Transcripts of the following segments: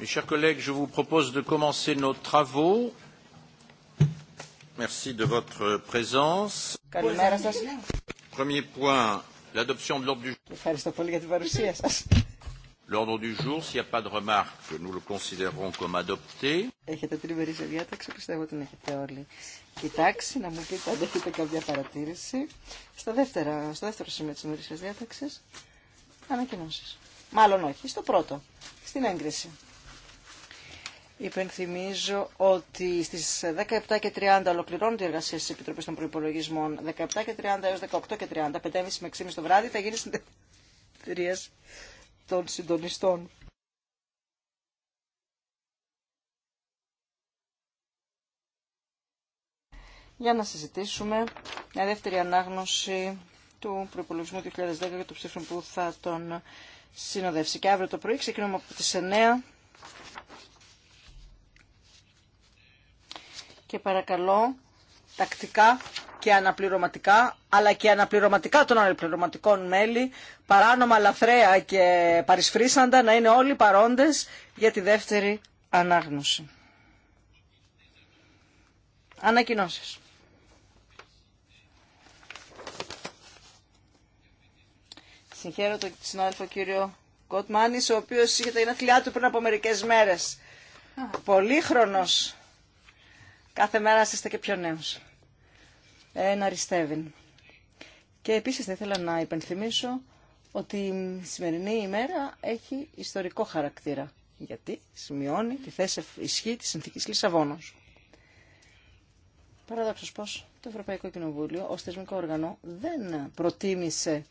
Mes chers collègues, je vous propose de commencer nos travaux. Merci de votre présence. Premier point, l'adoption de l'ordre du L'ordre du jour, s'il n'y a pas de nous le considérons comme adopté. Έχετε την διάταξη, πιστεύω την να μου πείτε αν έχετε κάποια παρατήρηση. στο δεύτερο σημείο της Μάλλον όχι, στο πρώτο, στην έγκριση. Υπενθυμίζω ότι στι 17.30 και 30 ολοκληρώνονται οι εργασίε τη Επιτροπή των Προπολογισμών. 17 και 30 έω 18 και 30, 5.30 με 6.30 το βράδυ, θα γίνει συνεδρία των συντονιστών. Για να συζητήσουμε μια δεύτερη ανάγνωση του προπολογισμού 2010 και του ψήφου που θα τον συνοδεύσει. Και αύριο το πρωί ξεκινούμε από τι 9. και παρακαλώ τακτικά και αναπληρωματικά, αλλά και αναπληρωματικά των αναπληρωματικών μέλη, παράνομα λαθρέα και παρισφρήσαντα, να είναι όλοι παρόντες για τη δεύτερη ανάγνωση. Ανακοινώσεις. Συγχαίρω τον συνάδελφο κύριο Κοτμάνης, ο οποίος είχε τα γενέθλιά του πριν από μερικές μέρες. Πολύχρονος Κάθε μέρα είστε και πιο νέος. Ένα Και επίσης θα ήθελα να υπενθυμίσω ότι η σημερινή ημέρα έχει ιστορικό χαρακτήρα. Γιατί σημειώνει τη θέση ισχύ της συνθήκης Λισαβόνος. Παραδόξως πως το Ευρωπαϊκό Κοινοβούλιο ως θεσμικό όργανο δεν προτίμησε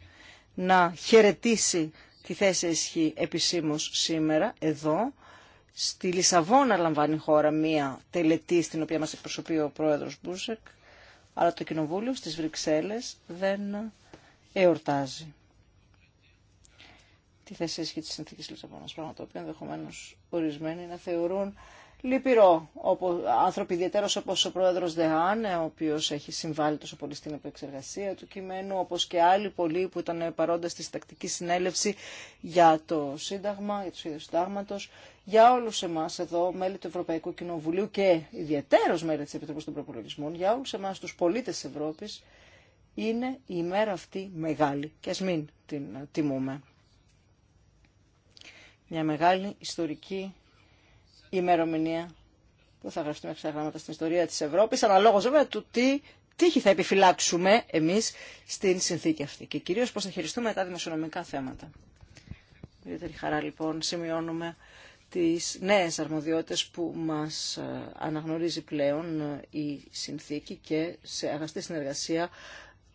να χαιρετήσει τη θέση ισχύ επισήμως σήμερα εδώ Στη Λισαβόνα λαμβάνει η χώρα μία τελετή στην οποία μας εκπροσωπεί ο πρόεδρος Μπούσεκ, αλλά το κοινοβούλιο στις Βρυξέλλες δεν εορτάζει τη θέση ισχύ τη συνθήκη Λισαβόνα. Πράγμα το οποίο ενδεχομένω ορισμένοι να θεωρούν λυπηρό άνθρωποι ιδιαίτερο όπω ο πρόεδρο Δεάνε, ο οποίο έχει συμβάλει τόσο πολύ στην επεξεργασία του κειμένου, όπω και άλλοι πολλοί που ήταν παρόντες στη συντακτική συνέλευση για το Σύνταγμα, για του ίδιου συντάγματο. για όλου εμά εδώ, μέλη του Ευρωπαϊκού Κοινοβουλίου και ιδιαίτερο μέλη τη Επιτροπή των Προπολογισμών, για όλου εμά του πολίτε τη Ευρώπης, είναι η ημέρα αυτή μεγάλη και ας μην την τιμούμε. Μια μεγάλη ιστορική ημερομηνία που θα γραφτούμε ξαγράμματα στην ιστορία της Ευρώπης, αναλόγως βέβαια του τι τύχη θα επιφυλάξουμε εμείς στην συνθήκη αυτή και κυρίως πώς θα χειριστούμε τα δημοσιονομικά θέματα. ιδιαίτερη χαρά λοιπόν σημειώνουμε τις νέες αρμοδιότητες που μας ε, αναγνωρίζει πλέον ε, η συνθήκη και σε αγαστή συνεργασία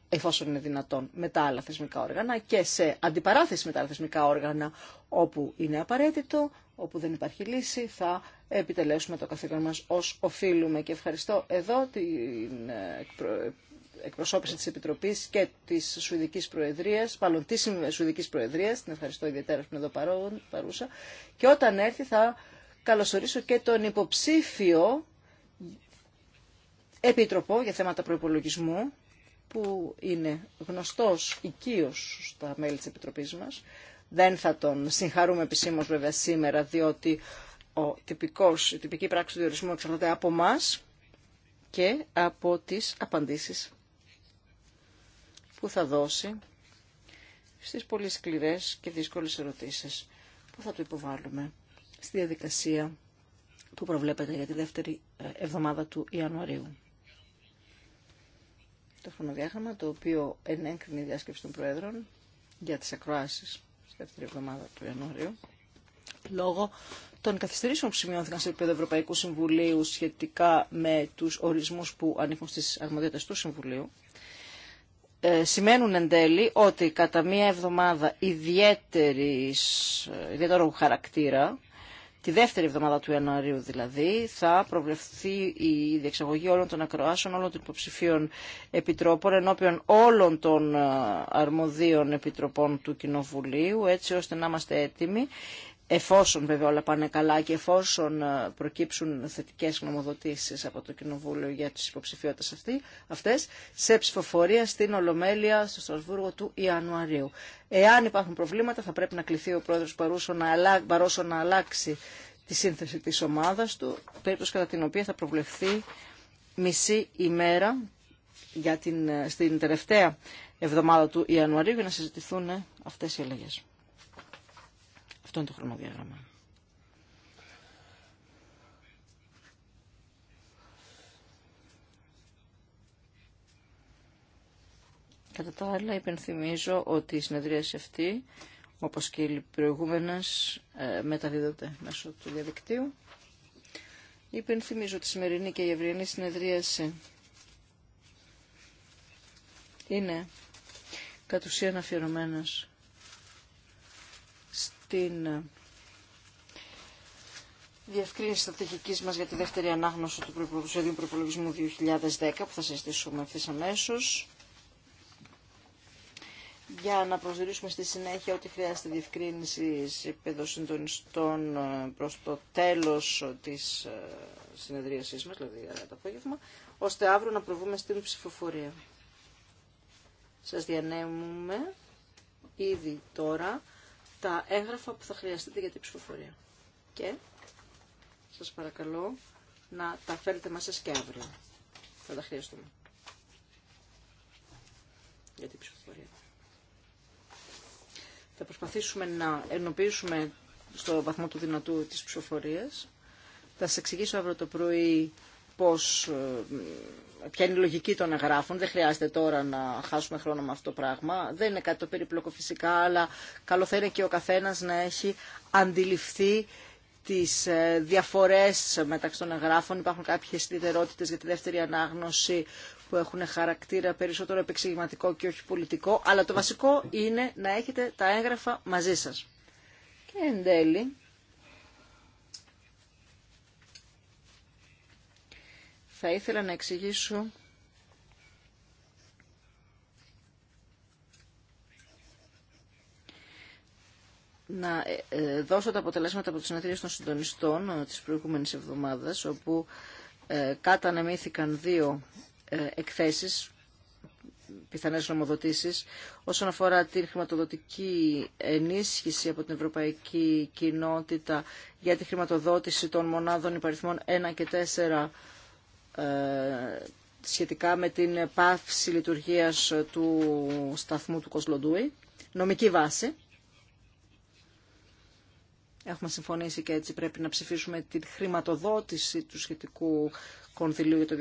εφόσον είναι δυνατόν, με τα άλλα θεσμικά όργανα και σε αντιπαράθεση με τα άλλα θεσμικά όργανα όπου είναι απαραίτητο Όπου δεν υπάρχει λύση θα επιτελέσουμε το καθήκον μας ως οφείλουμε. Και ευχαριστώ εδώ την ε, ε, εκπροσώπηση της Επιτροπής και της Σουηδικής Προεδρίας, μάλλον της Σουηδικής Προεδρίας, την ευχαριστώ ιδιαίτερα που είναι εδώ παρούσα, και όταν έρθει θα καλωσορίσω και τον υποψήφιο Επίτροπο για θέματα προϋπολογισμού, που είναι γνωστός οικείος στα μέλη της Επιτροπής μας, δεν θα τον συγχαρούμε επισήμω βέβαια σήμερα, διότι ο τυπικός, η τυπική πράξη του διορισμού εξαρτάται από εμά και από τις απαντήσεις που θα δώσει στις πολύ σκληρές και δύσκολες ερωτήσεις που θα του υποβάλουμε στη διαδικασία που προβλέπεται για τη δεύτερη ε, εβδομάδα του Ιανουαρίου. Το χρονοδιάγραμμα το οποίο ενέκρινε η διάσκεψη των Προέδρων για τις ακροάσεις στη δεύτερη εβδομάδα του Ιανουαρίου, λόγω των καθυστερήσεων που σημειώθηκαν σε επίπεδο Ευρωπαϊκού Συμβουλίου σχετικά με τους ορισμούς που ανήκουν στις αρμοδιότητες του Συμβουλίου, ε, σημαίνουν εν τέλει ότι κατά μία εβδομάδα ιδιαίτερης, ε, ιδιαίτερου χαρακτήρα, Τη δεύτερη εβδομάδα του Ιανουαρίου δηλαδή θα προβλεφθεί η διεξαγωγή όλων των ακροάσεων, όλων των υποψηφίων επιτρόπων, ενώπιον όλων των ε, αρμοδίων επιτροπών του Κοινοβουλίου, έτσι ώστε να είμαστε έτοιμοι εφόσον βέβαια όλα πάνε καλά και εφόσον ε, προκύψουν θετικές νομοδοτήσεις από το Κοινοβούλιο για τις υποψηφιότητες αυτέ, αυτές, σε ψηφοφορία στην Ολομέλεια στο Στρασβούργο του Ιανουαρίου. Εάν υπάρχουν προβλήματα θα πρέπει να κληθεί ο πρόεδρος Παρούσο να αλλάξει, να αλλάξει τη σύνθεση της ομάδας του, περίπτωση κατά την οποία θα προβλεφθεί μισή ημέρα για την, ε, στην τελευταία εβδομάδα του Ιανουαρίου για να συζητηθούν ε, αυτές οι αλλαγές. Αυτό είναι το χρονοδιάγραμμα. Κατά τα άλλα, υπενθυμίζω ότι η συνεδρίαση αυτή, όπως και οι προηγούμενες, ε, μεταδίδονται μέσω του διαδικτύου. Υπενθυμίζω ότι η σημερινή και η ευριανή συνεδρίαση είναι κατ' ουσίαν αφιερωμένες την διευκρίνηση στρατηγικής μας για τη δεύτερη ανάγνωση του σχεδίου προπολογισμού 2010 που θα συζητήσουμε ευθύ αμέσω. Για να προσδιορίσουμε στη συνέχεια ότι χρειάζεται διευκρίνηση σε επίπεδο συντονιστών ε, προς το τέλος της ε, συνεδρίασής μας, δηλαδή το απόγευμα, ώστε αύριο να προβούμε στην ψηφοφορία. Σας διανέμουμε ήδη τώρα τα έγγραφα που θα χρειαστείτε για την ψηφοφορία. Και σας παρακαλώ να τα φέρετε μαζί σας και αύριο. Θα τα χρειαστούμε. Για την ψηφοφορία. Θα προσπαθήσουμε να ενοποιήσουμε στο βαθμό του δυνατού τις ψηφοφορίες. Θα σας εξηγήσω αύριο το πρωί πώς ε, ποια είναι η λογική των εγγράφων. Δεν χρειάζεται τώρα να χάσουμε χρόνο με αυτό το πράγμα. Δεν είναι κάτι το περίπλοκο φυσικά, αλλά καλό θα είναι και ο καθένας να έχει αντιληφθεί τις ε, διαφορές μεταξύ των εγγράφων. Υπάρχουν κάποιες ιδιαιτερότητες για τη δεύτερη ανάγνωση που έχουν χαρακτήρα περισσότερο επεξηγηματικό και όχι πολιτικό, αλλά το βασικό είναι να έχετε τα έγγραφα μαζί σα. Και εν τέλει, Θα ήθελα να εξηγήσω να ε, ε, δώσω τα αποτελέσματα από τις συνεδρίες των συντονιστών ε, της προηγούμενης εβδομάδας, όπου κατανεμήθηκαν δύο εκθέσεις, πιθανές νομοδοτήσεις, όσον αφορά την χρηματοδοτική ενίσχυση από την Ευρωπαϊκή Κοινότητα για τη χρηματοδότηση των μονάδων υπαριθμών 1 και 4 ε, σχετικά με την πάυση λειτουργίας του σταθμού του Κοσλοντούι. Νομική βάση. Έχουμε συμφωνήσει και έτσι πρέπει να ψηφίσουμε τη χρηματοδότηση του σχετικού κονδυλίου για το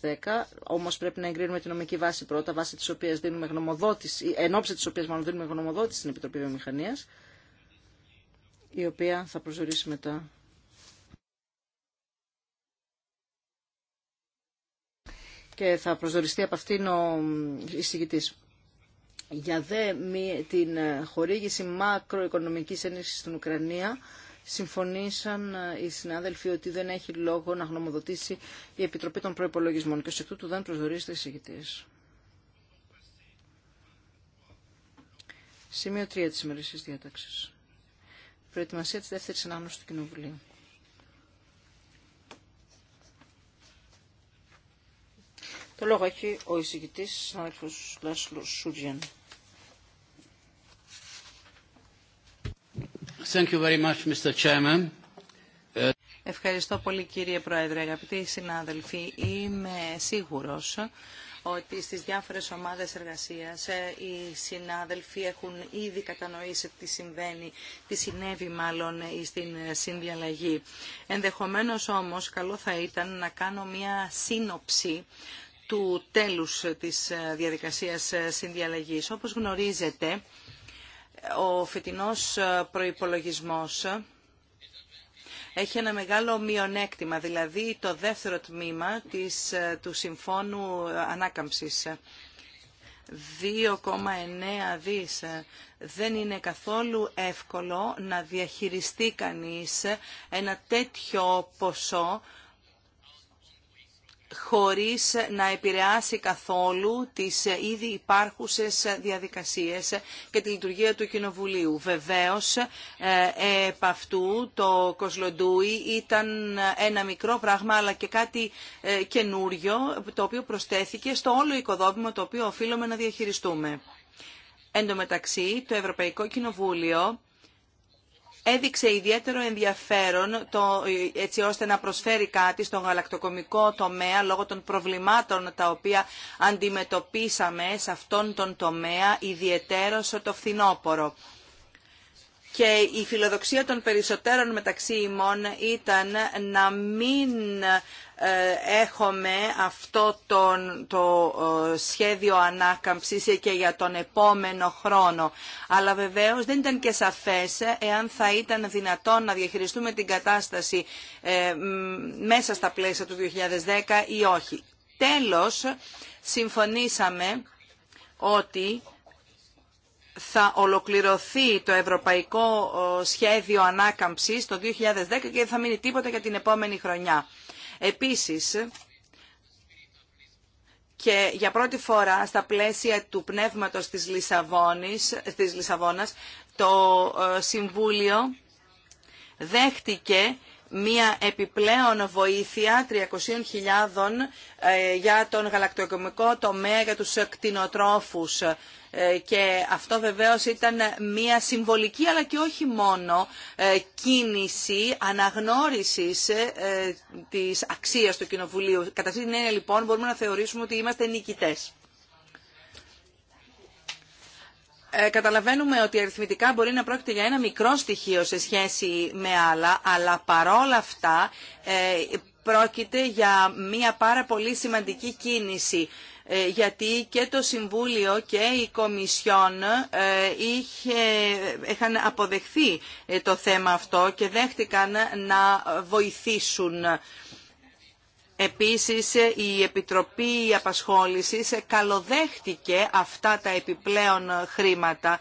2010. Όμως πρέπει να εγκρίνουμε τη νομική βάση πρώτα, βάση της οποίας δίνουμε γνωμοδότηση, ενόψη της οποίας μάλλον δίνουμε γνωμοδότηση στην Επιτροπή Βιομηχανίας, η οποία θα προσδορίσει μετά και θα προσδοριστεί από αυτήν ο εισηγητής. Για δε την χορήγηση μακροοικονομικής ενίσχυσης στην Ουκρανία συμφωνήσαν ε, οι συνάδελφοι ότι δεν έχει λόγο να γνωμοδοτήσει η Επιτροπή των Προϋπολογισμών και ως εκ τούτου δεν προσδορίζεται εισηγητής. Σημείο 3 της ημερησίας διάταξης. Προετοιμασία της δεύτερης ανάγνωσης του Κοινοβουλίου. Το λόγο έχει ο εισηγητής, συνάδελφος Λάσλο Σούτζιαν. Ευχαριστώ πολύ κύριε Πρόεδρε, αγαπητοί συνάδελφοι. Είμαι σίγουρος ότι στις διάφορες ομάδες εργασίας ε, οι συνάδελφοι έχουν ήδη κατανοήσει τι συμβαίνει, τι συνέβη μάλλον ε, στην συνδιαλλαγή. Ενδεχομένως όμως καλό θα ήταν να κάνω μια σύνοψη του τέλους της διαδικασίας συνδιαλλαγής. Όπως γνωρίζετε, ο φετινός προϋπολογισμός έχει ένα μεγάλο μειονέκτημα, δηλαδή το δεύτερο τμήμα της, του Συμφώνου Ανάκαμψης. 2,9 δις. Δεν είναι καθόλου εύκολο να διαχειριστεί κανείς ένα τέτοιο ποσό χωρίς να επηρεάσει καθόλου τις ήδη υπάρχουσες διαδικασίες και τη λειτουργία του Κοινοβουλίου. Βεβαίως, ε, επ' αυτού το Κοσλοντούι ήταν ένα μικρό πράγμα, αλλά και κάτι ε, καινούριο, το οποίο προστέθηκε στο όλο οικοδόμημα το οποίο οφείλουμε να διαχειριστούμε. Εν τω μεταξύ, το Ευρωπαϊκό Κοινοβούλιο έδειξε ιδιαίτερο ενδιαφέρον το, έτσι ώστε να προσφέρει κάτι στον γαλακτοκομικό τομέα λόγω των προβλημάτων τα οποία αντιμετωπίσαμε σε αυτόν τον τομέα ιδιαίτερο το φθινόπωρο. Και η φιλοδοξία των περισσότερων μεταξύ ημών ήταν να μην ε, έχουμε αυτό το, σχέδιο ανάκαμψης και για τον επόμενο χρόνο. Αλλά βεβαίως δεν ήταν και σαφές εάν θα ήταν δυνατόν να διαχειριστούμε την κατάσταση ε, μέσα στα πλαίσια του 2010 ή όχι. Τέλος, συμφωνήσαμε ότι θα ολοκληρωθεί το ευρωπαϊκό σχέδιο ανάκαμψης το 2010 και δεν θα μείνει τίποτα για την επόμενη χρονιά. Επίσης, και για πρώτη φορά στα πλαίσια του πνεύματος της, Λισαβόνης, της Λισαβόνας το ε, Συμβούλιο δέχτηκε μία επιπλέον βοήθεια 300.000 ε, για τον γαλακτοκομικό τομέα για τους κτηνοτρόφους ε, και αυτό βεβαίως ήταν μια συμβολική αλλά και όχι μόνο ε, κίνηση αναγνώρισης ε, της αξίας του Κοινοβουλίου. Κατά αυτή την έννοια λοιπόν μπορούμε να θεωρήσουμε ότι είμαστε νικητές. καταλαβαίνουμε ότι αριθμητικά μπορεί να πρόκειται για ένα μικρό στοιχείο σε σχέση με άλλα, αλλά παρόλα αυτά πρόκειται για μια πάρα πολύ σημαντική κίνηση. Ε, γιατί και το Συμβούλιο και η Κομισιόν ε, είχε, είχαν αποδεχθεί ε, το θέμα αυτό και δέχτηκαν να βοηθήσουν. Επίσης, η Επιτροπή Απασχόλησης καλοδέχτηκε αυτά τα επιπλέον χρήματα,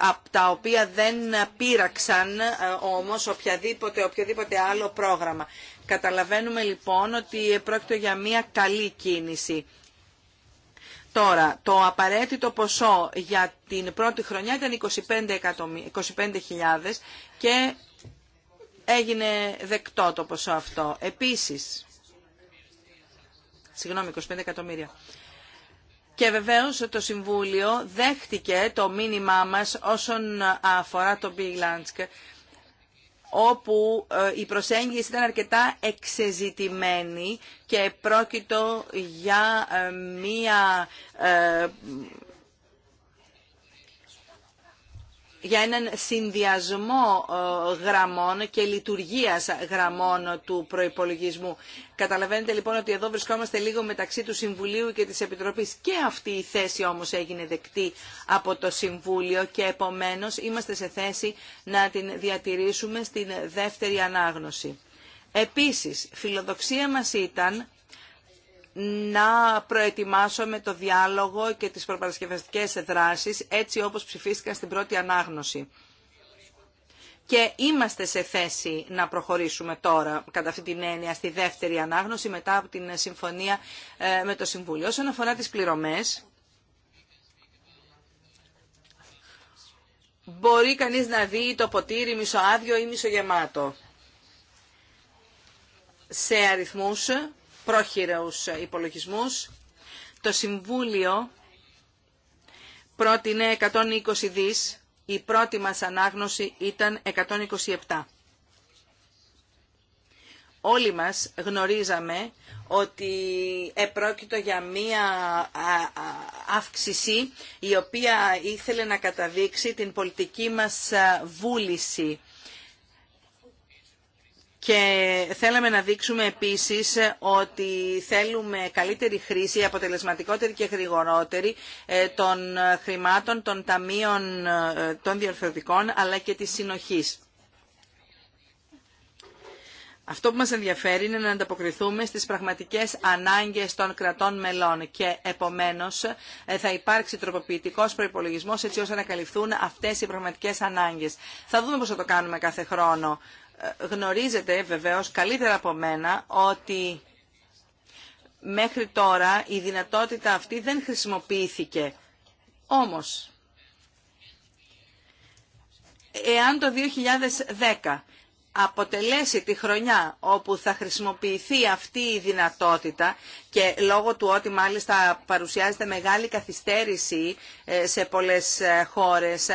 από τα οποία δεν πήραξαν όμως οποιαδήποτε, οποιοδήποτε άλλο πρόγραμμα. Καταλαβαίνουμε λοιπόν ότι πρόκειται για μια καλή κίνηση. Τώρα, το απαραίτητο ποσό για την πρώτη χρονιά ήταν 25.000 και έγινε δεκτό το ποσό αυτό. Επίσης, συγγνώμη, 25 εκατομμύρια. Και βεβαίως το Συμβούλιο δέχτηκε το μήνυμά μας όσον αφορά το Big όπου ε, η προσέγγιση ήταν αρκετά εξεζητημένη και πρόκειτο για ε, μία ε, για έναν συνδυασμό ε, γραμμών και λειτουργίας γραμμών του προϋπολογισμού. Καταλαβαίνετε λοιπόν ότι εδώ βρισκόμαστε λίγο μεταξύ του Συμβουλίου και της Επιτροπής. Και αυτή η θέση όμως έγινε δεκτή από το Συμβούλιο και επομένως είμαστε σε θέση να την διατηρήσουμε στην δεύτερη ανάγνωση. Επίσης, φιλοδοξία μας ήταν να προετοιμάσουμε το διάλογο και τις προπαρασκευαστικές δράσεις έτσι όπως ψηφίστηκαν στην πρώτη ανάγνωση. Και είμαστε σε θέση να προχωρήσουμε τώρα, κατά αυτή την έννοια, στη δεύτερη ανάγνωση μετά από την συμφωνία ε, με το Συμβούλιο. Όσον αφορά τις πληρωμές, μπορεί κανείς να δει το ποτήρι μισοάδιο ή μισογεμάτο. Σε αριθμούς πρόχειρους υπολογισμούς. Το Συμβούλιο πρότεινε 120 δις, η πρώτη μας ανάγνωση ήταν 127. Όλοι μας γνωρίζαμε ότι επρόκειτο για μία αύξηση η οποία ήθελε να καταδείξει την πολιτική μας βούληση και θέλαμε να δείξουμε επίσης ότι θέλουμε καλύτερη χρήση, αποτελεσματικότερη και γρηγορότερη ε, των χρημάτων, των ταμείων ε, των διορθωτικών αλλά και της συνοχής. Αυτό που μας ενδιαφέρει είναι να ανταποκριθούμε στις πραγματικές ανάγκες των κρατών μελών και επομένως ε, θα υπάρξει τροποποιητικός προϋπολογισμός έτσι ώστε να καλυφθούν αυτές οι πραγματικές ανάγκες. Θα δούμε πώς θα το κάνουμε κάθε χρόνο γνωρίζετε βεβαίως καλύτερα από μένα ότι μέχρι τώρα η δυνατότητα αυτή δεν χρησιμοποιήθηκε. Όμως, εάν το 2010 αποτελέσει τη χρονιά όπου θα χρησιμοποιηθεί αυτή η δυνατότητα και λόγω του ότι μάλιστα παρουσιάζεται μεγάλη καθυστέρηση ε, σε πολλές ε, χώρες,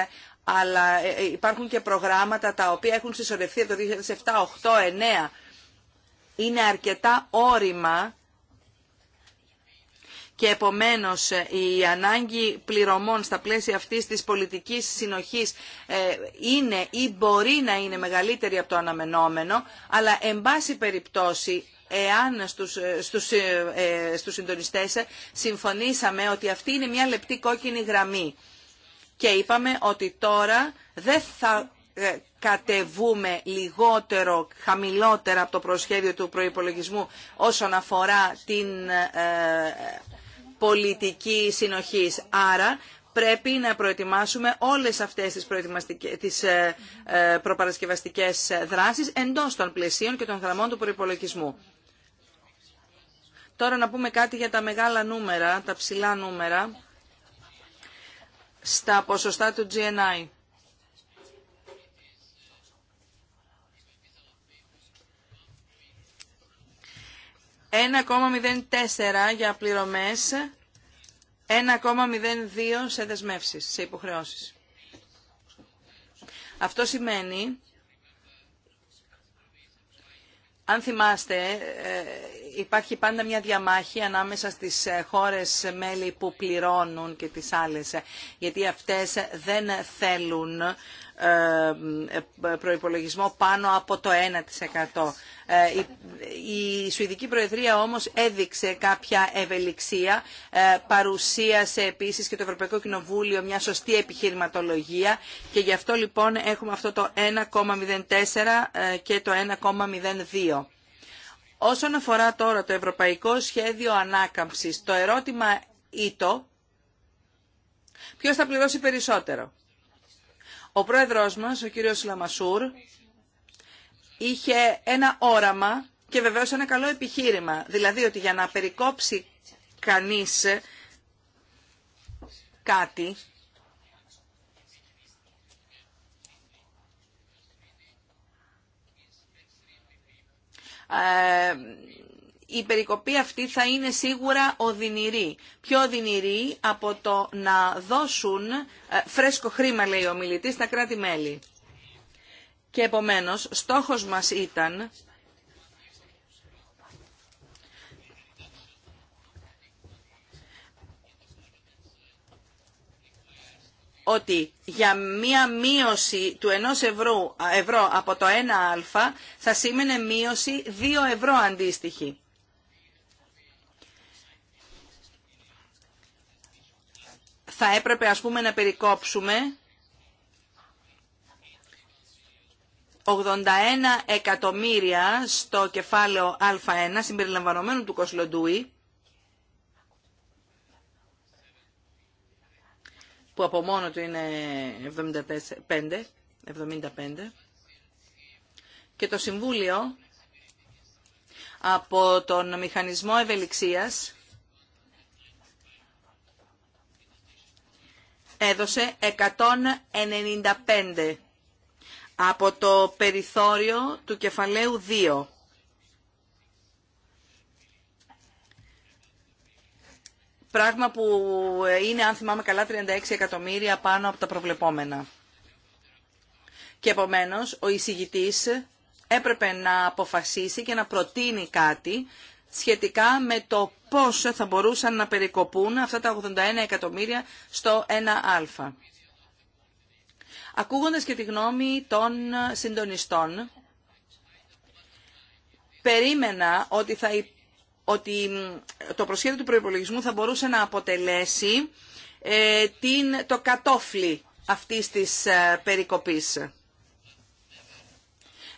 αλλά ε, ε, υπάρχουν και προγράμματα τα οποία έχουν συσσωρευτεί το 2007, 2008, 2009. Είναι αρκετά όρημα και επομένως ε, η ανάγκη πληρωμών στα πλαίσια αυτής της πολιτικής συνοχής είναι ή μπορεί να είναι μεγαλύτερη από το αναμενόμενο, αλλά εν πάση περιπτώσει εάν στους, στους, στους συντονιστές συμφωνήσαμε ότι αυτή είναι μια λεπτή κόκκινη γραμμή και είπαμε ότι τώρα δεν θα ε, κατεβούμε λιγότερο, χαμηλότερα από το προσχέδιο του προϋπολογισμού όσον αφορά την ε, ε, πολιτική συνοχής. Άρα πρέπει να προετοιμάσουμε όλες αυτές τις, τις προπαρασκευαστικές δράσεις εντός των πλαισίων και των γραμμών του προϋπολογισμού. Τώρα να πούμε κάτι για τα μεγάλα νούμερα, τα ψηλά νούμερα στα ποσοστά του GNI. Ένα για πληρωμές, 1,02 σε δεσμεύσεις, σε υποχρεώσεις. Αυτό σημαίνει αν θυμάστε, ε, υπάρχει πάντα μια διαμάχη ανάμεσα στις ε, χώρες μέλη που πληρώνουν και τις άλλες, ε, γιατί αυτές δεν θέλουν ε, ε, προϋπολογισμό πάνω από το 1%. Ε, η Σουηδική Προεδρία όμως έδειξε κάποια ευελιξία, παρουσίασε επίσης και το Ευρωπαϊκό Κοινοβούλιο μια σωστή επιχειρηματολογία και γι' αυτό λοιπόν έχουμε αυτό το 1,04 και το 1,02. Όσον αφορά τώρα το Ευρωπαϊκό Σχέδιο Ανάκαμψης, το ερώτημα ήτο, ποιος θα πληρώσει περισσότερο. Ο πρόεδρος μας, ο κύριος Λαμασούρ, είχε ένα όραμα και βεβαίως ένα καλό επιχείρημα. Δηλαδή ότι για να περικόψει κανείς κάτι, ε, η περικοπή αυτή θα είναι σίγουρα οδυνηρή. Πιο οδυνηρή από το να δώσουν ε, φρέσκο χρήμα, λέει ο μιλητής, στα κράτη-μέλη. Και επομένως, στόχος μας ήταν ότι για μία μείωση του 1 ευρώ, ευρώ από το 1α θα σήμαινε μείωση 2 ευρώ αντίστοιχη. θα έπρεπε ας πούμε να περικόψουμε 81 εκατομμύρια στο κεφάλαιο Α1 συμπεριλαμβανομένου του Κοσλοντούι που από μόνο του είναι 75, 75 και το Συμβούλιο από τον Μηχανισμό Ευελιξίας έδωσε 195 από το περιθώριο του κεφαλαίου 2. Πράγμα που είναι, αν θυμάμαι καλά, 36 εκατομμύρια πάνω από τα προβλεπόμενα. Και επομένως, ο εισηγητής έπρεπε να αποφασίσει και να προτείνει κάτι σχετικά με το πώς θα μπορούσαν να περικοπούν αυτά τα 81 εκατομμύρια στο 1α. Ακούγοντας και τη γνώμη των συντονιστών, περίμενα ότι, θα, ότι το προσχέδιο του προϋπολογισμού θα μπορούσε να αποτελέσει ε, την, το κατόφλι αυτής της ε, περικοπής.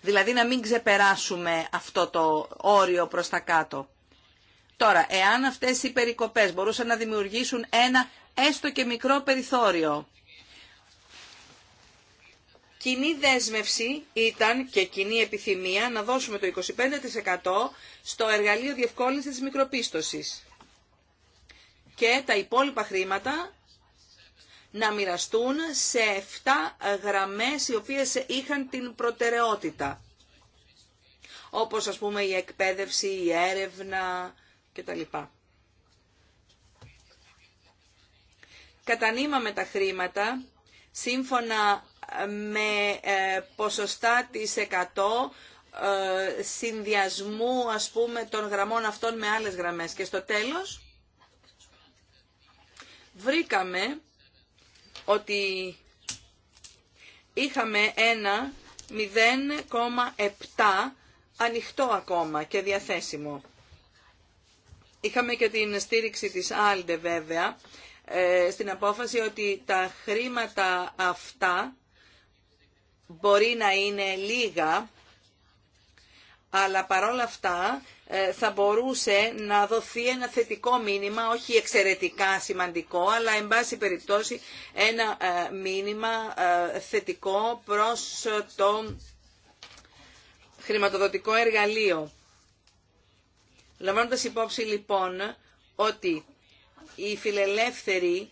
Δηλαδή να μην ξεπεράσουμε αυτό το όριο προς τα κάτω. Τώρα, εάν αυτές οι περικοπές μπορούσαν να δημιουργήσουν ένα έστω και μικρό περιθώριο, Κοινή δέσμευση ήταν και κοινή επιθυμία να δώσουμε το 25% στο εργαλείο διευκόλυνσης της μικροπίστωσης. Και τα υπόλοιπα χρήματα να μοιραστούν σε 7 γραμμές οι οποίες είχαν την προτεραιότητα. Όπως ας πούμε η εκπαίδευση, η έρευνα κτλ. Κατανείμαμε τα χρήματα σύμφωνα με ε, ποσοστά της 100 ε, συνδυασμού ας πούμε των γραμμών αυτών με άλλες γραμμές. Και στο τέλος βρήκαμε ότι είχαμε ένα 0,7 ανοιχτό ακόμα και διαθέσιμο. Είχαμε και την στήριξη της Άλντε βέβαια ε, στην απόφαση ότι τα χρήματα αυτά μπορεί να είναι λίγα αλλά παρόλα αυτά ε, θα μπορούσε να δοθεί ένα θετικό μήνυμα, όχι εξαιρετικά σημαντικό, αλλά εν πάση περιπτώσει ένα ε, μήνυμα ε, θετικό προς το χρηματοδοτικό εργαλείο. Λαμβάνοντας υπόψη λοιπόν ότι οι φιλελεύθεροι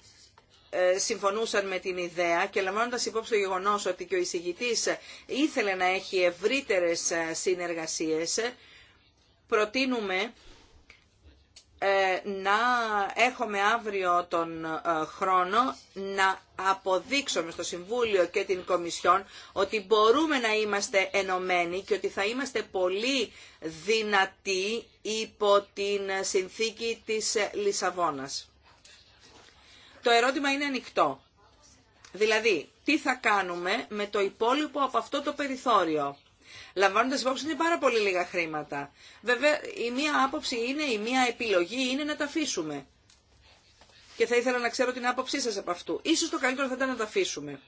συμφωνούσαν με την ιδέα και λαμβάνοντας υπόψη το γεγονός ότι και ο εισηγητής ήθελε να έχει ευρύτερες συνεργασίες, προτείνουμε ε, να έχουμε αύριο τον ε, χρόνο να αποδείξουμε στο Συμβούλιο και την Κομισιόν ότι μπορούμε να είμαστε ενωμένοι και ότι θα είμαστε πολύ δυνατοί υπό την συνθήκη της Λισαβόνας. Το ερώτημα είναι ανοιχτό. Δηλαδή, τι θα κάνουμε με το υπόλοιπο από αυτό το περιθώριο λαμβάνοντα υπόψη ότι είναι πάρα πολύ λίγα χρήματα. Βέβαια, η μία άποψη είναι, η μία επιλογή είναι να τα αφήσουμε. Και θα ήθελα να ξέρω την άποψή σα από αυτού. Σω το καλύτερο θα ήταν να τα αφήσουμε.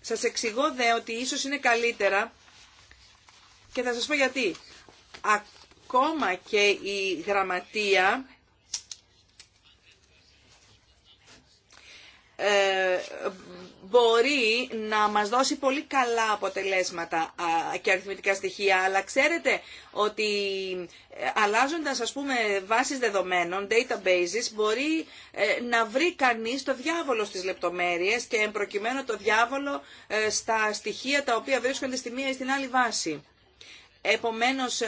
Σα εξηγώ δε ότι ίσω είναι καλύτερα και θα σα πω γιατί. Ακόμα και η γραμματεία Ε, μπορεί να μας δώσει πολύ καλά αποτελέσματα και αριθμητικά στοιχεία, αλλά ξέρετε ότι ε, αλλάζοντας ας πούμε βάσεις δεδομένων, databases, μπορεί ε, να βρει κανείς το διάβολο στις λεπτομέρειες και εμπροκειμένου το διάβολο στα στοιχεία τα οποία βρίσκονται στη μία ή στην άλλη βάση. Επομένως,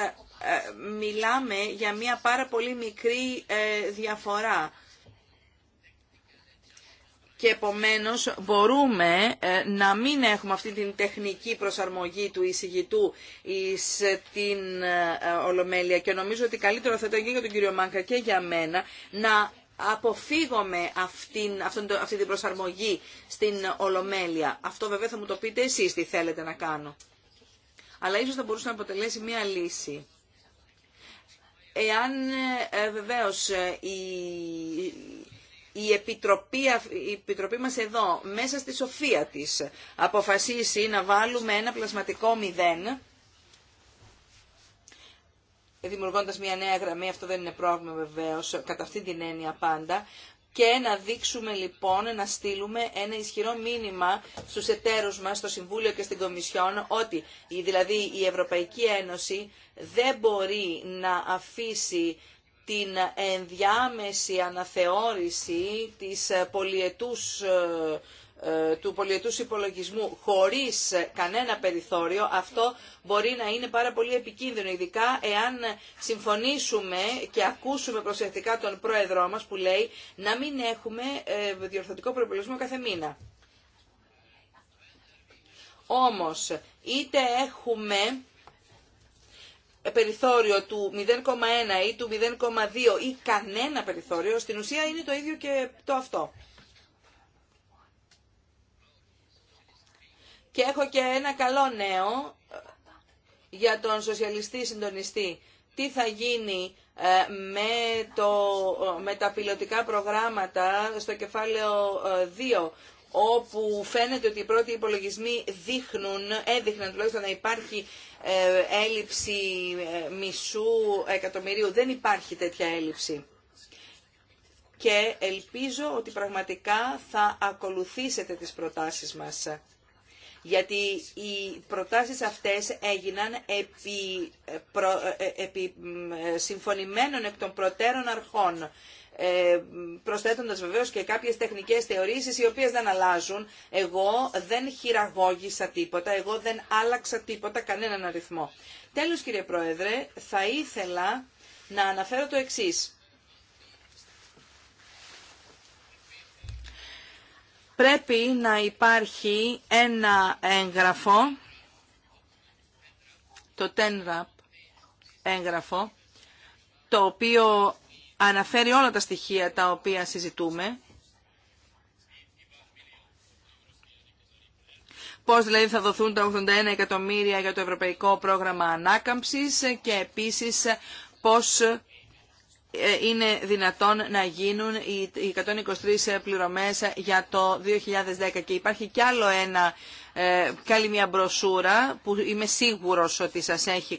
μιλάμε για μία πάρα πολύ μικρή διαφορά και επομένως μπορούμε ε, να μην έχουμε αυτή την τεχνική προσαρμογή του εισηγητού στην ε, ε, Ολομέλεια και νομίζω ότι καλύτερο θα ήταν και για τον κύριο Μάνκα και για μένα να αποφύγουμε αυτήν, αυτή την προσαρμογή στην Ολομέλεια. Αυτό βέβαια θα μου το πείτε εσείς τι θέλετε να κάνω. Αλλά ίσως θα μπορούσε να αποτελέσει μία λύση. Εάν ε, βεβαίως η η Επιτροπή, η μας εδώ, μέσα στη σοφία της, αποφασίσει να βάλουμε ένα πλασματικό μηδέν, δημιουργώντα μια νέα γραμμή, αυτό δεν είναι πρόβλημα βεβαίω κατά αυτή την έννοια πάντα, και να δείξουμε λοιπόν, να στείλουμε ένα ισχυρό μήνυμα στους εταίρου μας, στο Συμβούλιο και στην Κομισιόν, ότι δηλαδή η Ευρωπαϊκή Ένωση δεν μπορεί να αφήσει την ενδιάμεση αναθεώρηση της ε, πολιετούς ε, ε, του πολιετούς υπολογισμού χωρίς κανένα περιθώριο, αυτό μπορεί να είναι πάρα πολύ επικίνδυνο, ειδικά εάν συμφωνήσουμε και ακούσουμε προσεκτικά τον πρόεδρό μας που λέει να μην έχουμε διορθωτικό προϋπολογισμό κάθε μήνα. Όμως, είτε έχουμε περιθώριο του 0,1 ή του 0,2 ή κανένα περιθώριο, στην ουσία είναι το ίδιο και το αυτό. Και έχω και ένα καλό νέο για τον σοσιαλιστή συντονιστή. Τι θα γίνει ε, με, το, με τα πιλωτικά προγράμματα στο κεφάλαιο 2 ε, όπου φαίνεται ότι οι πρώτοι υπολογισμοί δείχνουν, έδειχναν τουλάχιστον να υπάρχει ε, έλλειψη ε, μισού εκατομμυρίου. Δεν υπάρχει τέτοια έλλειψη και ελπίζω ότι πραγματικά θα ακολουθήσετε τις προτάσεις μας. Γιατί οι προτάσεις αυτές έγιναν επί, ε, επί συμφωνημένων εκ των προτέρων αρχών. Ε, προσθέτοντας βεβαίως και κάποιες τεχνικές θεωρήσεις οι οποίες δεν αλλάζουν. Εγώ δεν χειραγώγησα τίποτα, εγώ δεν άλλαξα τίποτα, κανέναν αριθμό. Τέλος κύριε Πρόεδρε, θα ήθελα να αναφέρω το εξής. Πρέπει να υπάρχει ένα έγγραφο, το TENRAP έγγραφο, το οποίο αναφέρει όλα τα στοιχεία τα οποία συζητούμε. Πώς δηλαδή θα δοθούν τα 81 εκατομμύρια για το Ευρωπαϊκό Πρόγραμμα Ανάκαμψης και επίσης πώς ε, είναι δυνατόν να γίνουν οι 123 ε, πληρωμές για το 2010. Και υπάρχει κι άλλο ένα, ε, κι άλλη μια μπροσούρα που είμαι σίγουρος ότι σας έχει,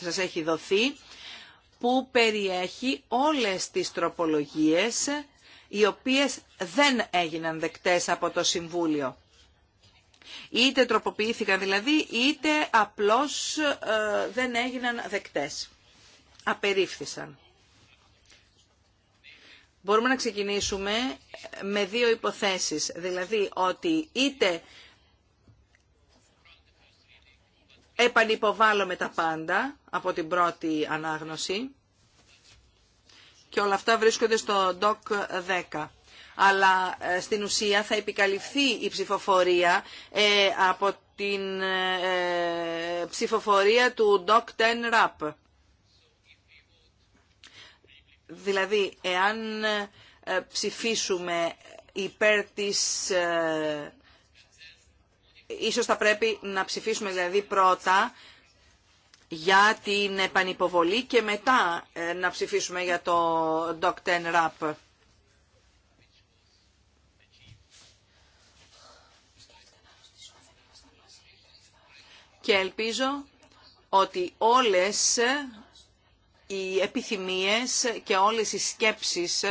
σας έχει δοθεί που περιέχει όλες τις τροπολογίες οι οποίες δεν έγιναν δεκτές από το Συμβούλιο. Είτε τροποποιήθηκαν δηλαδή, είτε απλώς ε, δεν έγιναν δεκτές. Απερίφθησαν. Μπορούμε να ξεκινήσουμε με δύο υποθέσεις. Δηλαδή ότι είτε επανυποβάλλομαι τα πάντα από την πρώτη ανάγνωση και όλα αυτά βρίσκονται στο DOC 10 αλλά ε, στην ουσία θα επικαλυφθεί η ψηφοφορία ε, από την ε, ψηφοφορία του DOC 10 RAP. Δηλαδή, εάν ψηφίσουμε υπέρ της Ίσως θα πρέπει να ψηφίσουμε δηλαδή πρώτα για την επανυποβολή και μετά ε, να ψηφίσουμε για το Doc 10 Rap. Και ελπίζω ότι όλες οι επιθυμίες και όλες οι σκέψεις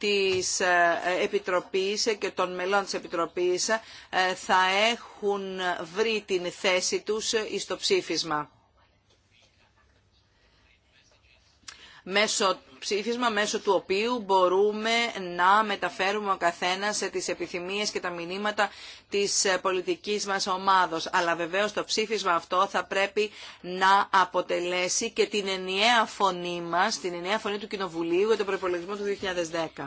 της ε, Επιτροπής και των μελών της Επιτροπής ε, θα έχουν βρει την θέση τους στο ψήφισμα ψήφισμα μέσω του οποίου μπορούμε να μεταφέρουμε ο σε τις επιθυμίες και τα μηνύματα της πολιτικής μας ομάδος. Αλλά βεβαίως το ψήφισμα αυτό θα πρέπει να αποτελέσει και την ενιαία φωνή μας, την ενιαία φωνή του Κοινοβουλίου για τον προπολογισμό του 2010.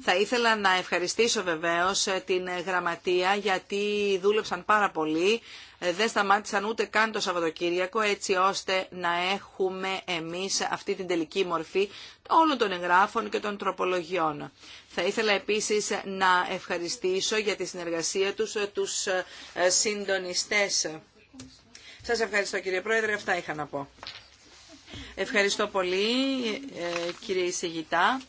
Θα ήθελα να ευχαριστήσω βεβαίως ε, την ε, γραμματεία γιατί δούλεψαν πάρα πολύ. Ε, δεν σταμάτησαν ούτε καν το Σαββατοκύριακο έτσι ώστε να έχουμε εμείς αυτή την τελική μορφή όλων των εγγράφων και των τροπολογιών. Θα ήθελα επίσης να ευχαριστήσω για τη συνεργασία τους τους συντονιστές. Σας ευχαριστώ κύριε Πρόεδρε, αυτά είχα να πω. Ευχαριστώ πολύ κύριε Ισηγητά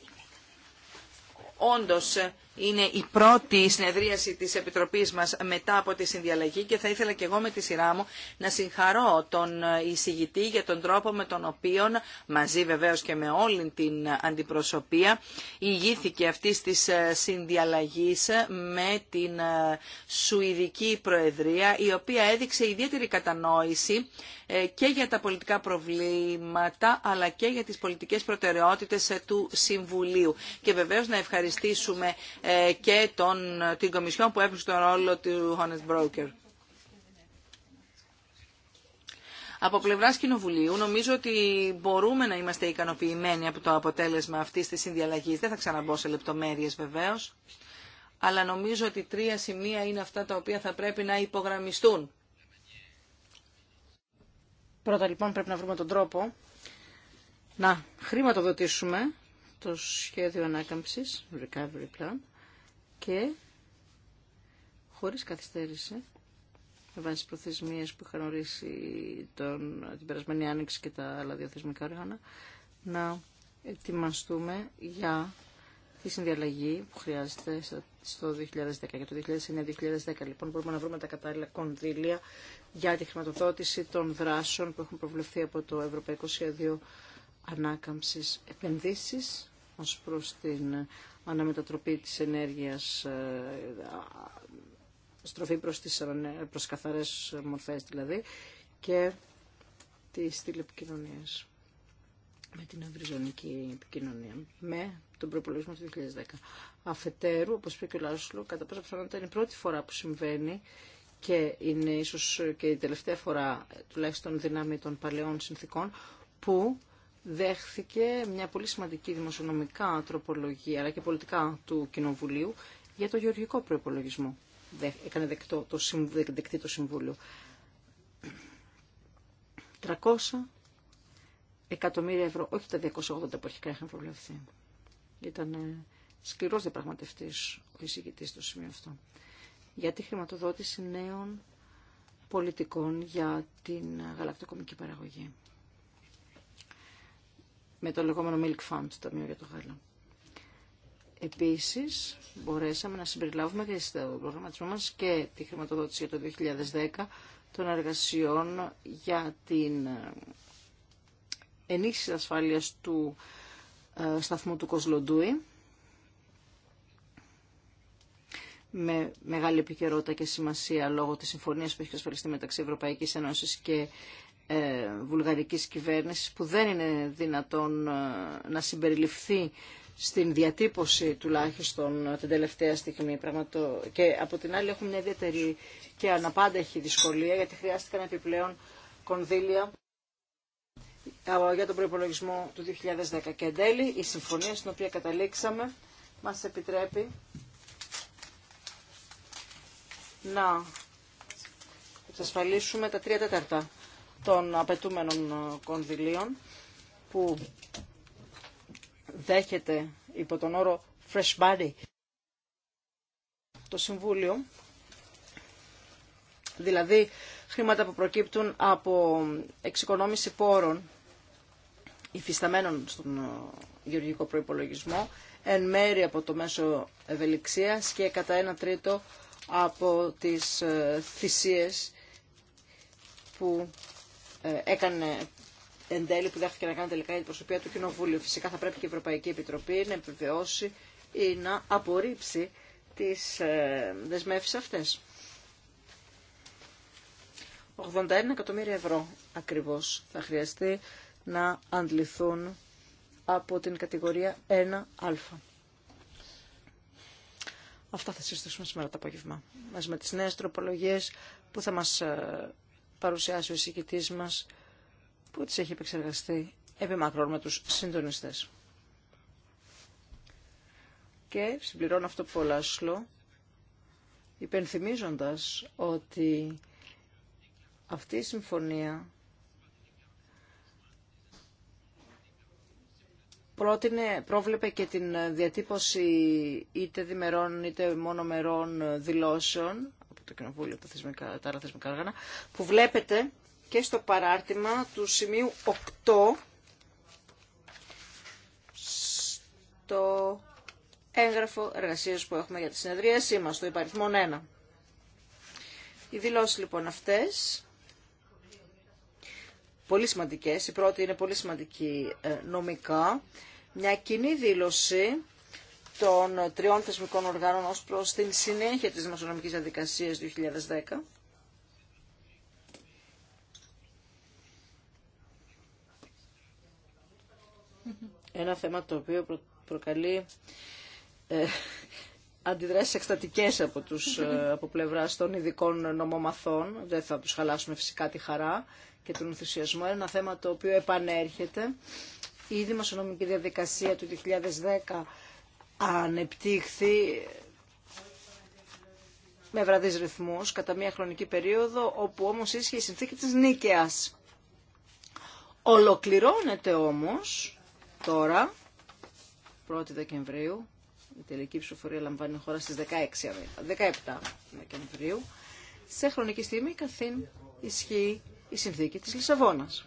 όντως ε, είναι η πρώτη συνεδρίαση της Επιτροπής μας μετά από τη συνδιαλλαγή και θα ήθελα και εγώ με τη σειρά μου να συγχαρώ τον εισηγητή για τον τρόπο με τον οποίο μαζί βεβαίως και με όλη την αντιπροσωπεία ηγήθηκε αυτή της συνδιαλλαγής με την Σουηδική Προεδρία η οποία έδειξε ιδιαίτερη κατανόηση ε, και για τα πολιτικά προβλήματα αλλά και για τις πολιτικές προτεραιότητες ε, του Συμβουλίου. Και βεβαίως να ευχαριστήσουμε ε, ε, και τον, την Κομισιόν που έπαιξε τον ρόλο του Honest Broker. Από πλευρά Κοινοβουλίου, νομίζω ότι μπορούμε να είμαστε ικανοποιημένοι από το αποτέλεσμα αυτή τη συνδιαλλαγή. Δεν θα ξαναμπώ σε λεπτομέρειε βεβαίω, αλλά νομίζω ότι τρία σημεία είναι αυτά τα οποία θα πρέπει να υπογραμμιστούν. Πρώτα λοιπόν πρέπει να βρούμε τον τρόπο να χρηματοδοτήσουμε το σχέδιο ανάκαμψης, recovery plan, και χωρίς καθυστέρηση με βάση τις προθεσμίες που είχαν ορίσει τον, την περασμένη άνοιξη και τα άλλα διαθεσμικά όργανα να ετοιμαστούμε για τη συνδιαλλαγή που χρειάζεται στο 2010. Για το 2009-2010 λοιπόν μπορούμε να βρούμε τα κατάλληλα κονδύλια για τη χρηματοδότηση των δράσεων που έχουν προβλεφθεί από το Ευρωπαϊκό Σχέδιο Ανάκαμψης Επενδύσεις ως προς την αναμετατροπή της ενέργειας, ε, στροφή προς, τις, προς καθαρές μορφές δηλαδή, και τις τηλεπικοινωνίες με την ευρυζωνική επικοινωνία, με τον προπολογισμό του 2010. Αφετέρου, όπως είπε και ο Λάσλο, κατά πόσο πιθανότητα είναι η πρώτη φορά που συμβαίνει και είναι ίσως και η τελευταία φορά, τουλάχιστον δυνάμει των παλαιών συνθήκων, που δέχθηκε μια πολύ σημαντική δημοσιονομικά τροπολογία αλλά και πολιτικά του Κοινοβουλίου για το γεωργικό προπολογισμό. Έκανε δεκτό το, δεκτή το Συμβούλιο. 300 εκατομμύρια ευρώ, όχι τα 280 που αρχικά είχαν προβλεφθεί. Ήταν ε, σκληρός διαπραγματευτής ο εισηγητής στο σημείο αυτό. Για τη χρηματοδότηση νέων πολιτικών για την γαλακτοκομική παραγωγή με το λεγόμενο Milk Fund, το Ταμείο για το Γάλα. Επίσης, μπορέσαμε να συμπεριλάβουμε και στο προγραμματισμό μας και τη χρηματοδότηση για το 2010 των εργασιών για την ε, ενίσχυση ασφάλειας του ε, σταθμού του Κοσλοντούι με μεγάλη επικαιρότητα και σημασία λόγω της συμφωνίας που έχει ασφαλιστεί μεταξύ Ευρωπαϊκής Ένωση και ε, βουλγαρικής κυβέρνησης που δεν είναι δυνατόν ε, να συμπεριληφθεί στην διατύπωση τουλάχιστον την τελευταία στιγμή. Πραγματο... Και από την άλλη έχουμε μια ιδιαίτερη και αναπάντεχη δυσκολία γιατί χρειάστηκαν επιπλέον κονδύλια ε, για τον προϋπολογισμό του 2010. Και εν τέλει η συμφωνία στην οποία καταλήξαμε μας επιτρέπει να εξασφαλίσουμε τα τρία τέταρτα των απαιτούμενων ε, κονδυλίων που δέχεται υπό τον όρο Fresh Body το Συμβούλιο, δηλαδή χρήματα που προκύπτουν από εξοικονόμηση πόρων υφισταμένων στον ε, γεωργικό προϋπολογισμό, εν μέρη από το μέσο ευελιξίας και κατά ένα τρίτο από τις ε, θυσίες που ε, έκανε εν τέλει που δέχτηκε να κάνει τελικά η προσωπία του Κοινοβούλιο. Φυσικά θα πρέπει και η Ευρωπαϊκή Επιτροπή να επιβεβαιώσει ή να απορρίψει τις ε, δεσμεύσεις αυτές. 81 εκατομμύρια ευρώ ακριβώς θα χρειαστεί να αντληθούν από την κατηγορία 1α. Αυτά θα συζητήσουμε σήμερα το απόγευμα, μαζί με τις νέες τροπολογίες που θα μας ε, παρουσιάσει ο εισηγητή μα που τι έχει επεξεργαστεί επί μακρόν με του συντονιστέ. Και συμπληρώνω αυτό που ο Λάσλο, υπενθυμίζοντας ότι αυτή η συμφωνία πρότεινε, πρόβλεπε και την διατύπωση είτε διμερών είτε μερών δηλώσεων το Κοινοβούλιο, τα, θεσμικά, τα άλλα θεσμικά που βλέπετε και στο παράρτημα του σημείου 8 στο έγγραφο εργασίας που έχουμε για τη συνεδρίασή μας, το υπαριθμόν 1. Οι δηλώσεις λοιπόν αυτές, πολύ σημαντικές, η πρώτη είναι πολύ σημαντική ε, νομικά, μια κοινή δήλωση των τριών θεσμικών οργάνων ως προς την συνέχεια της μασονομικής διαδικασίας 2010. Ένα θέμα το οποίο προκαλεί ε, αντιδράσεις εκστατικές από, τους, ε, από πλευράς των ειδικών νομομαθών. Δεν θα τους χαλάσουμε φυσικά τη χαρά και τον ενθουσιασμό. Ένα θέμα το οποίο επανέρχεται. Η δημοσιονομική διαδικασία του 2010 ανεπτύχθη με βραδείς ρυθμούς κατά μια χρονική περίοδο όπου όμως ίσχυε η συνθήκη της νίκαιας. Ολοκληρώνεται όμως τώρα, 1η Δεκεμβρίου, η τελική ψηφοφορία λαμβάνει χώρα στις 16, 17 Δεκεμβρίου, σε χρονική στιγμή καθήν ισχύει η συνθήκη της Λισαβόνας.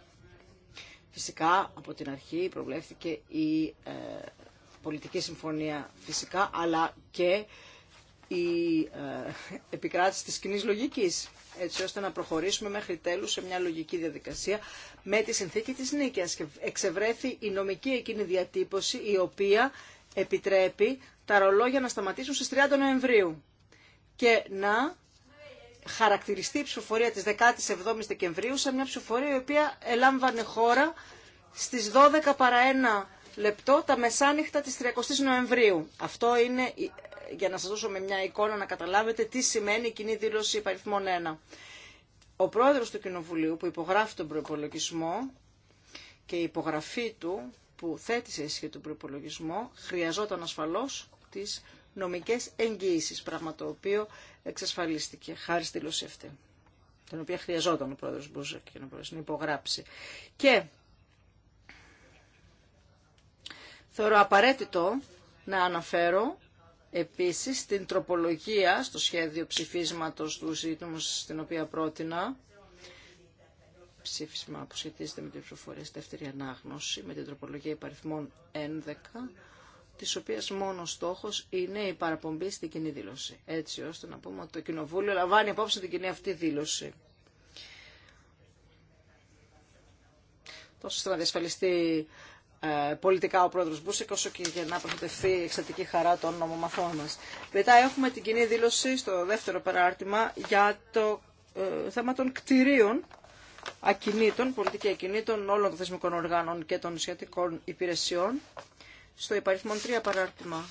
Φυσικά από την αρχή προβλέφθηκε η ε, πολιτική συμφωνία φυσικά, αλλά και η ε, επικράτηση της κοινή λογικής, έτσι ώστε να προχωρήσουμε μέχρι τέλους σε μια λογική διαδικασία με τη συνθήκη της νίκης. Εξευρέθη η νομική εκείνη διατύπωση η οποία επιτρέπει τα ρολόγια να σταματήσουν στις 30 Νοεμβρίου και να χαρακτηριστεί η ψηφοφορία της 17ης Δεκεμβρίου σε μια ψηφοφορία η οποία ελάμβανε χώρα στις 12 παρα λεπτό τα μεσάνυχτα της 30ης Νοεμβρίου. Αυτό είναι για να σας δώσω με μια εικόνα να καταλάβετε τι σημαίνει η κοινή δήλωση υπαριθμών 1. Ο πρόεδρος του Κοινοβουλίου που υπογράφει τον προπολογισμό και η υπογραφή του που θέτησε σε ισχύ τον προπολογισμό χρειαζόταν ασφαλώς τις νομικές εγγύησεις, πράγμα το οποίο εξασφαλίστηκε χάρη στη δήλωση αυτή την οποία χρειαζόταν ο πρόεδρος Μπούζεκ για να μπορέσει να υπογράψει. Και Θεωρώ απαραίτητο να αναφέρω επίσης την τροπολογία στο σχέδιο ψηφίσματος του ζήτημου στην οποία πρότεινα ψήφισμα που σχετίζεται με την προφορία στη δεύτερη ανάγνωση με την τροπολογία υπαριθμών 11 της οποίας μόνο στόχος είναι η παραπομπή στην κοινή δήλωση. Έτσι ώστε να πούμε ότι το Κοινοβούλιο λαμβάνει απόψε την κοινή αυτή δήλωση. Τόσο ώστε να διασφαλιστεί ε, πολιτικά ο πρόεδρος Μπούσικ, όσο και για να προστατευτεί η εξαιρετική χαρά των νομομαθών μας. Μετά έχουμε την κοινή δήλωση στο δεύτερο παράρτημα για το ε, θέμα των κτηρίων ακινήτων, πολιτική ακινήτων όλων των θεσμικών οργάνων και των σχετικών υπηρεσιών. Στο υπαριθμό τρία παράρτημα.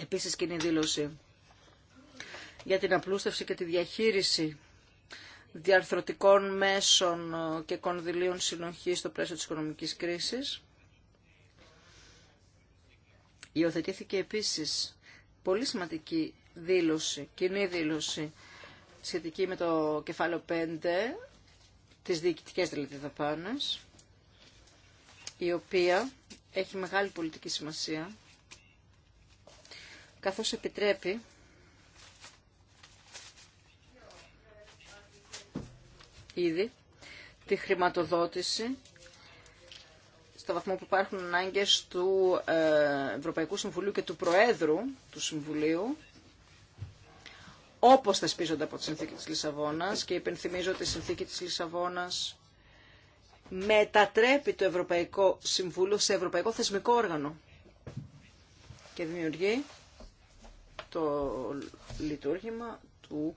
Επίσης κοινή δήλωση για την απλούστευση και τη διαχείριση διαρθρωτικών μέσων και κονδυλίων συνοχής στο πλαίσιο της οικονομικής κρίσης. Υιοθετήθηκε επίσης πολύ σημαντική δήλωση, κοινή δήλωση σχετική με το κεφάλαιο 5, της διοικητικές δηλαδή δαπάνες, η οποία έχει μεγάλη πολιτική σημασία, καθώς επιτρέπει ήδη τη χρηματοδότηση στο βαθμό που υπάρχουν ανάγκες του ε, Ευρωπαϊκού Συμβουλίου και του Προέδρου του Συμβουλίου όπως θεσπίζονται από τη Συνθήκη της Λισαβόνας και υπενθυμίζω ότι η Συνθήκη της Λισαβόνας μετατρέπει το Ευρωπαϊκό Συμβούλιο σε Ευρωπαϊκό Θεσμικό Όργανο και δημιουργεί το λειτουργήμα του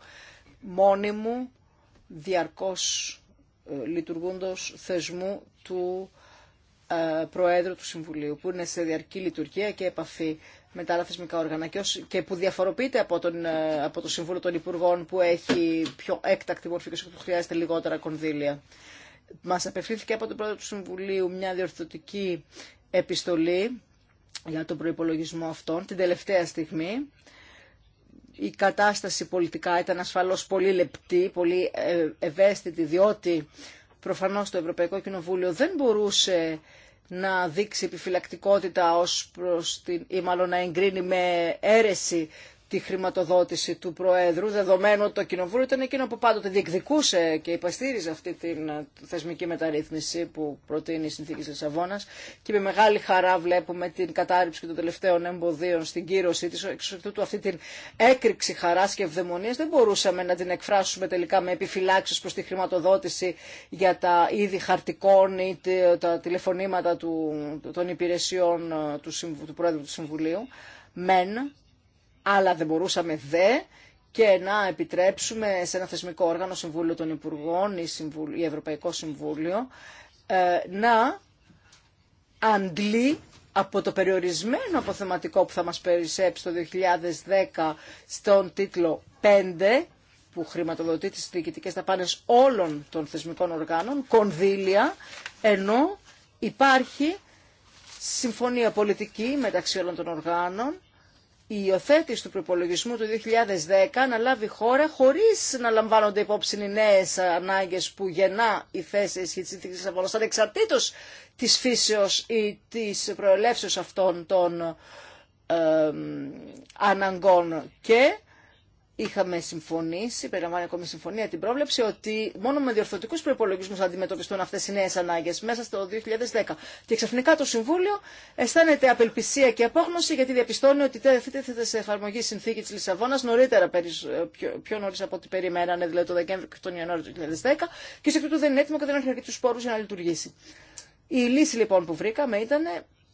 μόνιμου διαρκώς ε, λειτουργούντος θεσμού του ε, Προέδρου του Συμβουλίου, που είναι σε διαρκή λειτουργία και επαφή με τα άλλα θεσμικά όργανα και που διαφοροποιείται από, τον, ε, από το Συμβούλιο των Υπουργών που έχει πιο έκτακτη μορφή και που χρειάζεται λιγότερα κονδύλια. Μας απευθύνθηκε από τον Πρόεδρο του Συμβουλίου μια διορθωτική επιστολή για τον προπολογισμό αυτών την τελευταία στιγμή η κατάσταση πολιτικά ήταν ασφαλώς πολύ λεπτή, πολύ ε, ευαίσθητη, διότι προφανώς το Ευρωπαϊκό Κοινοβούλιο δεν μπορούσε να δείξει επιφυλακτικότητα ως προς την, ή μάλλον να εγκρίνει με αίρεση τη χρηματοδότηση του Προέδρου, δεδομένου ότι το Κοινοβούλιο ήταν εκείνο που πάντοτε διεκδικούσε και υπαστήριζε αυτή τη ε, θεσμική μεταρρύθμιση που προτείνει η Συνθήκη τη Λισαβόνα. και με μεγάλη χαρά βλέπουμε την κατάρριψη των τελευταίων εμποδίων στην κύρωσή της, εξωτερικού αυτή την έκρηξη χαρά και ευδαιμονίας δεν μπορούσαμε να την εκφράσουμε τελικά με επιφυλάξει προ τη χρηματοδότηση για τα είδη χαρτικών ή τα τηλεφωνήματα των υπηρεσιών ε, του Προέδρου του Συμβουλίου. Μεν, αλλά δεν μπορούσαμε δε και να επιτρέψουμε σε ένα θεσμικό όργανο, Συμβούλιο των Υπουργών ή, Ευρωπαϊκό Συμβούλιο, ε, να αντλεί από το περιορισμένο αποθεματικό που θα μας περισσέψει το 2010 στον τίτλο 5, που χρηματοδοτεί τις διοικητικές δαπάνες όλων των θεσμικών οργάνων, κονδύλια, ενώ υπάρχει συμφωνία πολιτική μεταξύ όλων των οργάνων, η υιοθέτηση του προπολογισμού του 2010 να λάβει χώρα χωρίς να λαμβάνονται υπόψη οι νέες ανάγκες που γεννά η θέση ισχύ της Συνθήκης Λισαβόνας, ανεξαρτήτως της φύσεως ή της προελεύσεως αυτών των ε, αναγκών και είχαμε συμφωνήσει, περιλαμβάνει ακόμη συμφωνία την πρόβλεψη, ότι μόνο με διορθωτικού προπολογισμού θα αντιμετωπιστούν αυτέ οι νέε ανάγκε μέσα στο 2010. Και ξαφνικά το Συμβούλιο αισθάνεται απελπισία και απόγνωση γιατί διαπιστώνει ότι τίθεται σε εφαρμογή συνθήκη τη Λισαβόνα νωρίτερα, πιο, πιο νωρί από ό,τι περιμένανε, δηλαδή το Δεκέμβριο και τον Ιανουάριο του 2010, και σε αυτό δεν είναι έτοιμο και δεν έχει αρκετού πόρου για να λειτουργήσει. Η λύση λοιπόν που βρήκαμε ήταν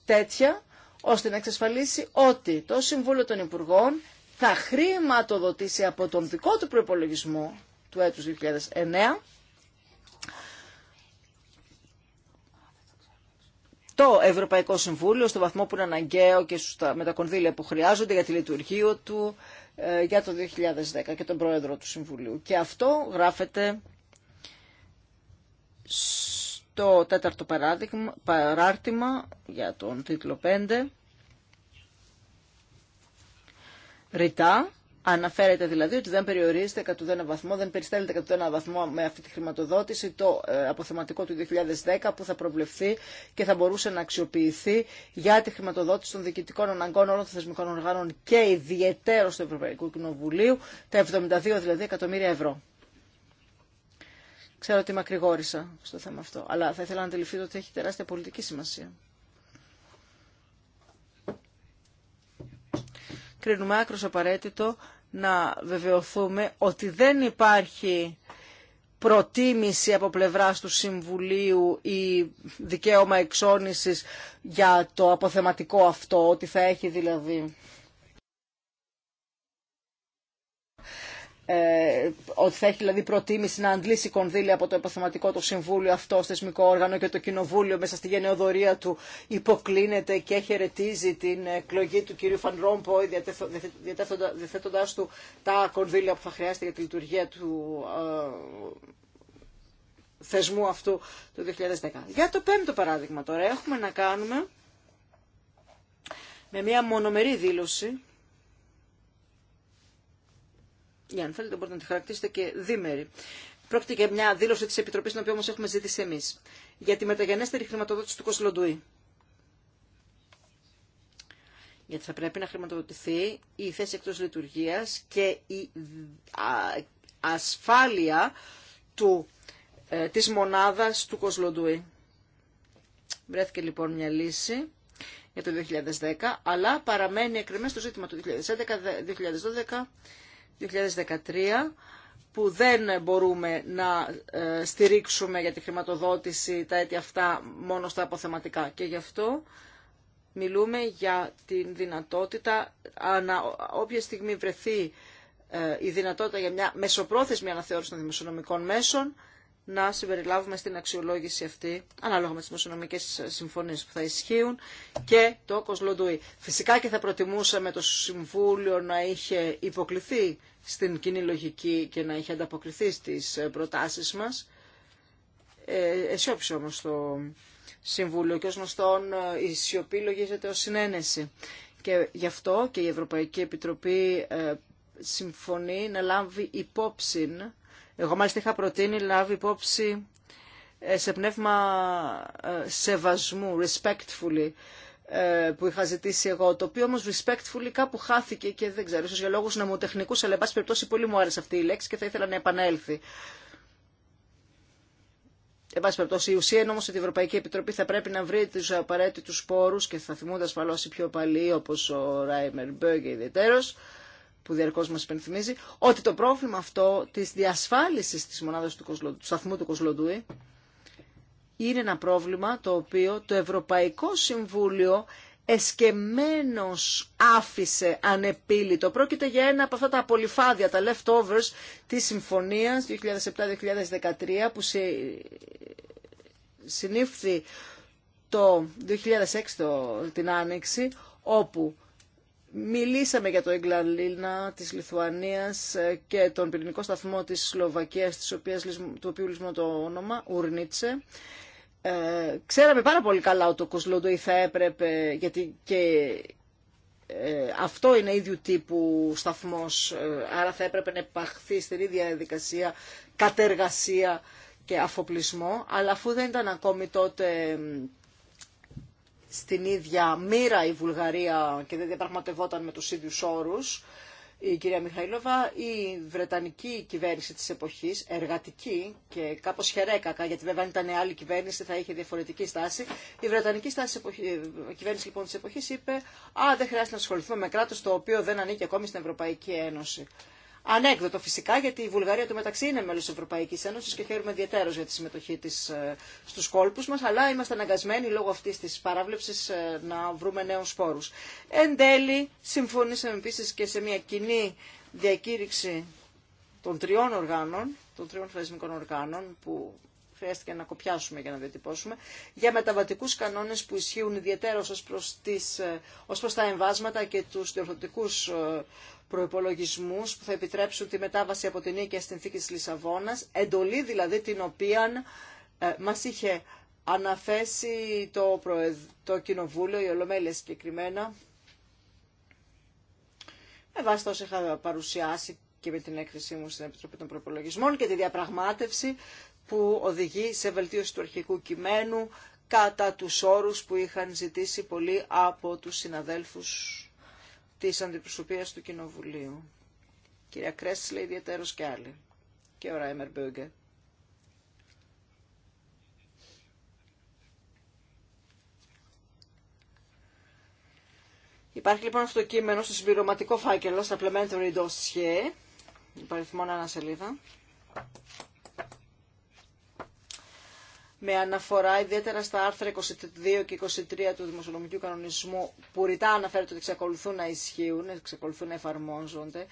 τέτοια ώστε να εξασφαλίσει ότι το Συμβούλιο των Υπουργών θα χρηματοδοτήσει από τον δικό του προπολογισμό του έτους 2009 το Ευρωπαϊκό Συμβούλιο στο βαθμό που είναι αναγκαίο και με τα κονδύλια που χρειάζονται για τη λειτουργία του ε, για το 2010 και τον Πρόεδρο του Συμβουλίου. Και αυτό γράφεται στο τέταρτο παράρτημα για τον τίτλο 5 ρητά, Αναφέρεται δηλαδή ότι δεν περιορίζεται κατ' ουδένα βαθμό, δεν περιστέλλεται κατ' ουδένα βαθμό με αυτή τη χρηματοδότηση το ε, αποθεματικό του 2010 που θα προβλεφθεί και θα μπορούσε να αξιοποιηθεί για τη χρηματοδότηση των διοικητικών αναγκών όλων των θεσμικών οργάνων και ιδιαιτέρω του Ευρωπαϊκού Κοινοβουλίου, τα 72 δηλαδή εκατομμύρια ευρώ. Ξέρω ότι μακρηγόρησα στο θέμα αυτό, αλλά θα ήθελα να αντιληφθείτε ότι έχει τεράστια πολιτική σημασία. κρίνουμε άκρως απαραίτητο να βεβαιωθούμε ότι δεν υπάρχει προτίμηση από πλευράς του Συμβουλίου ή δικαίωμα εξόνησης για το αποθεματικό αυτό, ότι θα έχει δηλαδή Ε, ότι θα έχει δηλαδή προτίμηση να αντλήσει κονδύλια από το επαθεματικό το Συμβούλιο αυτό θεσμικό όργανο και το Κοινοβούλιο μέσα στη γενεοδορία του υποκλίνεται και χαιρετίζει την εκλογή του κυρίου Φαν Ρόμπο του τα κονδύλια που θα χρειάζεται για τη λειτουργία του ε, θεσμού αυτού το 2010. Για το πέμπτο παράδειγμα τώρα έχουμε να κάνουμε με μια μονομερή δήλωση ή αν θέλετε μπορείτε να τη χαρακτήσετε και δίμερη. Πρόκειται για μια δήλωση τη Επιτροπή, την οποία όμω έχουμε ζητήσει εμεί, για τη μεταγενέστερη χρηματοδότηση του Κοσλοντουή. Γιατί θα πρέπει να χρηματοδοτηθεί η θέση εκτό λειτουργία και η ασφάλεια του, ε, της μονάδας του Κοσλοντουή. Βρέθηκε λοιπόν μια λύση για το 2010, αλλά παραμένει εκκρεμές το ζήτημα του 2011-2012 2013 που δεν μπορούμε να ε, στηρίξουμε για τη χρηματοδότηση τα αίτια αυτά μόνο στα αποθεματικά. Και γι' αυτό μιλούμε για την δυνατότητα, ανα, όποια στιγμή βρεθεί ε, η δυνατότητα για μια μεσοπρόθεσμη αναθεώρηση των δημοσιονομικών μέσων, να συμπεριλάβουμε στην αξιολόγηση αυτή, ανάλογα με τις μεσονομικές συμφωνίες που θα ισχύουν, και το Κοσλοντουή. Φυσικά και θα προτιμούσαμε το Συμβούλιο να είχε υποκληθεί στην κοινή λογική και να είχε ανταποκριθεί στις προτάσεις μας. Ε, στο όμως το Συμβούλιο και ως γνωστόν ε, η σιωπή λογίζεται ως συνένεση. Και γι' αυτό και η Ευρωπαϊκή Επιτροπή ε, συμφωνεί να λάβει υπόψη εγώ μάλιστα είχα προτείνει λάβει υπόψη ε, σε πνεύμα ε, σεβασμού, respectfully, ε, που είχα ζητήσει εγώ, το οποίο όμως respectfully κάπου χάθηκε και δεν ξέρω, ίσως για λόγους νομοτεχνικούς, αλλά εν πάση περιπτώσει πολύ μου άρεσε αυτή η λέξη και θα ήθελα να επανέλθει. Εν πάση περιπτώσει, η ουσία είναι όμω ότι η Ευρωπαϊκή Επιτροπή θα πρέπει να βρει του απαραίτητου πόρου και θα θυμούνται ασφαλώ οι πιο παλιοί, όπω ο Ράιμερ Μπέγκε ιδιαίτερο, που διαρκώ μα υπενθυμίζει, ότι το πρόβλημα αυτό της διασφάλισης της μονάδα του, του σταθμού του Κοσλοντούι είναι ένα πρόβλημα το οποίο το Ευρωπαϊκό Συμβούλιο εσκεμμένος άφησε ανεπίλητο. Πρόκειται για ένα από αυτά τα απολυφάδια, τα leftovers της συμφωνίας 2007-2013 που συνήφθη το 2006 την Άνοιξη, όπου Μιλήσαμε για το Εγκλαλίνα της Λιθουανίας και τον πυρηνικό σταθμό της Σλοβακίας, της οποίας, του οποίου λυσμό το όνομα, Ουρνίτσε. Ε, ξέραμε πάρα πολύ καλά ότι ο Κοσλόντοϊ θα έπρεπε, γιατί και ε, αυτό είναι ίδιου τύπου σταθμός, ε, άρα θα έπρεπε να επαχθεί στην ίδια διαδικασία κατεργασία και αφοπλισμό, αλλά αφού δεν ήταν ακόμη τότε στην ίδια μοίρα η Βουλγαρία και δεν διαπραγματευόταν με τους ίδιους όρους η κυρία Μιχαήλοβα, η βρετανική κυβέρνηση της εποχής, εργατική και κάπως χερέκακα, γιατί βέβαια αν ήταν άλλη κυβέρνηση θα είχε διαφορετική στάση, η βρετανική στάση εποχή, κυβέρνηση λοιπόν της εποχής είπε «Α, δεν χρειάζεται να ασχοληθούμε με κράτος το οποίο δεν ανήκει ακόμη στην Ευρωπαϊκή Ένωση». Ανέκδοτο φυσικά, γιατί η Βουλγαρία του μεταξύ είναι μέλος της Ευρωπαϊκής Ένωσης και χαίρομαι ιδιαίτερω για τη συμμετοχή της ε, στους κόλπους μας, αλλά είμαστε αναγκασμένοι λόγω αυτής της παράβλεψης ε, να βρούμε νέους σπόρους. Εν τέλει, συμφωνήσαμε επίσης και σε μια κοινή διακήρυξη των τριών οργάνων, των τριών θεσμικών οργάνων που χρειάστηκε να κοπιάσουμε για να διατυπώσουμε, για μεταβατικούς κανόνες που ισχύουν ιδιαίτερα ως προς, ε, ως προς τα εμβάσματα και τους διορθωτικούς προϋπολογισμούς που θα επιτρέψουν τη μετάβαση από την Ίκαια στην θήκη της Λισαβόνας, εντολή δηλαδή την οποία ε, μας είχε αναθέσει το, το Κοινοβούλιο, η Ολομέλεια συγκεκριμένα, με βάση είχα παρουσιάσει και με την έκθεσή μου στην Επιτροπή των Προπολογισμών και τη διαπραγμάτευση που οδηγεί σε βελτίωση του αρχικού κειμένου κατά τους όρους που είχαν ζητήσει πολλοί από τους συναδέλφους Τη αντιπροσωπείας του Κοινοβουλίου. Κυρία Κρέσλε, ιδιαίτερος και άλλοι. Και ο Ράιμερ Μπέγκε. Υπάρχει λοιπόν αυτό το κείμενο στο συμπληρωματικό φάκελο, στα Plementary Dossier, υπαριθμόν ένα σελίδα με αναφορά ιδιαίτερα στα άρθρα 22 και 23 του Δημοσιονομικού Κανονισμού που ρητά αναφέρεται ότι εξακολουθούν να ισχύουν, εξακολουθούν να εφαρμόζονται.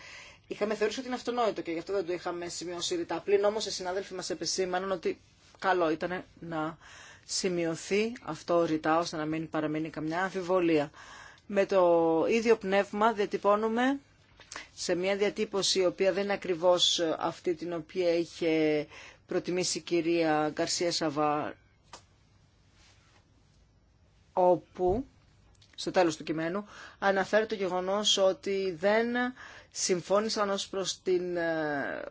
Είχαμε θεωρήσει ότι είναι αυτονόητο και γι' αυτό δεν το είχαμε σημειώσει ρητά. Πλην όμω οι συνάδελφοι μα επισήμαναν ότι καλό ήταν να σημειωθεί αυτό ρητά ώστε να μην παραμείνει καμιά αμφιβολία. Με το ίδιο πνεύμα διατυπώνουμε σε μια διατύπωση η οποία δεν είναι ακριβώς αυτή την οποία είχε προτιμήσει η κυρία Γκαρσία Σαβά όπου στο τέλος του κειμένου αναφέρει το γεγονός ότι δεν συμφώνησαν ως προς την ε,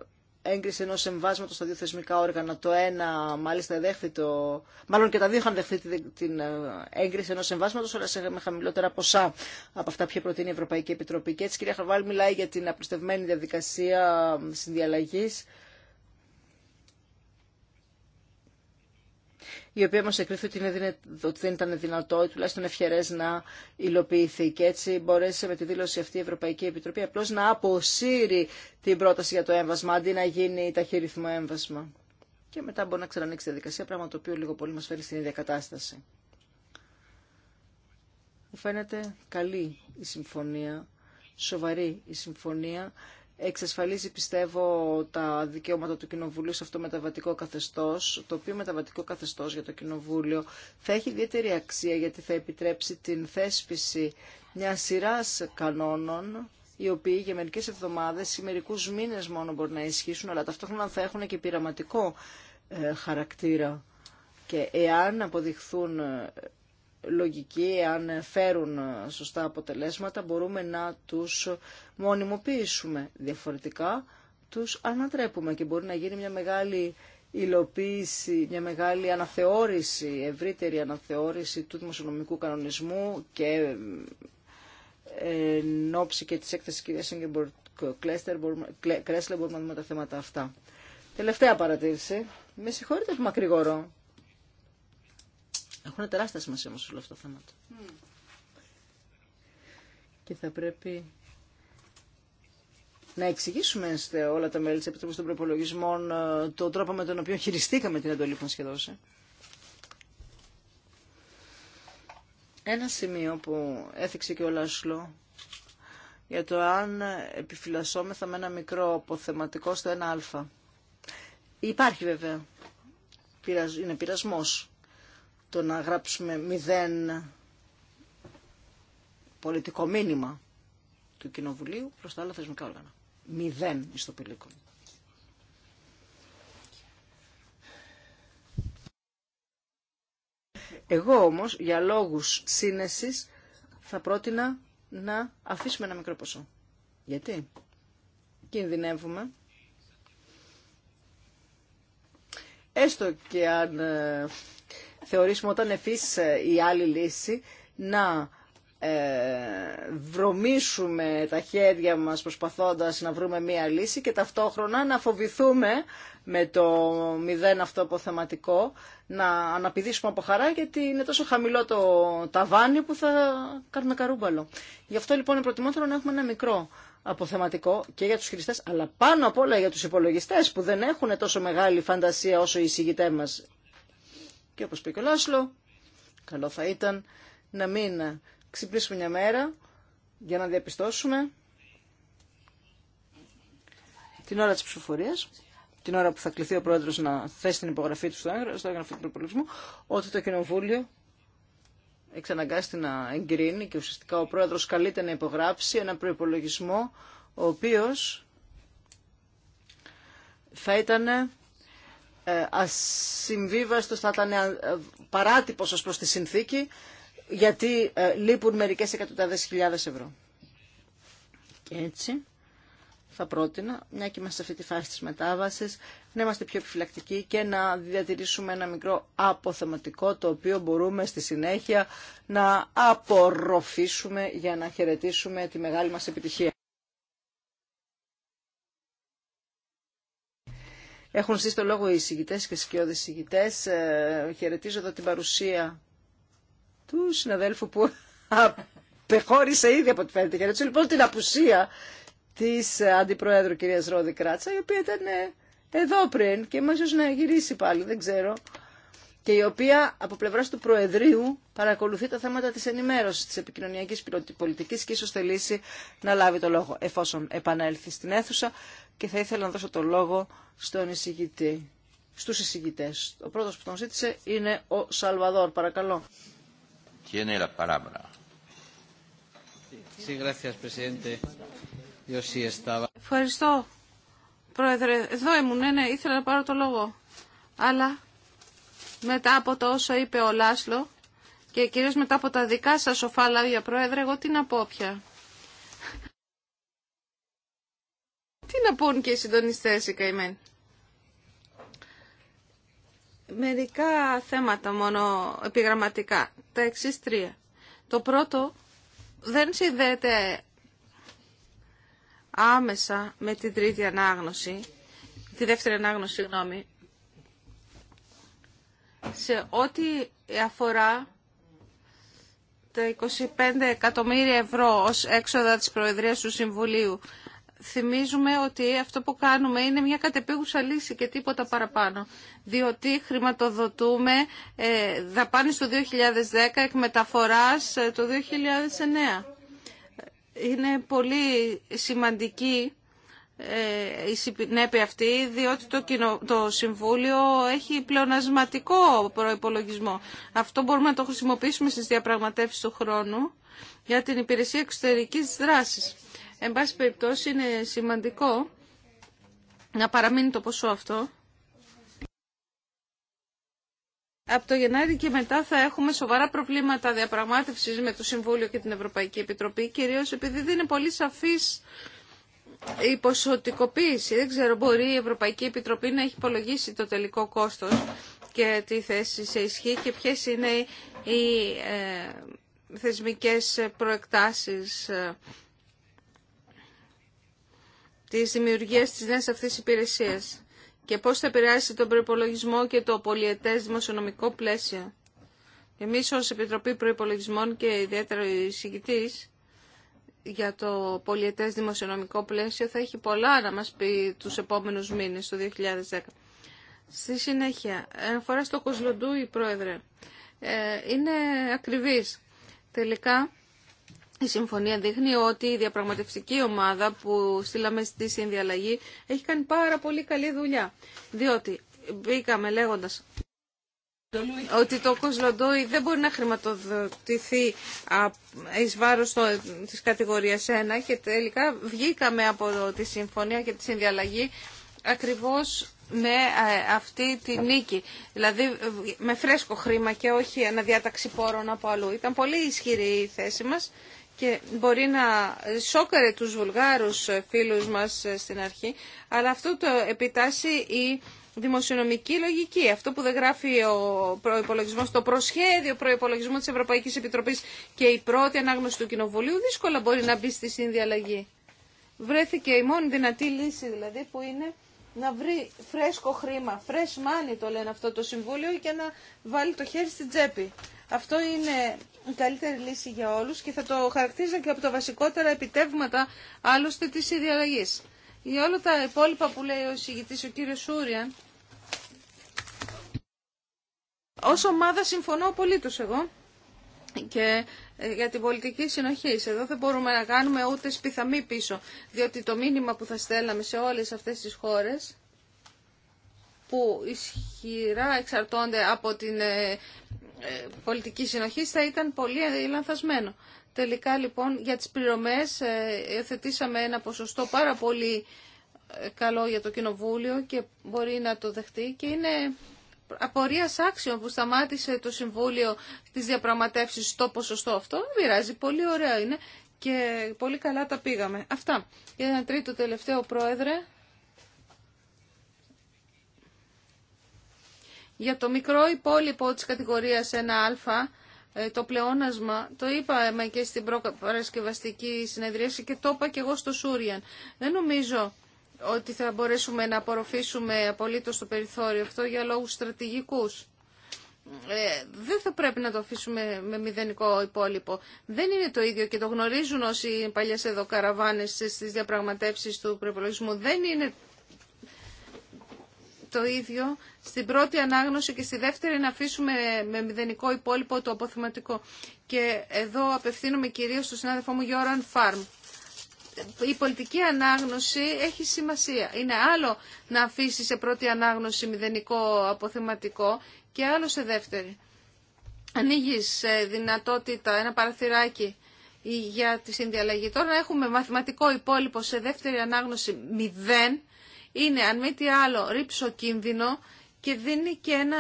έγκριση ενό εμβάσματος στα δύο θεσμικά όργανα. Το ένα, μάλιστα, δέχθη το. Μάλλον και τα δύο είχαν δεχθεί την ε, έγκριση ενό εμβάσματος, αλλά σε χαμηλότερα ποσά από αυτά που προτείνει η Ευρωπαϊκή Επιτροπή. Και έτσι, κυρία Χαρβάλ, μιλάει για την απλουστευμένη διαδικασία συνδιαλλαγής η οποία μας εκκρίθηκε ότι, ότι δεν ήταν δυνατό ή τουλάχιστον ευχερές να υλοποιηθεί. Και έτσι μπορέσε με τη δήλωση αυτή η Ευρωπαϊκή Επιτροπή απλώς να αποσύρει την πρόταση για το έμβασμα, αντί να γίνει ταχυριθμό έμβασμα. Και μετά μπορεί να ξανανοίξει τη διαδικασία, πράγμα το οποίο λίγο πολύ μας φέρει στην ίδια κατάσταση. Μου φαίνεται καλή η συμφωνία, σοβαρή η συμφωνία εξασφαλίζει πιστεύω τα δικαιώματα του Κοινοβουλίου σε αυτό το μεταβατικό καθεστώς, το οποίο μεταβατικό καθεστώς για το Κοινοβούλιο θα έχει ιδιαίτερη αξία γιατί θα επιτρέψει την θέσπιση μια σειρά κανόνων οι οποίοι για μερικέ εβδομάδε ή μερικού μήνε μόνο μπορεί να ισχύσουν, αλλά ταυτόχρονα θα έχουν και πειραματικό ε, χαρακτήρα. Και εάν αποδειχθούν ε, λογική, αν φέρουν σωστά αποτελέσματα, μπορούμε να τους μονιμοποιήσουμε διαφορετικά, τους ανατρέπουμε και μπορεί να γίνει μια μεγάλη υλοποίηση, μια μεγάλη αναθεώρηση, ευρύτερη αναθεώρηση του δημοσιονομικού κανονισμού και ε, εν ώψη και της έκθεσης κ. Σίγκεμπορ μπορούμε, μπορούμε να δούμε τα θέματα αυτά. Τελευταία παρατήρηση. Με συγχωρείτε που μακρηγορώ. Έχουν τεράστια σημασία όμως όλα αυτό το θέμα mm. Και θα πρέπει να εξηγήσουμε σε όλα τα μέλη της Επιτροπής των Προπολογισμών ε, τον τρόπο με τον οποίο χειριστήκαμε την εντολή που μας σχεδόσε. Ένα σημείο που έθιξε και ο Λάσλο για το αν επιφυλασσόμεθα με ένα μικρό αποθεματικό στο 1α. Υπάρχει βέβαια. Είναι πειρασμός το να γράψουμε μηδέν πολιτικό μήνυμα του Κοινοβουλίου προς τα άλλα θεσμικά όργανα. Μηδέν ιστοπηλίκων. Εγώ όμως, για λόγους σύνεσης, θα πρότεινα να αφήσουμε ένα μικρό ποσό. Γιατί? Κινδυνεύουμε. Έστω και αν ε, θεωρήσουμε όταν εφείς ε, η άλλη λύση να ε, βρωμίσουμε τα χέρια μας προσπαθώντας να βρούμε μία λύση και ταυτόχρονα να φοβηθούμε με το μηδέν αυτό αποθεματικό να αναπηδήσουμε από χαρά γιατί είναι τόσο χαμηλό το ταβάνι που θα κάνουμε καρούμπαλο. Γι' αυτό λοιπόν είναι προτιμότερο να έχουμε ένα μικρό αποθεματικό και για τους χρηστές αλλά πάνω απ' όλα για τους υπολογιστές που δεν έχουν τόσο μεγάλη φαντασία όσο οι εισηγητές μας, και όπως πει ο Λάσλο, καλό θα ήταν να μην ξυπνήσουμε μια μέρα για να διαπιστώσουμε την ώρα της ψηφοφορίας, την ώρα που θα κληθεί ο πρόεδρος να θέσει την υπογραφή του στο έγγραφο, του προπολογισμού, ότι το κοινοβούλιο εξαναγκάστηκε να εγκρίνει και ουσιαστικά ο πρόεδρος καλείται να υπογράψει ένα προϋπολογισμό ο οποίος θα ήταν ε, ασυμβίβαστος, θα ήταν ε, παράτυπος ως προς τη συνθήκη, γιατί ε, λείπουν μερικές εκατοντάδες χιλιάδες ευρώ. Και έτσι θα πρότεινα, μια και είμαστε σε αυτή τη φάση της μετάβαση, να είμαστε πιο επιφυλακτικοί και να διατηρήσουμε ένα μικρό αποθεματικό το οποίο μπορούμε στη συνέχεια να απορροφήσουμε για να χαιρετήσουμε τη μεγάλη μας επιτυχία. Έχουν ζήσει το λόγο οι συγητές και σκιώδεις συγητές. Ε, Χαιρετίζω εδώ την παρουσία του συναδέλφου που απεχώρησε ήδη από τη φαίνεται. Χαιρετίζω λοιπόν την απουσία της Αντιπροέδρου κυρίας Ρόδη Κράτσα, η οποία ήταν ε, εδώ πριν και ίσως να γυρίσει πάλι, δεν ξέρω και η οποία από πλευρά του Προεδρείου παρακολουθεί τα θέματα τη ενημέρωση, τη επικοινωνιακή πολιτική και ίσω θελήσει να λάβει το λόγο εφόσον επανέλθει στην αίθουσα και θα ήθελα να δώσω το λόγο στον εισηγητή, στους εισηγητές. Ο πρώτος που τον ζήτησε είναι ο Σαλβαδόρ. Παρακαλώ. Ευχαριστώ, Πρόεδρε. Εδώ ήμουν, ναι, ναι, ήθελα να πάρω το λόγο. Αλλά μετά από το όσο είπε ο Λάσλο και κυρίως μετά από τα δικά σας οφάλα για Πρόεδρε, εγώ τι να πω πια. Τι να πούν και οι συντονιστές οι καημένοι. Μερικά θέματα μόνο επιγραμματικά. Τα εξή τρία. Το πρώτο δεν συνδέεται άμεσα με την τρίτη ανάγνωση, τη δεύτερη ανάγνωση, συγγνώμη, σε ό,τι αφορά τα 25 εκατομμύρια ευρώ ως έξοδα της Προεδρίας του Συμβουλίου θυμίζουμε ότι αυτό που κάνουμε είναι μια κατεπίγουσα λύση και τίποτα παραπάνω. Διότι χρηματοδοτούμε ε, του 2010 εκ μεταφοράς ε, το 2009. Είναι πολύ σημαντική ε, η συνέπεια αυτή, διότι το, το Συμβούλιο έχει πλεονασματικό προϋπολογισμό. Αυτό μπορούμε να το χρησιμοποιήσουμε στις διαπραγματεύσεις του χρόνου για την υπηρεσία εξωτερικής δράσης. Εν πάση περιπτώσει είναι σημαντικό να παραμείνει το ποσό αυτό. Από το Γενάρη και μετά θα έχουμε σοβαρά προβλήματα διαπραγμάτευσης με το Συμβούλιο και την Ευρωπαϊκή Επιτροπή, κυρίως επειδή δεν είναι πολύ σαφής η ποσοτικοποίηση. Δεν ξέρω, μπορεί η Ευρωπαϊκή Επιτροπή να έχει υπολογίσει το τελικό κόστος και τη θέση σε ισχύ και ποιες είναι οι ε, θεσμικές προεκτάσεις ε, τις δημιουργίες της νέας αυτής υπηρεσία και πώς θα επηρεάσει τον προπολογισμό και το πολιετέ δημοσιονομικό πλαίσιο. Εμεί ω Επιτροπή προπολογισμών και ιδιαίτερα ο για το πολιετέ δημοσιονομικό πλαίσιο θα έχει πολλά να μας πει του επόμενους μήνες, το 2010. Στη συνέχεια, αφορά στο Κοσλοντού η Πρόεδρε, ε, είναι ακριβής. Τελικά, η συμφωνία δείχνει ότι η διαπραγματευτική ομάδα που στείλαμε στη συνδιαλλαγή έχει κάνει πάρα πολύ καλή δουλειά. Διότι μπήκαμε λέγοντα ότι το Κοσλοντόι δεν μπορεί να χρηματοδοτηθεί εις βάρος της κατηγορίας 1 και τελικά βγήκαμε από τη συμφωνία και τη συνδιαλλαγή ακριβώς με ε, αυτή τη νίκη. Δηλαδή με φρέσκο χρήμα και όχι αναδιάταξη πόρων από αλλού. Ήταν πολύ ισχυρή η θέση μας και μπορεί να σόκαρε τους Βουλγάρους ε, φίλους μας ε, στην αρχή, αλλά αυτό το επιτάσσει η δημοσιονομική λογική. Αυτό που δεν γράφει ο προπολογισμό, το προσχέδιο προπολογισμού της Ευρωπαϊκής Επιτροπής και η πρώτη ανάγνωση του Κοινοβουλίου δύσκολα μπορεί να μπει στη συνδιαλλαγή. Βρέθηκε η μόνη δυνατή λύση δηλαδή που είναι να βρει φρέσκο χρήμα, fresh money το λένε αυτό το Συμβούλιο και να βάλει το χέρι στην τσέπη. Αυτό είναι καλύτερη λύση για όλους και θα το χαρακτήσω και από τα βασικότερα επιτεύγματα άλλωστε της ιδιαλλαγής. Για όλα τα υπόλοιπα που λέει ο εισηγητής ο κύριος Σούριαν, ως ομάδα συμφωνώ απολύτως εγώ και ε, για την πολιτική συνοχή. Εδώ δεν μπορούμε να κάνουμε ούτε σπιθαμή πίσω, διότι το μήνυμα που θα στέλναμε σε όλες αυτές τις χώρες που ισχυρά εξαρτώνται από την ε, ε, πολιτική συνοχή θα ήταν πολύ λανθασμένο. Τελικά λοιπόν για τις πληρωμές εθετήσαμε ένα ποσοστό πάρα πολύ ε, καλό για το Κοινοβούλιο και μπορεί να το δεχτεί και είναι απορία άξιων που σταμάτησε το Συμβούλιο της διαπραγματεύσεις στο ποσοστό αυτό. Μοιράζει, πολύ ωραία είναι και πολύ καλά τα πήγαμε. Αυτά. Για ένα τρίτο τελευταίο πρόεδρε. Για το μικρό υπόλοιπο της κατηγορίας 1α, ε, το πλεόνασμα, το είπαμε και στην προπαρασκευαστική συνεδρίαση και το είπα και εγώ στο Σούριαν. Δεν νομίζω ότι θα μπορέσουμε να απορροφήσουμε απολύτως το περιθώριο αυτό για λόγους στρατηγικούς. Ε, δεν θα πρέπει να το αφήσουμε με μηδενικό υπόλοιπο. Δεν είναι το ίδιο και το γνωρίζουν όσοι παλιές εδώ καραβάνες στις διαπραγματεύσεις του προπολογισμού. Δεν είναι το ίδιο στην πρώτη ανάγνωση και στη δεύτερη να αφήσουμε με μηδενικό υπόλοιπο το αποθυματικό. Και εδώ απευθύνομαι κυρίως στον συνάδελφό μου Γιώραν Φάρμ. Η πολιτική ανάγνωση έχει σημασία. Είναι άλλο να αφήσει σε πρώτη ανάγνωση μηδενικό αποθεματικό και άλλο σε δεύτερη. Ανοίγει δυνατότητα, ένα παραθυράκι για τη συνδιαλλαγή. Τώρα έχουμε μαθηματικό υπόλοιπο σε δεύτερη ανάγνωση μηδέν, είναι αν μη τι άλλο ρήψο κίνδυνο και δίνει και ένα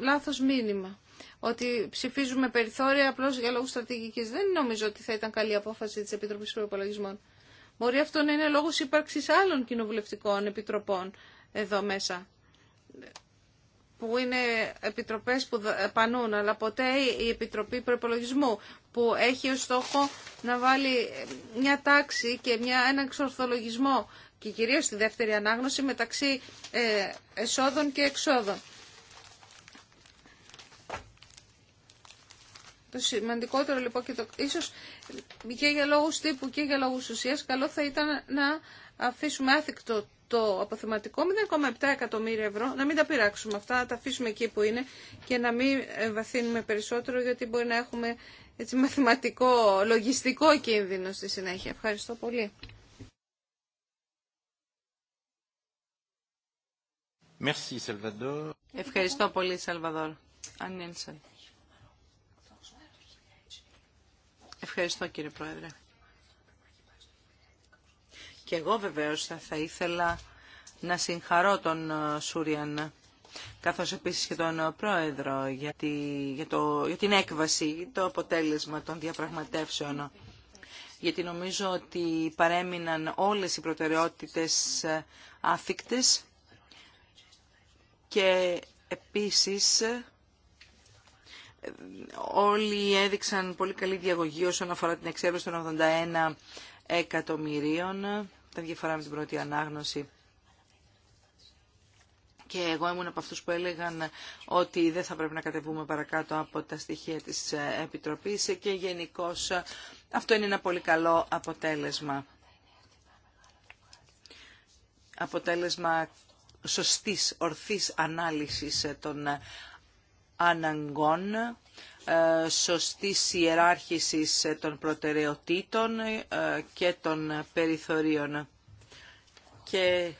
λάθος μήνυμα. Ότι ψηφίζουμε περιθώρια απλώ για λόγου στρατηγική. Δεν νομίζω ότι θα ήταν καλή απόφαση τη Επιτροπή Προπολογισμών. Μπορεί αυτό να είναι λόγο ύπαρξη άλλων κοινοβουλευτικών επιτροπών εδώ μέσα που είναι επιτροπές που πανούν, αλλά ποτέ η Επιτροπή Προπολογισμού που έχει ως στόχο να βάλει μια τάξη και μια, ένα εξορθολογισμό και κυρίως στη δεύτερη ανάγνωση μεταξύ ε, εσόδων και εξόδων. Το σημαντικότερο λοιπόν και το, ίσως και για λόγους τύπου και για λόγους ουσίας καλό θα ήταν να αφήσουμε άθικτο το αποθεματικό 0,7 εκατομμύρια ευρώ, να μην τα πειράξουμε αυτά, να τα αφήσουμε εκεί που είναι και να μην βαθύνουμε περισσότερο γιατί μπορεί να έχουμε έτσι, μαθηματικό, λογιστικό κίνδυνο στη συνέχεια. Ευχαριστώ πολύ. Merci, Ευχαριστώ πολύ, Σαλβαδόρ. Ευχαριστώ, κύριε Πρόεδρε. Και εγώ βεβαίως θα, ήθελα να συγχαρώ τον ε, Σούριαν καθώς επίσης και τον ε, Πρόεδρο για, για, το, για την έκβαση, το αποτέλεσμα των διαπραγματεύσεων. Γιατί νομίζω ότι παρέμειναν όλες οι προτεραιότητες ε, άφικτες και επίσης όλοι έδειξαν πολύ καλή διαγωγή όσον αφορά την εξέβρεση των 81 εκατομμυρίων. τα διαφορά με την πρώτη ανάγνωση. Και εγώ ήμουν από αυτούς που έλεγαν ότι δεν θα πρέπει να κατεβούμε παρακάτω από τα στοιχεία της Επιτροπής και γενικώ αυτό είναι ένα πολύ καλό αποτέλεσμα. Αποτέλεσμα σωστής, ορθής ανάλυσης των αναγκών ε, σωστής ιεράρχησης των προτεραιοτήτων ε, και των περιθωρίων. Και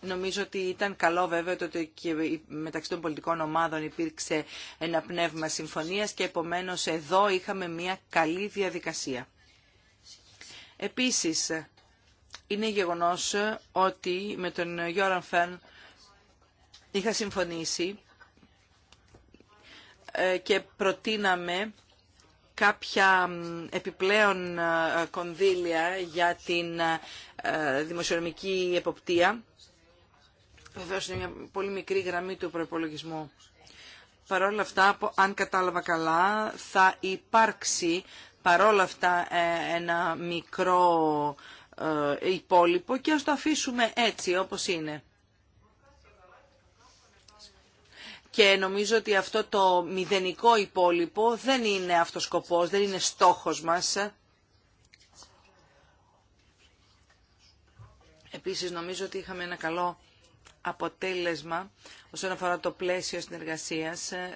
νομίζω ότι ήταν καλό βέβαια ότι και μεταξύ των πολιτικών ομάδων υπήρξε ένα πνεύμα συμφωνίας και επομένως εδώ είχαμε μια καλή διαδικασία. Επίσης, είναι γεγονός ότι με τον Γιώραν Φεν είχα συμφωνήσει ε, και προτείναμε κάποια επιπλέον ε, κονδύλια για την ε, δημοσιονομική εποπτεία. Βεβαίω είναι μια πολύ μικρή γραμμή του προπολογισμού. Παρόλα αυτά, αν κατάλαβα καλά, θα υπάρξει παρόλα αυτά ένα μικρό υπόλοιπο και ας το αφήσουμε έτσι όπως είναι. και νομίζω ότι αυτό το μηδενικό υπόλοιπο δεν είναι αυτός σκοπός, δεν είναι στόχος μας. Επίσης νομίζω ότι είχαμε ένα καλό αποτέλεσμα όσον αφορά το πλαίσιο συνεργασίας ε,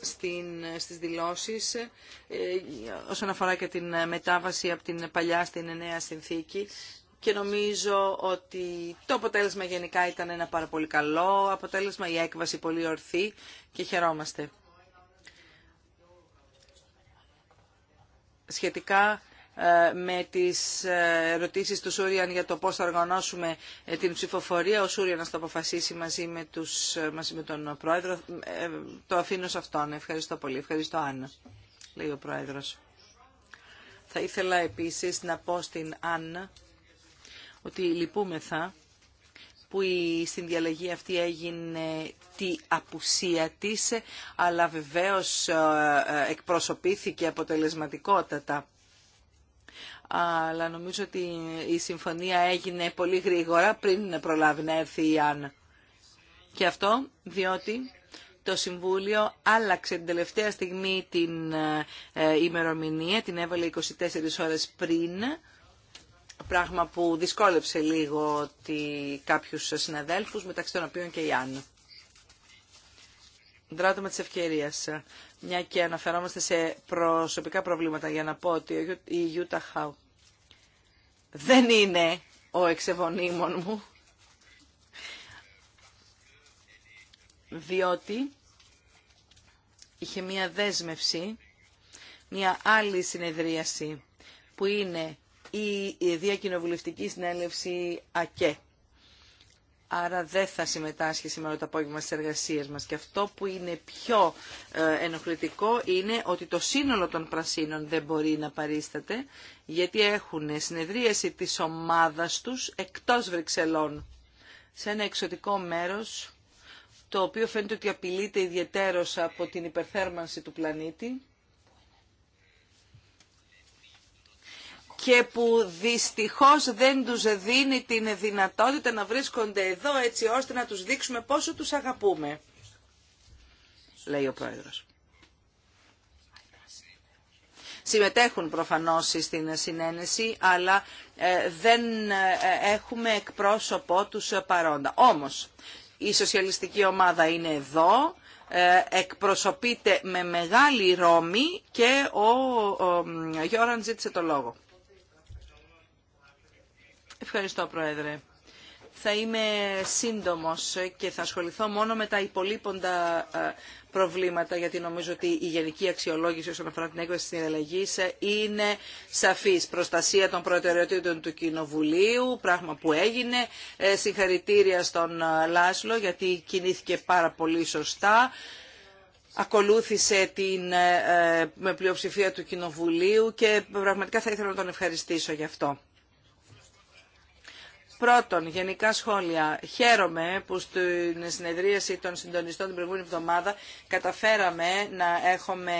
στην, στις δηλώσεις ε, όσον αφορά και την μετάβαση από την παλιά στην νέα συνθήκη και νομίζω ότι το αποτέλεσμα γενικά ήταν ένα πάρα πολύ καλό αποτέλεσμα, η έκβαση πολύ ορθή και χαιρόμαστε. Σχετικά ε, με τις ε, ερωτήσεις του Σούριαν για το πώς θα οργανώσουμε ε, την ψηφοφορία. Ο Σούριαν θα αποφασίσει μαζί με, τους, μαζί με τον Πρόεδρο. Το αφήνω σε αυτόν. Ευχαριστώ πολύ. Ευχαριστώ Άννα, λέει ο Πρόεδρος. Θα ήθελα επίσης να πω στην Άννα ότι λυπούμεθα που η συνδιαλλαγή αυτή έγινε τη απουσία της, αλλά βεβαίως ε, ε, εκπροσωπήθηκε αποτελεσματικότατα αλλά νομίζω ότι η συμφωνία έγινε πολύ γρήγορα πριν προλάβει να έρθει η Άννα. Και αυτό διότι το Συμβούλιο άλλαξε την τελευταία στιγμή την ε, ημερομηνία, την έβαλε 24 ώρες πριν πράγμα που δυσκόλεψε λίγο τη, κάποιους συναδέλφους, μεταξύ των οποίων και η Άννα. Δράτω με τις ευκαιρίες, μια και αναφερόμαστε σε προσωπικά προβλήματα, για να πω ότι η Γιούτα Χάου δεν είναι ο εξεβονίμων μου, διότι είχε μια δέσμευση, μια άλλη συνεδρίαση που είναι η Διακοινοβουλευτική Συνέλευση ΑΚΕ. Άρα δεν θα συμμετάσχει σήμερα το απόγευμα στις εργασίες μας. Και αυτό που είναι πιο ε, ενοχλητικό είναι ότι το σύνολο των πρασίνων δεν μπορεί να παρίσταται, γιατί έχουν συνεδρίαση της ομάδας τους εκτός Βρυξελών, σε ένα εξωτικό μέρος, το οποίο φαίνεται ότι απειλείται ιδιαίτερος από την υπερθέρμανση του πλανήτη και που δυστυχώς δεν τους δίνει την δυνατότητα να βρίσκονται εδώ έτσι ώστε να τους δείξουμε πόσο τους αγαπούμε. Λέει ο Πρόεδρος. Συμμετέχουν προφανώς στην συνένεση, αλλά ε, δεν ε, έχουμε εκπρόσωπό τους παρόντα. Όμως, η σοσιαλιστική ομάδα είναι εδώ, ε, εκπροσωπείται με μεγάλη ρόμη και ο Γιώραν ζήτησε το λόγο. Ευχαριστώ, Πρόεδρε. Θα είμαι σύντομος και θα ασχοληθώ μόνο με τα υπολείποντα ε, προβλήματα, γιατί νομίζω ότι η γενική αξιολόγηση όσον αφορά την έκβαση της συναλλαγής ε, είναι σαφής. Προστασία των προτεραιοτήτων του Κοινοβουλίου, πράγμα που έγινε. Ε, συγχαρητήρια στον Λάσλο, γιατί κινήθηκε πάρα πολύ σωστά ακολούθησε την με πλειοψηφία του Κοινοβουλίου και πραγματικά θα ήθελα να τον ευχαριστήσω γι' αυτό. Πρώτον, γενικά σχόλια. Χαίρομαι που στην συνεδρίαση των συντονιστών την προηγούμενη εβδομάδα καταφέραμε να έχουμε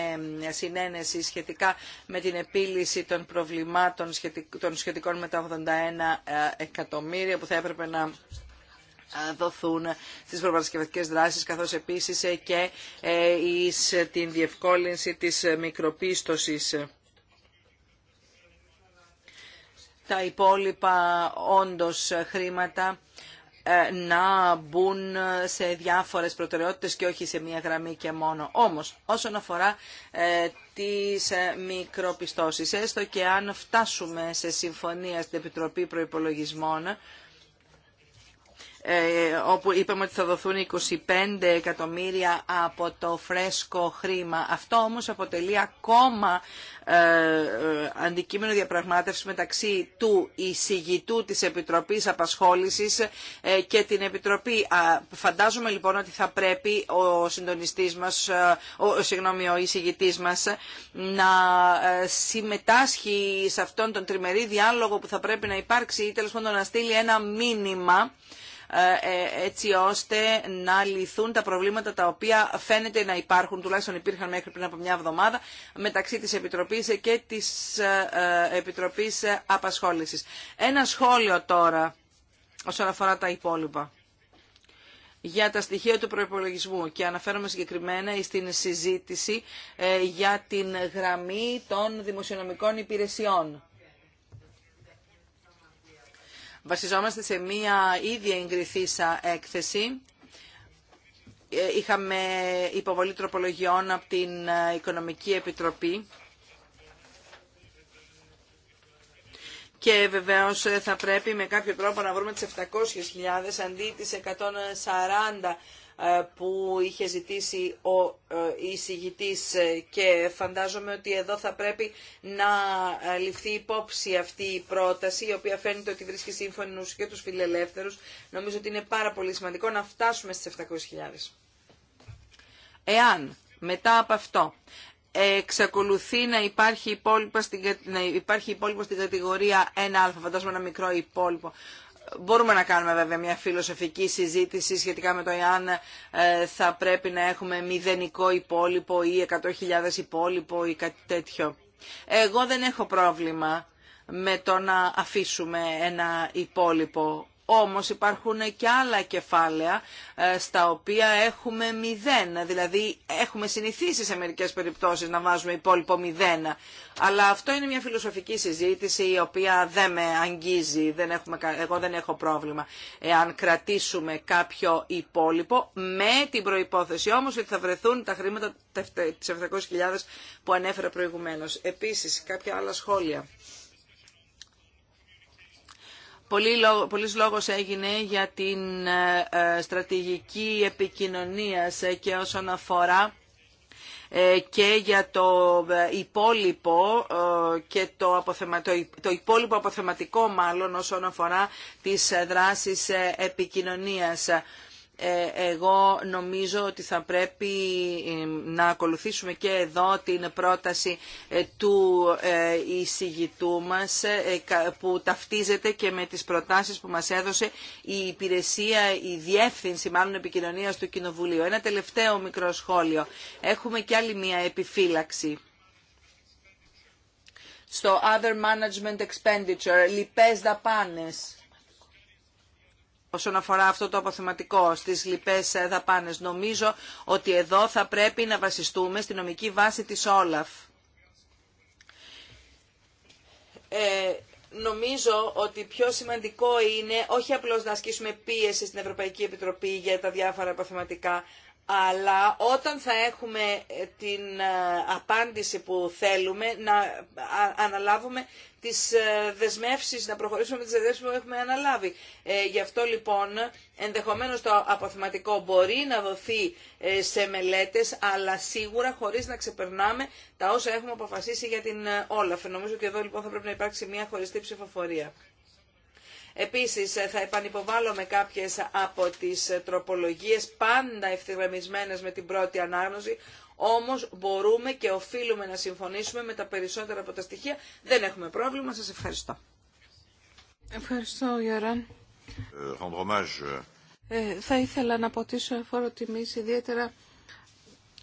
συνένεση σχετικά με την επίλυση των προβλημάτων των σχετικών με τα 81 ε, εκατομμύρια που θα έπρεπε να ε, δοθούν στις προπαρασκευαστικές δράσεις καθώς επίσης ε, και εις την διευκόλυνση της μικροπίστοσης τα υπόλοιπα όντως χρήματα ε, να μπουν σε διάφορες προτεραιότητες και όχι σε μία γραμμή και μόνο. Όμως, όσον αφορά ε, τις ε, μικροπιστώσεις, έστω και αν φτάσουμε σε συμφωνία στην Επιτροπή Προϋπολογισμών, ε, όπου είπαμε ότι θα δοθούν 25 εκατομμύρια από το φρέσκο χρήμα. Αυτό όμως αποτελεί ακόμα ε, ε, αντικείμενο διαπραγμάτευση μεταξύ του εισηγητού της Επιτροπής Απασχόλησης και την Επιτροπή. Φαντάζομαι λοιπόν ότι θα πρέπει ο συντονιστής μας, ο, συγγνώμη, ο εισηγητής μας να συμμετάσχει σε αυτόν τον τριμερή διάλογο που θα πρέπει να υπάρξει ή τέλος πάντων να στείλει ένα μήνυμα ε, ε, έτσι ώστε να λυθούν τα προβλήματα τα οποία φαίνεται να υπάρχουν, τουλάχιστον υπήρχαν μέχρι πριν από μια εβδομάδα, μεταξύ της Επιτροπής και της ε, Επιτροπής Απασχόλησης. Ένα σχόλιο τώρα όσον αφορά τα υπόλοιπα για τα στοιχεία του προϋπολογισμού και αναφέρομαι συγκεκριμένα στην συζήτηση για την γραμμή των δημοσιονομικών υπηρεσιών. Βασιζόμαστε σε μία ίδια εγκριθήσα έκθεση. Ε, είχαμε υποβολή τροπολογιών από την ε, Οικονομική Επιτροπή. Και βεβαίως ε, θα πρέπει με κάποιο τρόπο να βρούμε τις 700.000 αντί τις 140 ε, που είχε ζητήσει ο ε, εισηγητής ε, και φαντάζομαι ότι εδώ θα πρέπει να ληφθεί υπόψη αυτή η πρόταση η οποία φαίνεται ότι βρίσκει σύμφωνους και τους φιλελεύθερους. Νομίζω ότι είναι πάρα πολύ σημαντικό να φτάσουμε στις 700.000. Εάν μετά από αυτό εξακολουθεί να υπάρχει υπόλοιπο στην, να υπάρχει υπόλοιπο στην κατηγορία 1α, φαντάζομαι ένα μικρό υπόλοιπο, Μπορούμε να κάνουμε βέβαια μια φιλοσοφική συζήτηση σχετικά με το εάν ε, θα πρέπει να έχουμε μηδενικό υπόλοιπο ή 100.000 υπόλοιπο ή κάτι τέτοιο. Εγώ δεν έχω πρόβλημα με το να αφήσουμε ένα υπόλοιπο όμως υπάρχουν και άλλα κεφάλαια ε, στα οποία έχουμε μηδέν. Δηλαδή έχουμε συνηθίσει σε μερικές περιπτώσεις να βάζουμε υπόλοιπο μηδέν. Αλλά αυτό είναι μια φιλοσοφική συζήτηση η οποία δεν με αγγίζει. Δεν έχουμε, εγώ δεν έχω πρόβλημα εάν κρατήσουμε κάποιο υπόλοιπο με την προϋπόθεση όμως ότι θα βρεθούν τα χρήματα τις 700.000 που ανέφερα προηγουμένως. Επίσης κάποια άλλα σχόλια. Πολύς λόγος έγινε για την ε, ε, στρατηγική επικοινωνίας ε, και όσον αφορά και για το υπόλοιπο και το, το υπόλοιπο αποθεματικό μάλλον όσον αφορά τις δράσεις επικοινωνίας. Ε, εγώ νομίζω ότι θα πρέπει ε, να ακολουθήσουμε και εδώ την πρόταση ε, του εισηγητού μας που ταυτίζεται και με τις προτάσεις που μας έδωσε η υπηρεσία, η διεύθυνση μάλλον επικοινωνίας του Κοινοβουλίου. Ένα τελευταίο μικρό σχόλιο. Έχουμε και άλλη μια επιφύλαξη στο Other Management Expenditure, λοιπές δαπάνες όσον αφορά αυτό το αποθεματικό στις λοιπές δαπάνες. Νομίζω ότι εδώ θα πρέπει να βασιστούμε στη νομική βάση της Όλαφ. Ε, νομίζω ότι πιο σημαντικό είναι όχι απλώς να ασκήσουμε πίεση στην Ευρωπαϊκή Επιτροπή για τα διάφορα αποθεματικά, αλλά όταν θα έχουμε ε, την ε, απάντηση που θέλουμε να αναλάβουμε τις ε, δεσμεύσεις, να προχωρήσουμε με τις δεσμεύσεις που έχουμε αναλάβει. Ε, γι' αυτό λοιπόν ενδεχομένως το αποθυματικό μπορεί να δοθεί ε, σε μελέτες, αλλά σίγουρα χωρίς να ξεπερνάμε τα όσα έχουμε αποφασίσει για την Όλαφ. Νομίζω και εδώ λοιπόν θα πρέπει να υπάρξει μια χωριστή ψηφοφορία. Επίσης θα επανυποβάλλω με κάποιες από τις τροπολογίες πάντα ευθυγραμμισμένες με την πρώτη ανάγνωση όμως μπορούμε και οφείλουμε να συμφωνήσουμε με τα περισσότερα από τα στοιχεία. Δεν έχουμε πρόβλημα. Σας ευχαριστώ. Ευχαριστώ, Γιώραν. Ε, ε, ε, θα ήθελα να αποτίσω φόρο τιμής ιδιαίτερα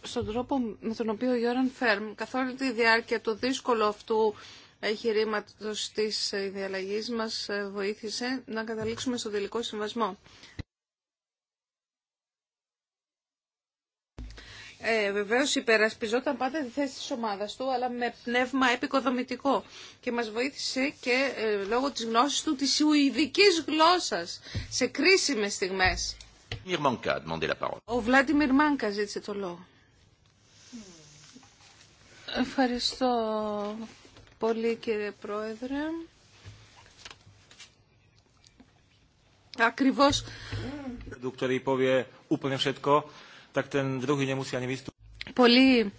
στον τρόπο με τον οποίο ο Γιώραν Φέρμ καθ' όλη τη διάρκεια του δύσκολου αυτού εγχειρήματο της διαλλαγή μας, βοήθησε να καταλήξουμε στο τελικό συμβασμό. ε, βεβαίως υπερασπιζόταν πάντα τη θέση τη ομάδα του, αλλά με πνεύμα επικοδομητικό. Και μας βοήθησε και ε, λόγω της γνώσης του της ουηδική γλώσσας σε κρίσιμες στιγμές. Ο Βλάντιμιρ Μάνκα ζήτησε το λόγο. Ευχαριστώ πολύ κύριε Πρόεδρε. Ακριβώς. Πολύ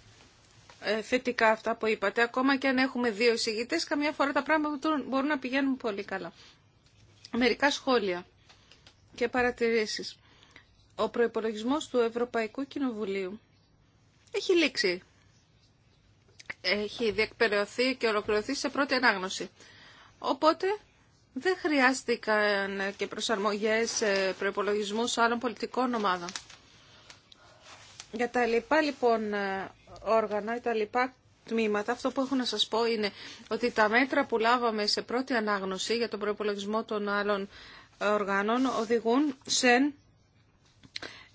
ε, θετικά αυτά που είπατε. Ακόμα και αν έχουμε δύο εισηγητές, καμιά φορά τα πράγματα μπορούν να πηγαίνουν πολύ καλά. Μερικά σχόλια και παρατηρήσεις. Ο προϋπολογισμός του Ευρωπαϊκού Κοινοβουλίου έχει λήξει. Έχει διεκπαιρεωθεί και ολοκληρωθεί σε πρώτη ανάγνωση. Οπότε δεν χρειάστηκαν και προσαρμογές ε, προϋπολογισμούς άλλων πολιτικών ομάδων. Για τα λοιπά λοιπόν ε, όργανα, τα λοιπά τμήματα, αυτό που έχω να σας πω είναι ότι τα μέτρα που λάβαμε σε πρώτη ανάγνωση για τον προπολογισμό των άλλων ε, οργάνων οδηγούν σε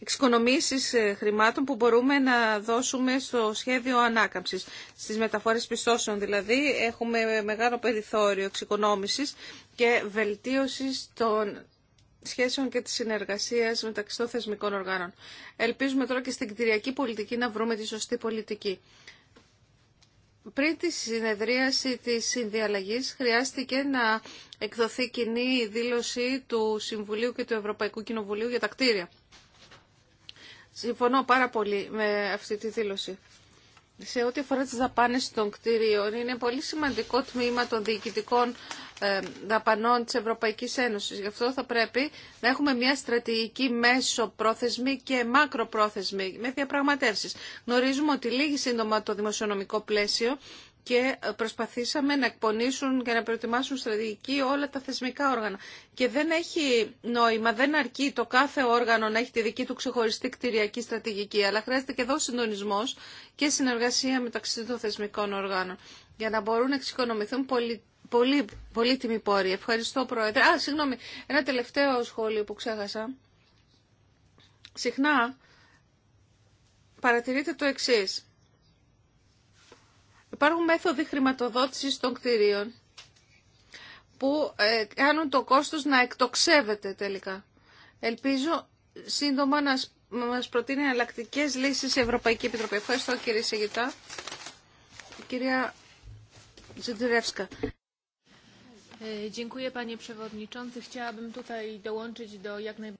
εξοικονομήσεις ε, χρημάτων που μπορούμε να δώσουμε στο σχέδιο ανάκαμψης. Στις μεταφορές πιστώσεων δηλαδή έχουμε μεγάλο περιθώριο εξοικονόμησης και βελτίωσης των σχέσεων και της συνεργασίας μεταξύ των θεσμικών οργάνων. Ελπίζουμε τώρα και στην κτηριακή πολιτική να βρούμε τη σωστή πολιτική. Πριν τη συνεδρίαση της συνδιαλλαγής χρειάστηκε να εκδοθεί κοινή δήλωση του Συμβουλίου και του Ευρωπαϊκού Κοινοβουλίου για τα κτίρια. Συμφωνώ πάρα πολύ με αυτή τη δήλωση. Σε ό,τι αφορά τις δαπάνες των κτίριων, είναι πολύ σημαντικό τμήμα των διοικητικών ε, δαπανών της Ευρωπαϊκής Ένωσης. Γι' αυτό θα πρέπει να έχουμε μια στρατηγική μέσο πρόθεσμη και μακροπρόθεσμη με διαπραγματεύσεις. Γνωρίζουμε ότι λύγει σύντομα το δημοσιονομικό πλαίσιο και προσπαθήσαμε να εκπονήσουν και να προετοιμάσουν στρατηγική όλα τα θεσμικά όργανα. Και δεν έχει νόημα, δεν αρκεί το κάθε όργανο να έχει τη δική του ξεχωριστή κτηριακή στρατηγική, αλλά χρειάζεται και εδώ συντονισμό και συνεργασία μεταξύ των θεσμικών οργάνων για να μπορούν να εξοικονομηθούν πολυ πολύ πολύ τιμή πόρη. Ευχαριστώ, Πρόεδρε. Α, συγγνώμη, ένα τελευταίο σχόλιο που ξέχασα. Συχνά παρατηρείται το εξή. Υπάρχουν μέθοδοι χρηματοδότησης των κτηρίων που ε, κάνουν το κόστος να εκτοξεύεται τελικά. Ελπίζω σύντομα να μας προτείνει εναλλακτικέ λύσεις η Ευρωπαϊκή Επιτροπή. Ευχαριστώ κύριε Σεγητά. Κυρία Τζεντρεύσκα.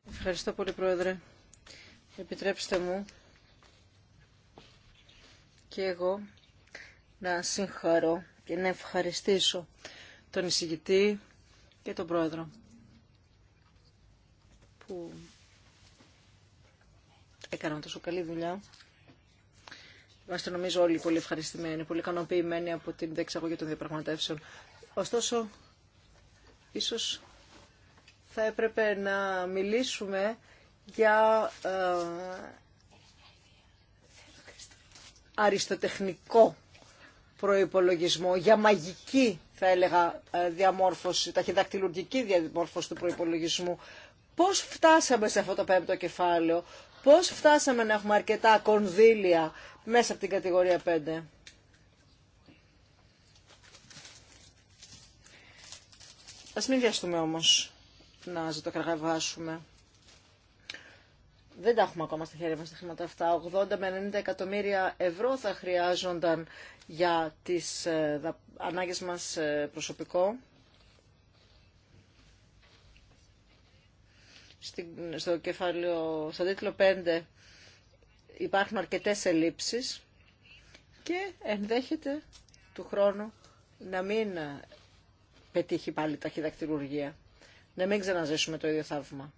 Ευχαριστώ πολύ, Πρόεδρε. Επιτρέψτε μου και εγώ να συγχαρώ και να ευχαριστήσω τον εισηγητή και τον Πρόεδρο που έκαναν τόσο καλή δουλειά. Είμαστε νομίζω όλοι πολύ ευχαριστημένοι, πολύ ικανοποιημένοι από την δεξαγωγή των διαπραγματεύσεων. Ωστόσο, Ίσως θα έπρεπε να μιλήσουμε για ε, αριστοτεχνικό προϋπολογισμό, για μαγική θα έλεγα ε, διαμόρφωση, ταχυδακτηλουργική διαμόρφωση του προϋπολογισμού. Πώς φτάσαμε σε αυτό το πέμπτο κεφάλαιο, πώς φτάσαμε να έχουμε αρκετά κονδύλια μέσα από την κατηγορία 5. Ας μην βιαστούμε όμως να ζητοκραγαβάσουμε. Δεν τα έχουμε ακόμα στα χέρια μας τα χρήματα αυτά. 80 με 90 εκατομμύρια ευρώ θα χρειάζονταν για τις ε, ανάγκες μας ε, προσωπικό. στο κεφάλαιο, στο τίτλο 5 υπάρχουν αρκετές ελλείψεις και ενδέχεται του χρόνου να μην πετύχει πάλι ταχυδακτηλουργία. Να μην ξαναζήσουμε το ίδιο θαύμα.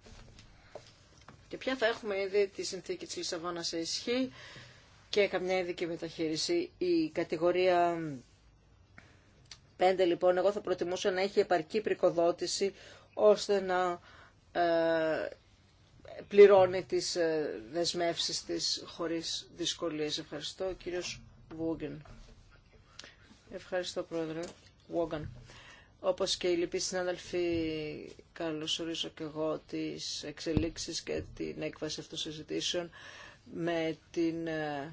Και πια θα έχουμε ήδη τη συνθήκη της Λισαβόνα σε ισχύ και καμιά ειδική μεταχείριση. Η κατηγορία 5 λοιπόν εγώ θα προτιμούσα να έχει επαρκή πρικοδότηση ώστε να ε, πληρώνει τις ε, δεσμεύσεις της χωρίς δυσκολίες. Ευχαριστώ κύριος Βούγγεν. Ευχαριστώ πρόεδρε. Βούγγεν όπως και οι λοιποί συνάδελφοι καλώς ορίζω και εγώ τις εξελίξεις και την έκβαση αυτών των συζητήσεων με την ε,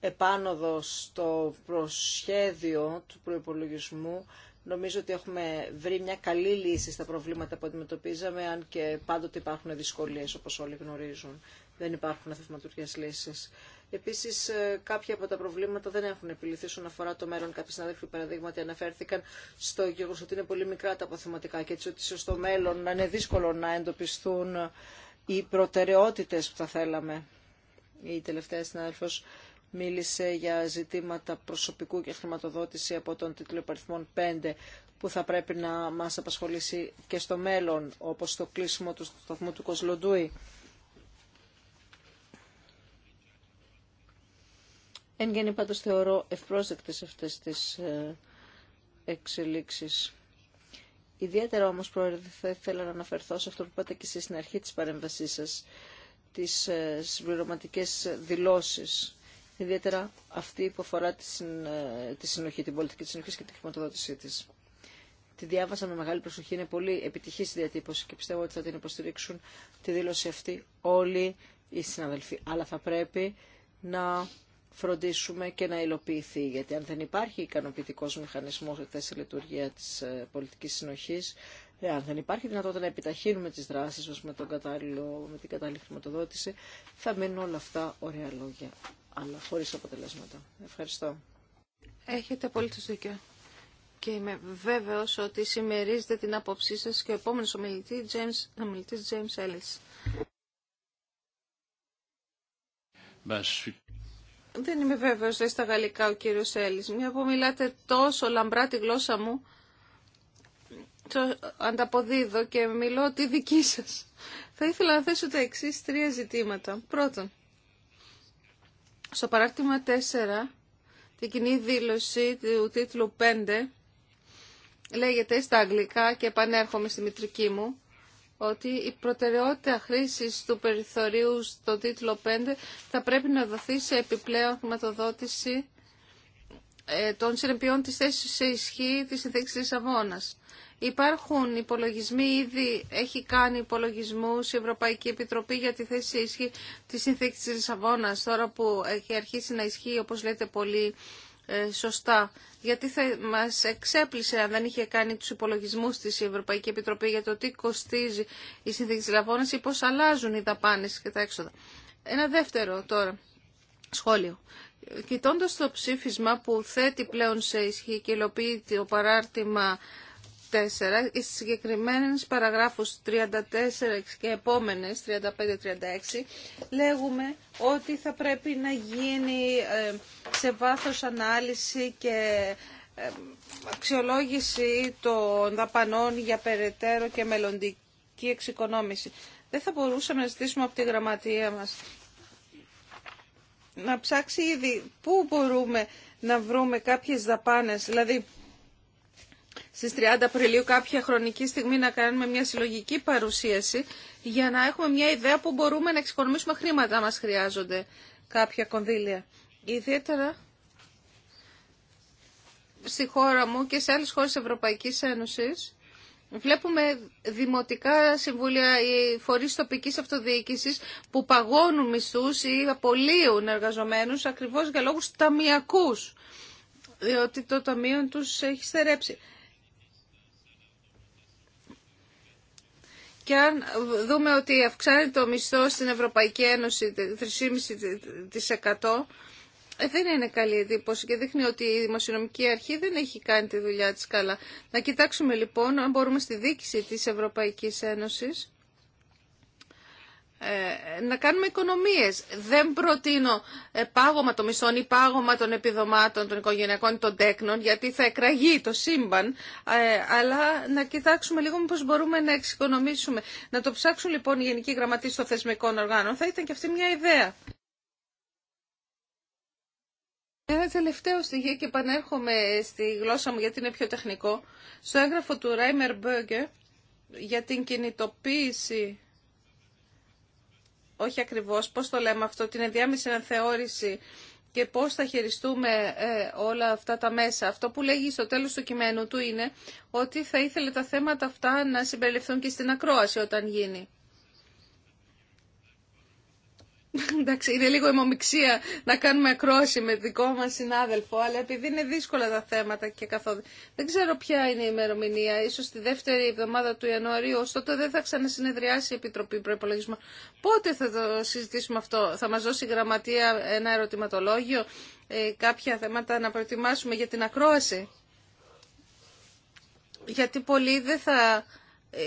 επάνωδο στο προσχέδιο του προϋπολογισμού Νομίζω ότι έχουμε βρει μια καλή λύση στα προβλήματα που αντιμετωπίζαμε, αν και πάντοτε υπάρχουν δυσκολίες, όπως όλοι γνωρίζουν. Δεν υπάρχουν αθευματουργές λύσεις. Επίσης ε, κάποια από τα προβλήματα δεν έχουν επιληθεί όσον αφορά το μέλλον. Κάποιοι συνάδελφοι παραδείγματι αναφέρθηκαν στο γεγονό ότι είναι πολύ μικρά τα αποθεματικά και έτσι ότι στο μέλλον να είναι δύσκολο να εντοπιστούν οι προτεραιότητες που θα θέλαμε. Η τελευταία συνάδελφο μίλησε για ζητήματα προσωπικού και χρηματοδότηση από τον τίτλο υπαριθμών 5 που θα πρέπει να μας απασχολήσει και στο μέλλον, όπως το κλείσιμο του σταθμού του Κοσλοντούι. Εν γέννη πάντως θεωρώ ευπρόσδεκτες αυτές τις ε, εξελίξεις. Ιδιαίτερα όμως, Πρόεδρε, θα ήθελα να αναφερθώ σε αυτό που είπατε και εσείς στην αρχή της παρέμβασής σας, τις ε, συμπληρωματικές δηλώσεις, ιδιαίτερα αυτή που αφορά ε, τη συνοχή, την πολιτική της συνοχής και τη χρηματοδότησή της. Τη διάβασα με μεγάλη προσοχή, είναι πολύ επιτυχη η διατύπωση και πιστεύω ότι θα την υποστηρίξουν τη δήλωση αυτή όλοι οι συναδελφοί. Αλλά θα πρέπει να φροντίσουμε και να υλοποιηθεί. Γιατί αν δεν υπάρχει ικανοποιητικό μηχανισμό σε θέση λειτουργία τη ε, πολιτική συνοχή, ε, αν δεν υπάρχει δυνατότητα να επιταχύνουμε τι δράσει μα με, με την κατάλληλη χρηματοδότηση, θα μείνουν όλα αυτά ωραία λόγια, αλλά χωρί αποτελέσματα. Ευχαριστώ. Έχετε απόλυτο δίκιο. Και είμαι βέβαιο ότι συμμερίζεται την άποψή σα και ο επόμενο ομιλητή, James, ομιλητής James Ellis. Δεν είμαι βέβαιος, λέει στα γαλλικά ο κύριος Έλλης. Μια που μιλάτε τόσο λαμπρά τη γλώσσα μου, το ανταποδίδω και μιλώ τη δική σας. Θα ήθελα να θέσω τα εξή τρία ζητήματα. Πρώτον, στο παράρτημα 4, την κοινή δήλωση του τίτλου 5, λέγεται στα αγγλικά και επανέρχομαι στη μητρική μου, ότι η προτεραιότητα χρήσης του περιθωρίου στο τίτλο 5 θα πρέπει να δοθεί σε επιπλέον χρηματοδότηση ε, των συνεπειών της θέσης σε ισχύ της συνθήκης της Αβώνας. Υπάρχουν υπολογισμοί, ήδη έχει κάνει υπολογισμούς η Ευρωπαϊκή Επιτροπή για τη θέση ισχύ της συνθήκης της Λισαβόνας, τώρα που έχει αρχίσει να ισχύει, όπως λέτε πολύ, ε, σωστά. Γιατί θα μας εξέπλησε αν δεν είχε κάνει τους υπολογισμούς της η Ευρωπαϊκή Επιτροπή για το τι κοστίζει η συνθήκη της Λαβόνα ή πώς αλλάζουν οι δαπάνες και τα έξοδα. Ένα δεύτερο τώρα σχόλιο. Κοιτώντα το ψήφισμα που θέτει πλέον σε ισχύ και υλοποιεί το παράρτημα 4, οι συγκεκριμένες παραγράφους 34 και επόμενες 35-36 λέγουμε ότι θα πρέπει να γίνει ε, σε βάθος ανάλυση και ε, αξιολόγηση των δαπανών για περαιτέρω και μελλοντική εξοικονόμηση. Δεν θα μπορούσαμε να ζητήσουμε από τη γραμματεία μας να ψάξει ήδη πού μπορούμε να βρούμε κάποιες δαπάνες, δηλαδή στις 30 Απριλίου κάποια χρονική στιγμή να κάνουμε μια συλλογική παρουσίαση για να έχουμε μια ιδέα που μπορούμε να εξοικονομήσουμε χρήματα μας χρειάζονται κάποια κονδύλια. Ιδιαίτερα στη χώρα μου και σε άλλες χώρες Ευρωπαϊκής Ένωσης Βλέπουμε δημοτικά συμβούλια ή φορείς τοπικής αυτοδιοίκηση που παγώνουν μισθούς ή απολύουν εργαζομένους ακριβώς για λόγους ταμιακούς, διότι το ταμείο τους έχει στερέψει. και αν δούμε ότι αυξάνεται το μισθό στην Ευρωπαϊκή Ένωση 3,5% ε, δεν είναι καλή εντύπωση και δείχνει ότι η δημοσιονομική αρχή δεν έχει κάνει τη δουλειά της καλά. Να κοιτάξουμε λοιπόν αν μπορούμε στη δίκηση της Ευρωπαϊκής Ένωσης ε, να κάνουμε οικονομίες. Δεν προτείνω ε, πάγωμα των μισθών ή πάγωμα των επιδομάτων των οικογενειακών ή των τέκνων, γιατί θα εκραγεί το σύμπαν, ε, αλλά να κοιτάξουμε λίγο πώς μπορούμε να εξοικονομήσουμε. Να το ψάξουν λοιπόν οι Γενικοί Γραμματείς των Θεσμικών Οργάνων. Θα ήταν και αυτή μια ιδέα. Ένα τελευταίο στοιχείο και επανέρχομαι στη γλώσσα μου γιατί είναι πιο τεχνικό. Στο έγγραφο του Ράιμερ Μπέγκε για την κινητοποίηση όχι ακριβώς, πώς το λέμε αυτό, την ενδιάμεση αναθεώρηση και πώς θα χειριστούμε ε, όλα αυτά τα μέσα. Αυτό που λέγει στο τέλος του κειμένου του είναι ότι θα ήθελε τα θέματα αυτά να συμπεριληφθούν και στην ακρόαση όταν γίνει. Εντάξει, είναι λίγο ημομηξία να κάνουμε ακρόαση με δικό μα συνάδελφο, αλλά επειδή είναι δύσκολα τα θέματα και καθόλου. Δεν ξέρω ποια είναι η ημερομηνία. ίσω τη δεύτερη εβδομάδα του Ιανουαρίου, ωστότε δεν θα ξανασυνεδριάσει η Επιτροπή Προπολογισμού. Πότε θα το συζητήσουμε αυτό, θα μα δώσει η Γραμματεία ένα ερωτηματολόγιο, ε, κάποια θέματα να προετοιμάσουμε για την ακρόαση. Γιατί πολλοί δεν θα ε,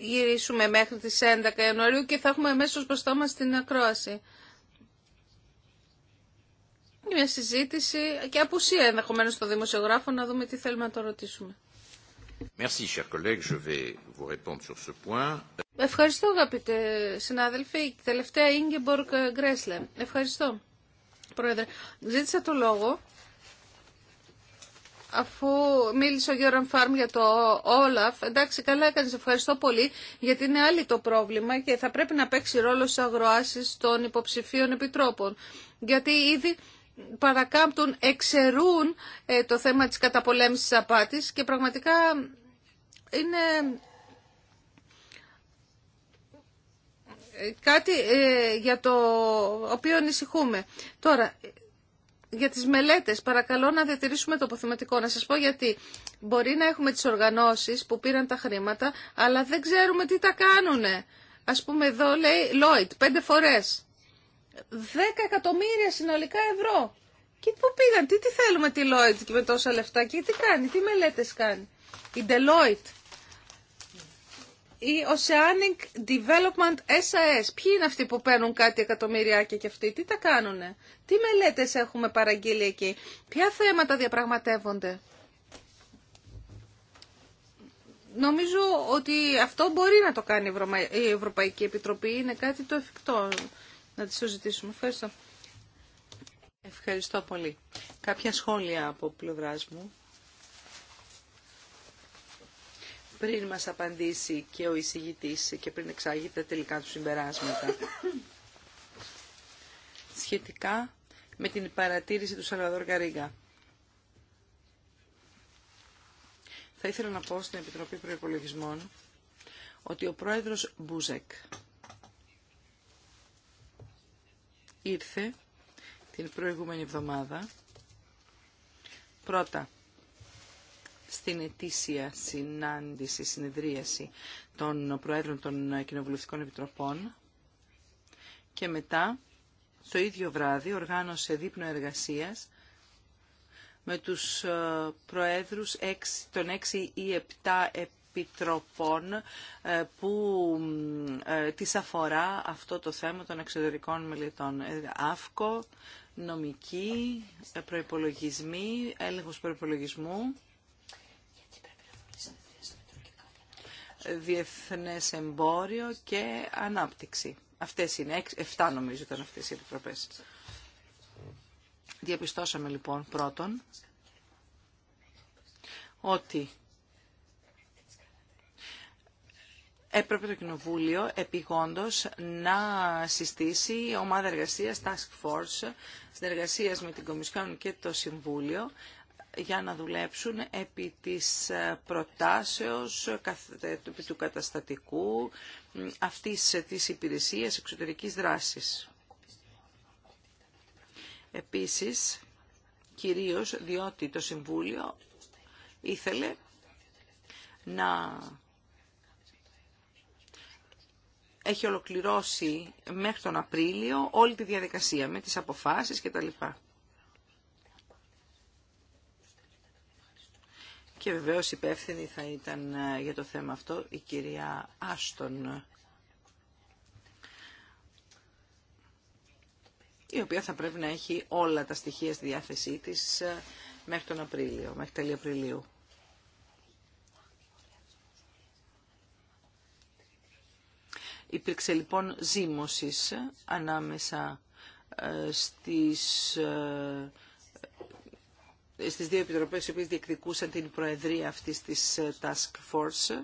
γυρίσουμε μέχρι τις 11 Ιανουαρίου και θα έχουμε αμέσως μπροστά μας την ακρόαση. Μια συζήτηση και απουσία ενδεχομένω στο δημοσιογράφο να δούμε τι θέλουμε να το ρωτήσουμε. Merci, Je vais vous répondre sur ce point. Ευχαριστώ αγαπητέ συνάδελφοι. τελευταία Ingeborg Γκρέσλε. Ευχαριστώ. Πρόεδρε, ζήτησα το λόγο αφού μίλησε ο Γιώραν Φάρμ για το Όλαφ, εντάξει καλά έκανε, ευχαριστώ πολύ, γιατί είναι άλλη το πρόβλημα και θα πρέπει να παίξει ρόλο στι αγροάσεις των υποψηφίων επιτρόπων. Γιατί ήδη παρακάμπτουν, εξαιρούν ε, το θέμα της καταπολέμησης της απάτης και πραγματικά είναι ε, κάτι ε, για το οποίο ανησυχούμε. Τώρα, για τις μελέτες παρακαλώ να διατηρήσουμε το αποθεματικό. Να σας πω γιατί μπορεί να έχουμε τις οργανώσεις που πήραν τα χρήματα, αλλά δεν ξέρουμε τι τα κάνουνε. Ας πούμε εδώ λέει Lloyd, πέντε φορές. Δέκα εκατομμύρια συνολικά ευρώ. Και πού πήγαν, τι, τι θέλουμε τη Λόιτ και με τόσα λεφτά και τι κάνει, τι μελέτες κάνει. Η Deloitte η Oceanic Development SAS. Ποιοι είναι αυτοί που παίρνουν κάτι εκατομμυριάκια και αυτοί, τι τα κάνουνε, τι μελέτες έχουμε παραγγείλει εκεί, ποια θέματα διαπραγματεύονται. Νομίζω ότι αυτό μπορεί να το κάνει η Ευρωπαϊκή Επιτροπή, είναι κάτι το εφικτό να τη συζητήσουμε. Ευχαριστώ. Ευχαριστώ πολύ. Κάποια σχόλια από πλευράς μου. πριν μας απαντήσει και ο εισηγητής και πριν εξάγει τα τελικά του συμπεράσματα. Σχετικά με την παρατήρηση του Σαλβαδόρ Καρίγκα. Θα ήθελα να πω στην Επιτροπή Προϋπολογισμών ότι ο πρόεδρος Μπούζεκ ήρθε την προηγούμενη εβδομάδα πρώτα στην ετήσια συνάντηση, συνεδρίαση των Προέδρων των Κοινοβουλευτικών Επιτροπών και μετά το ίδιο βράδυ οργάνωσε δείπνο εργασίας με τους ε, Προέδρους των 6 ή 7 επιτροπών ε, που ε, της αφορά αυτό το θέμα των εξωτερικών μελετών. Αύκο, νομική, προϋπολογισμοί, έλεγχος προϋπολογισμού διεθνές εμπόριο και ανάπτυξη. Αυτές είναι, 7 νομίζω ήταν αυτές οι επιτροπές. Διαπιστώσαμε λοιπόν πρώτον ότι έπρεπε το Κοινοβούλιο επιγόντως να συστήσει ομάδα εργασίας Task Force συνεργασίας με την Κομισιόν και το Συμβούλιο για να δουλέψουν επί της ε, προτάσεως ε, του καταστατικού αυτής ε, της υπηρεσίας εξωτερικής δράσης. Επίσης, κυρίως διότι το Συμβούλιο ήθελε να έχει ολοκληρώσει μέχρι τον Απρίλιο όλη τη διαδικασία με τις αποφάσεις και τα λοιπά. και βεβαίως υπεύθυνη θα ήταν ε, για το θέμα αυτό η κυρία Άστον. η οποία θα πρέπει να έχει όλα τα στοιχεία στη διάθεσή της ε, μέχρι τον Απρίλιο, μέχρι τέλη Απριλίου. Υπήρξε λοιπόν ζήμωσης ανάμεσα ε, στις στις δύο επιτροπές οι οποίες διεκδικούσαν την προεδρία αυτής της ε, Task Force.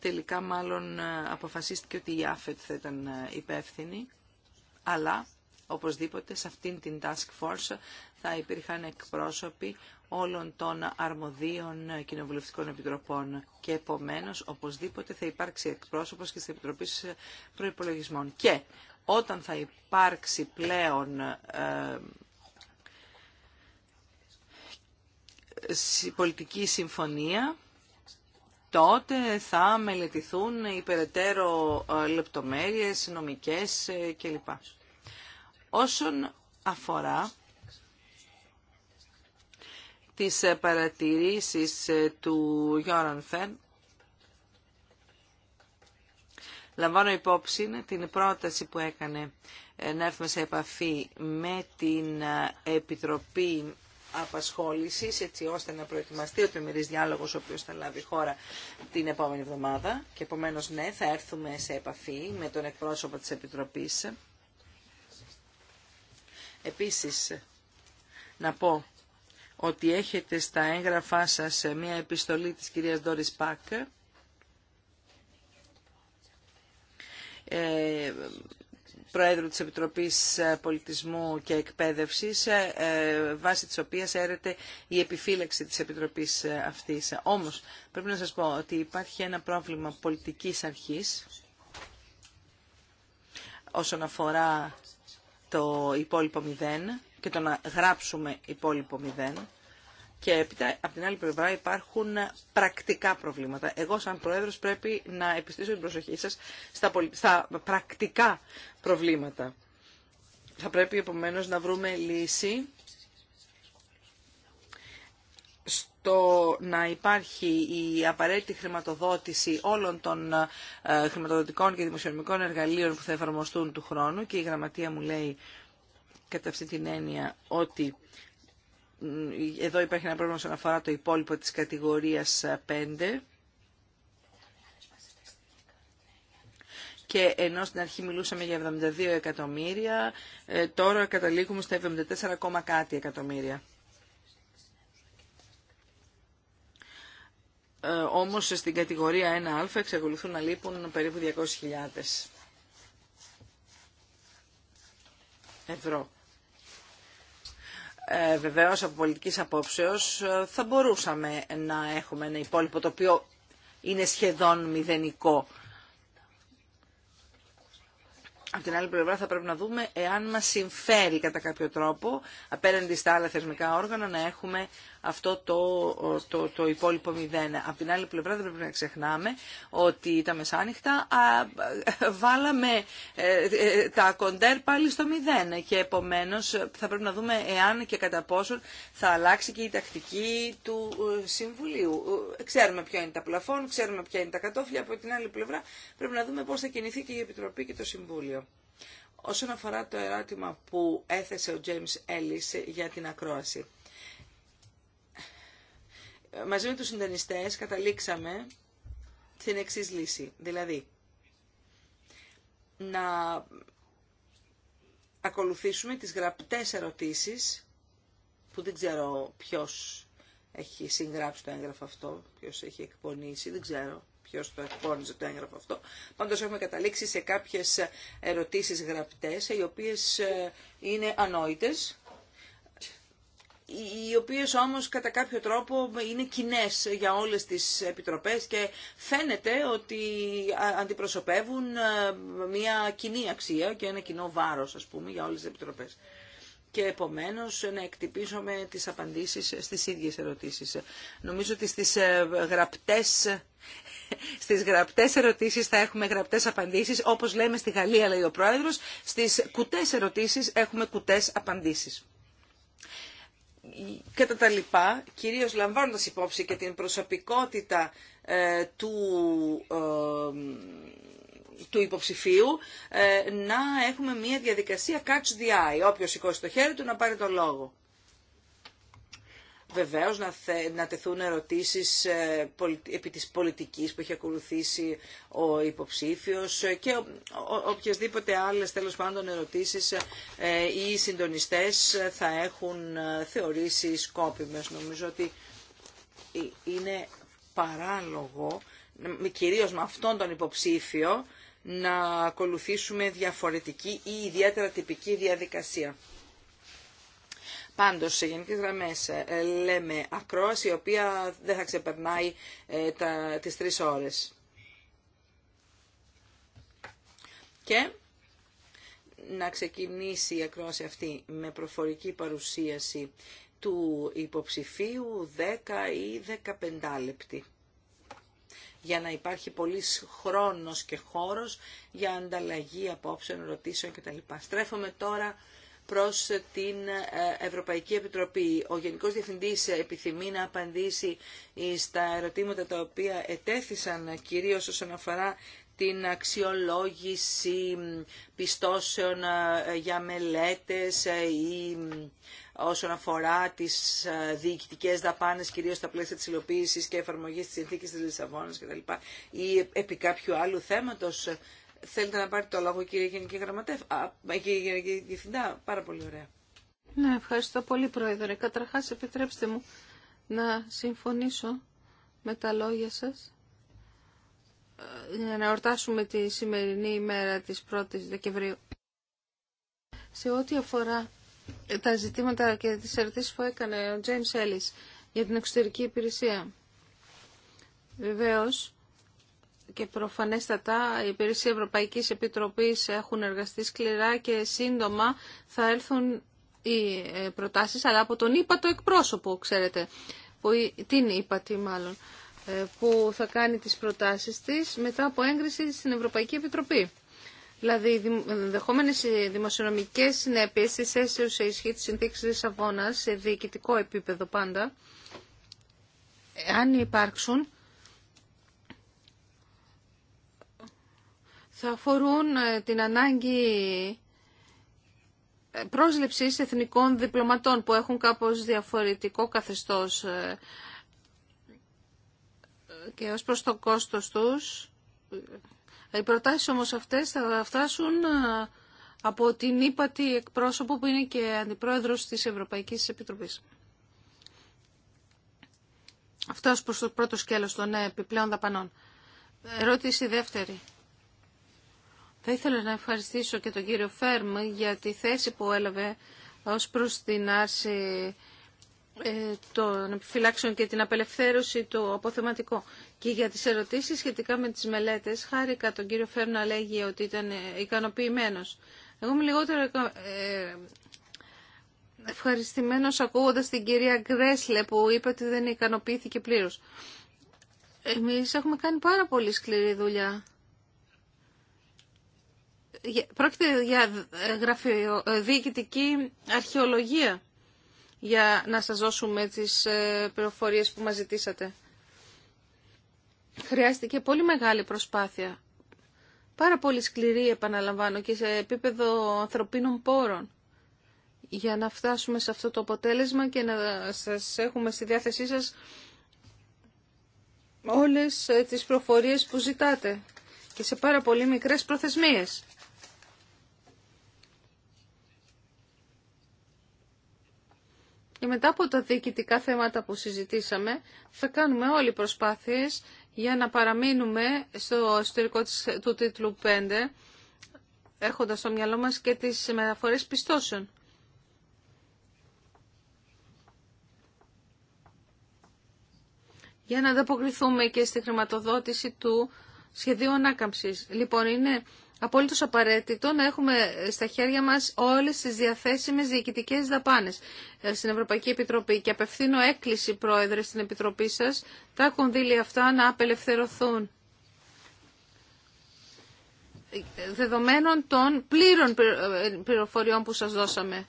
Τελικά μάλλον ε, αποφασίστηκε ότι η ΑΦΕΤ θα ήταν ε, υπεύθυνη, αλλά οπωσδήποτε σε αυτήν την Task Force θα υπήρχαν εκπρόσωποι όλων των αρμοδίων κοινοβουλευτικών επιτροπών και επομένως οπωσδήποτε θα υπάρξει εκπρόσωπος και στις επιτροπές Προϋπολογισμών. Και όταν θα υπάρξει πλέον πολιτική συμφωνία, τότε θα μελετηθούν υπεραιτέρω ε, λεπτομέρειες, νομικές ε, κλπ. Όσον αφορά τις ε, παρατηρήσεις του Γιώραν Φεν, λαμβάνω υπόψη την πρόταση που έκανε να έρθουμε σε επαφή με την Επιτροπή απασχόλησης έτσι ώστε να προετοιμαστεί ο τριμερής διάλογο ο οποίος θα λάβει χώρα την επόμενη εβδομάδα και επομένως ναι θα έρθουμε σε επαφή με τον εκπρόσωπο της Επιτροπής. Επίσης να πω ότι έχετε στα έγγραφά σας μια επιστολή της κυρίας Ντόρις Πάκ ε, Προέδρου της Επιτροπής ε, Πολιτισμού και Εκπαίδευσης, ε, ε, βάσει της οποίας έρεται η επιφύλαξη της Επιτροπής αυτής. Όμως, πρέπει να σας πω ότι υπάρχει ένα πρόβλημα πολιτικής αρχής όσον αφορά το υπόλοιπο μηδέν και το να γράψουμε υπόλοιπο μηδέν και έπειτα, από την άλλη πλευρά, υπάρχουν πρακτικά προβλήματα. Εγώ, σαν Πρόεδρο, πρέπει να επιστήσω την προσοχή σα στα, πρακτικά προβλήματα. Θα πρέπει, επομένω, να βρούμε λύση στο να υπάρχει η απαραίτητη χρηματοδότηση όλων των ε, χρηματοδοτικών και δημοσιονομικών εργαλείων που θα εφαρμοστούν του χρόνου και η γραμματεία μου λέει κατά αυτή την έννοια ότι εδώ υπάρχει ένα πρόβλημα όσον αφορά το υπόλοιπο της κατηγορίας 5. και ενώ στην αρχή μιλούσαμε για 72 εκατομμύρια, ε, τώρα καταλήγουμε στα 74, κάτι εκατομμύρια. Ε, όμως στην κατηγορία 1α εξακολουθούν να λείπουν περίπου 200.000 ευρώ ε, βεβαίως από πολιτικής απόψεως ε, θα μπορούσαμε να έχουμε ένα υπόλοιπο το οποίο είναι σχεδόν μηδενικό. Από την άλλη πλευρά θα πρέπει να δούμε εάν μας συμφέρει κατά κάποιο τρόπο απέναντι στα άλλα θεσμικά όργανα να έχουμε αυτό το, το, το υπόλοιπο μηδέν. Από την άλλη πλευρά δεν πρέπει να ξεχνάμε ότι τα μεσάνυχτα βάλαμε ε, ε, τα κοντέρ πάλι στο μηδέν και επομένως θα πρέπει να δούμε εάν και κατά πόσο θα αλλάξει και η τακτική του ε, Συμβουλίου. Ξέρουμε ποια είναι τα πλαφόν, ξέρουμε ποια είναι τα κατόφλια, από την άλλη πλευρά πρέπει να δούμε πώς θα κινηθεί και η Επιτροπή και το Συμβούλιο. Όσον αφορά το ερώτημα που έθεσε ο James Ellis για την ακρόαση μαζί με τους συντονιστές καταλήξαμε στην εξή λύση. Δηλαδή, να ακολουθήσουμε τις γραπτές ερωτήσεις, που δεν ξέρω ποιος έχει συγγράψει το έγγραφο αυτό, ποιος έχει εκπονήσει, δεν ξέρω ποιο το εκπώνησε το έγγραφο αυτό. Πάντως έχουμε καταλήξει σε κάποιες ερωτήσεις γραπτές οι οποίες ε, είναι ανόητε οι οποίες όμως κατά κάποιο τρόπο είναι κοινέ για όλες τις επιτροπές και φαίνεται ότι αντιπροσωπεύουν μια κοινή αξία και ένα κοινό βάρος ας πούμε για όλες τις επιτροπές και επομένως να εκτυπήσουμε τις απαντήσεις στις ίδιες ερωτήσεις. Νομίζω ότι στις ε, γραπτές στις γραπτές ερωτήσεις θα έχουμε γραπτές απαντήσεις, όπως λέμε στη Γαλλία λέει ο Πρόεδρος, στις κουτές ερωτήσεις έχουμε κουτές απαντήσεις κατά τα λοιπά, κυρίως λαμβάνοντας υπόψη και την προσωπικότητα ε, του, ε, του υποψηφίου, ε, να έχουμε μια διαδικασία catch the eye, όποιος σηκώσει το χέρι του να πάρει το λόγο. Βεβαίως να, θε, να τεθούν ερωτήσεις ε, επί της πολιτικής που έχει ακολουθήσει ο υποψήφιος και οποιασδήποτε άλλες τέλος πάντων ερωτήσεις ε, οι συντονιστές θα έχουν ε, θεωρήσει σκόπιμες. Νομίζω ότι είναι παράλογο, κυρίως με αυτόν τον υποψήφιο, να ακολουθήσουμε διαφορετική ή ιδιαίτερα τυπική διαδικασία. Πάντως, σε γενικές γραμμές ε, ε, λέμε ακρόαση, η οποία δεν θα ξεπερνάει ε, τα, τις τρεις ώρες. Και να ξεκινήσει η ακρόαση αυτή με προφορική παρουσίαση του υποψηφίου 10 ή 15 λεπτή για να υπάρχει πολύ χρόνος και χώρος για ανταλλαγή απόψεων, ρωτήσεων κτλ. Στρέφομαι τώρα προς την ε, Ευρωπαϊκή Επιτροπή. Ο Γενικός Διευθυντής επιθυμεί να απαντήσει στα ερωτήματα τα οποία ετέθησαν κυρίως όσον αφορά την αξιολόγηση πιστώσεων ε, για μελέτες ε, ή όσον αφορά τις διοικητικές δαπάνες, κυρίως στα πλαίσια της υλοποίησης και εφαρμογής της συνθήκης της Λισαβόνας κτλ. ή επί κάποιου άλλου θέματος Θέλετε να πάρετε το λόγο κύριε Γενική Γραμματεύ, α, ε, κύριε Γενική Διευθυντά, πάρα πολύ ωραία. Ναι, ευχαριστώ πολύ Πρόεδρε. Καταρχάς επιτρέψτε μου να συμφωνήσω με τα λόγια σας ε, για να ορτάσουμε τη σημερινή ημέρα της 1 η Δεκεμβρίου. Σε ό,τι αφορά ε, τα ζητήματα και τις ερωτήσεις που έκανε ο James Ellis για την εξωτερική υπηρεσία. Βεβαίως, και προφανέστατα οι υπηρεσίες Ευρωπαϊκής Επιτροπής έχουν εργαστεί σκληρά και σύντομα θα έρθουν οι ε, προτάσεις, αλλά από τον ύπατο εκπρόσωπο, ξέρετε, που, την ύπατη μάλλον, ε, που θα κάνει τις προτάσεις της μετά από έγκριση στην Ευρωπαϊκή Επιτροπή. Δηλαδή, οι ε, δημοσιονομικές δημοσιονομικέ συνέπειε τη αίσθηση σε ισχύ τη συνθήκη Λισαβόνα σε διοικητικό επίπεδο πάντα, αν υπάρξουν, θα αφορούν ε, την ανάγκη ε, πρόσληψης εθνικών διπλωματών που έχουν κάπως διαφορετικό καθεστώς ε, και ως προς το κόστος τους. Οι προτάσεις όμως αυτές θα φτάσουν από την ύπατη εκπρόσωπο που είναι και αντιπρόεδρος της Ευρωπαϊκής Επιτροπής. Αυτό ως προς το πρώτο σκέλος των επιπλέον δαπανών. Ερώτηση δεύτερη. Θα ήθελα να ευχαριστήσω και τον κύριο Φέρμ για τη θέση που έλαβε ως προς την άρση ε, των επιφυλάξεων και την απελευθέρωση του αποθεματικού. Και για τις ερωτήσεις σχετικά με τις μελέτες, χάρηκα τον κύριο Φέρμ να λέγει ότι ήταν ικανοποιημένος. Εγώ είμαι λιγότερο ε, ευχαριστημένος ακούγοντας την κυρία Γκρέσλε που είπε ότι δεν ικανοποιήθηκε πλήρως. Εμείς έχουμε κάνει πάρα πολύ σκληρή δουλειά πρόκειται για ε, ε, διοικητική αρχαιολογία για να σας δώσουμε τις ε, πληροφορίες που μας ζητήσατε. Χρειάστηκε πολύ μεγάλη προσπάθεια. Πάρα πολύ σκληρή, επαναλαμβάνω, και σε επίπεδο ανθρωπίνων πόρων για να φτάσουμε σε αυτό το αποτέλεσμα και να σας έχουμε στη διάθεσή σας όλες τις προφορίες που ζητάτε και σε πάρα πολύ μικρές προθεσμίες. Και μετά από τα διοικητικά θέματα που συζητήσαμε, θα κάνουμε όλοι προσπάθειες για να παραμείνουμε στο ιστορικό του τίτλου 5, έχοντας στο μυαλό μας και τις μεταφορές πιστώσεων. για να ανταποκριθούμε και στη χρηματοδότηση του σχεδίου ανάκαμψης. Λοιπόν, είναι Απόλυτος απαραίτητο να έχουμε στα χέρια μας όλες τις διαθέσιμες διοικητικές δαπάνες ε, στην Ευρωπαϊκή Επιτροπή και απευθύνω έκκληση, Πρόεδρε, στην Επιτροπή σας, τα κονδύλια αυτά να απελευθερωθούν δεδομένων των πλήρων ε, πληροφοριών που σας δώσαμε.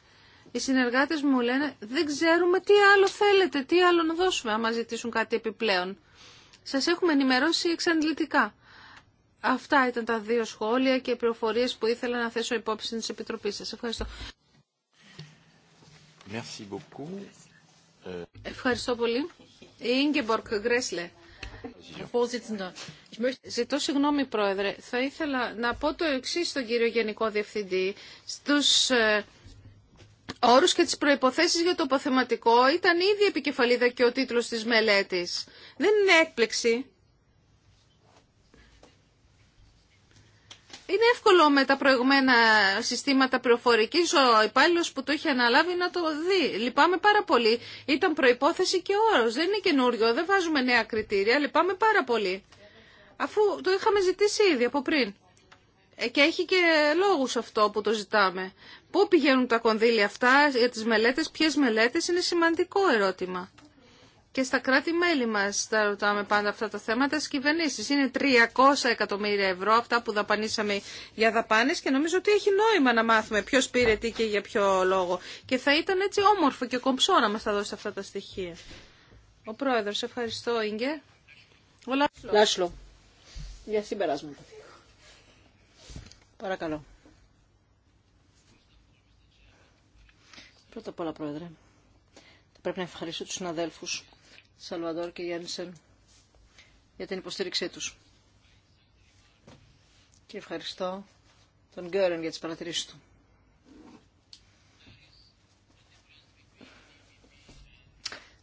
Οι συνεργάτες μου λένε δεν ξέρουμε τι άλλο θέλετε, τι άλλο να δώσουμε άμα ζητήσουν κάτι επιπλέον. Σας έχουμε ενημερώσει εξαντλητικά. Αυτά ήταν τα δύο σχόλια και οι που ήθελα να θέσω υπόψη τη Επιτροπή σας. Ευχαριστώ. Merci beaucoup. Ε, Ευχαριστώ πολύ. Η Ζητώ συγγνώμη, Πρόεδρε. Θα ήθελα να πω το εξή στον κύριο Γενικό Διευθυντή. Στους ε, όρους και τις προϋποθέσεις για το αποθεματικό ήταν ήδη επικεφαλίδα και ο τίτλος της μελέτης. Δεν είναι έκπληξη Είναι εύκολο με τα προηγουμένα συστήματα πληροφορική ο υπάλληλο που το είχε αναλάβει να το δει. Λυπάμαι πάρα πολύ. Ήταν προπόθεση και όρο. Δεν είναι καινούριο. Δεν βάζουμε νέα κριτήρια. Λυπάμαι πάρα πολύ. Αφού το είχαμε ζητήσει ήδη από πριν. Ε, και έχει και λόγους αυτό που το ζητάμε. Πού πηγαίνουν τα κονδύλια αυτά για τις μελέτες, ποιες μελέτες, είναι σημαντικό ερώτημα και στα κράτη-μέλη μα τα ρωτάμε πάντα αυτά τα θέματα Στι κυβερνήσει Είναι 300 εκατομμύρια ευρώ αυτά που δαπανίσαμε για δαπάνε και νομίζω ότι έχει νόημα να μάθουμε ποιο πήρε τι και για ποιο λόγο. Και θα ήταν έτσι όμορφο και κομψό να μα τα δώσει αυτά τα στοιχεία. Ο πρόεδρο, ευχαριστώ γκε. Ο Λάσλο. Λάσλο. Για συμπεράσματα. Παρακαλώ. Πρώτα απ' όλα, Πρόεδρε, πρέπει να ευχαριστήσω τους συναδέλφους Σαλβαδόρ και Γιάννησεν για την υποστήριξή τους. Και ευχαριστώ τον Γκέρεν για τις παρατηρήσεις του.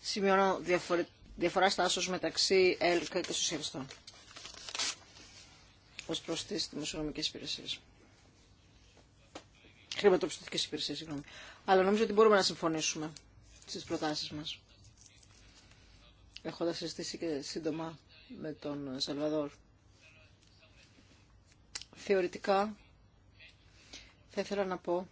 Σημειώνω διαφορά στάσεως μεταξύ ΕΛΚ και Σοσιαλιστών ως προς τις δημοσιονομικές υπηρεσίες. Χρηματοπιστωτικές υπηρεσίες, συγγνώμη. Αλλά νομίζω ότι μπορούμε να συμφωνήσουμε στις προτάσεις μας έχοντα συζητήσει και σύντομα με τον Σαλβαδόρ. Θεωρητικά θα ήθελα να πω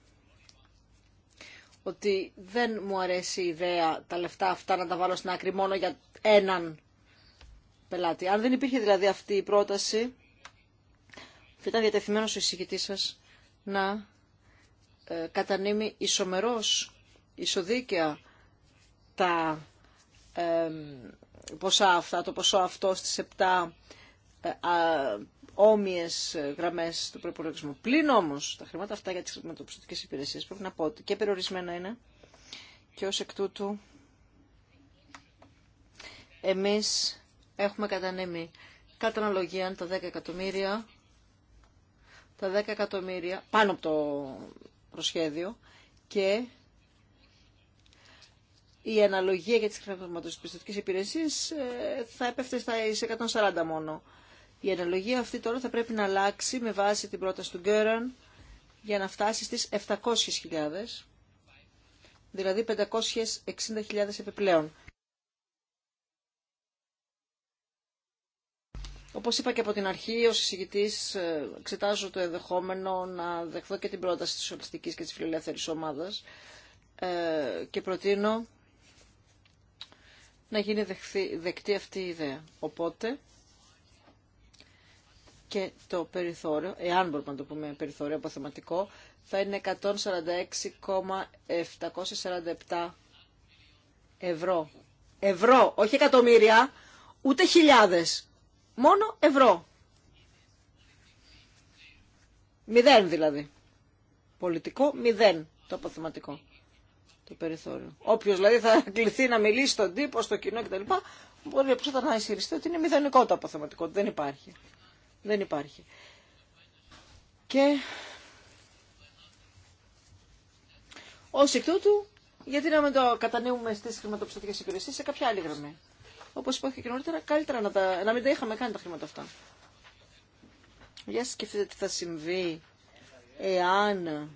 ότι δεν μου αρέσει η ιδέα τα λεφτά αυτά να τα βάλω στην άκρη μόνο για έναν πελάτη. Αν δεν υπήρχε δηλαδή αυτή η πρόταση, θα ήταν διατεθειμένος ο εισηγητή σα να ε, κατανείμει ισομερός, ισοδίκαια τα ποσά αυτά, το ποσό αυτό στις 7 ε, όμοιες γραμμές του προπολογισμού. Πλην όμως τα χρήματα αυτά για τις χρηματοπιστωτικές υπηρεσίες πρέπει να πω ότι και περιορισμένα είναι και ως εκ τούτου εμείς έχουμε κατανέμει κατά αναλογία τα 10 εκατομμύρια τα 10 εκατομμύρια πάνω από το προσχέδιο και η αναλογία για τις χρηματοπιστωτικές υπηρεσίες ε, θα έπεφτε στα 140 μόνο. Η αναλογία αυτή τώρα θα πρέπει να αλλάξει με βάση την πρόταση του Γκέραν για να φτάσει στις 700.000, δηλαδή 560.000 επιπλέον. Όπως είπα και από την αρχή, ως εισηγητής ε, εξετάζω το ενδεχόμενο να δεχθώ και την πρόταση της ολιστικής και της φιλελεύθερης ομάδας ε, και προτείνω να γίνει δεκτή αυτή η ιδέα. Οπότε και το περιθώριο, εάν μπορούμε να το πούμε περιθώριο αποθεματικό, θα είναι 146,747 ευρώ. Ευρώ, όχι εκατομμύρια, ούτε χιλιάδες. Μόνο ευρώ. Μηδέν δηλαδή. Πολιτικό μηδέν το αποθεματικό το περιθώριο. Όποιο δηλαδή θα κληθεί να μιλήσει στον τύπο, στο κοινό κτλ. Μπορεί να ισχυριστεί ότι είναι μηδενικό το αποθεματικό. Δεν υπάρχει. Δεν υπάρχει. Και ω εκ τούτου, γιατί να μην το κατανείμουμε στι χρηματοπιστωτικέ υπηρεσίε σε κάποια άλλη γραμμή. Όπω είπα και νωρίτερα, καλύτερα να, να μην τα είχαμε κάνει τα χρήματα αυτά. Για σκεφτείτε τι θα συμβεί εάν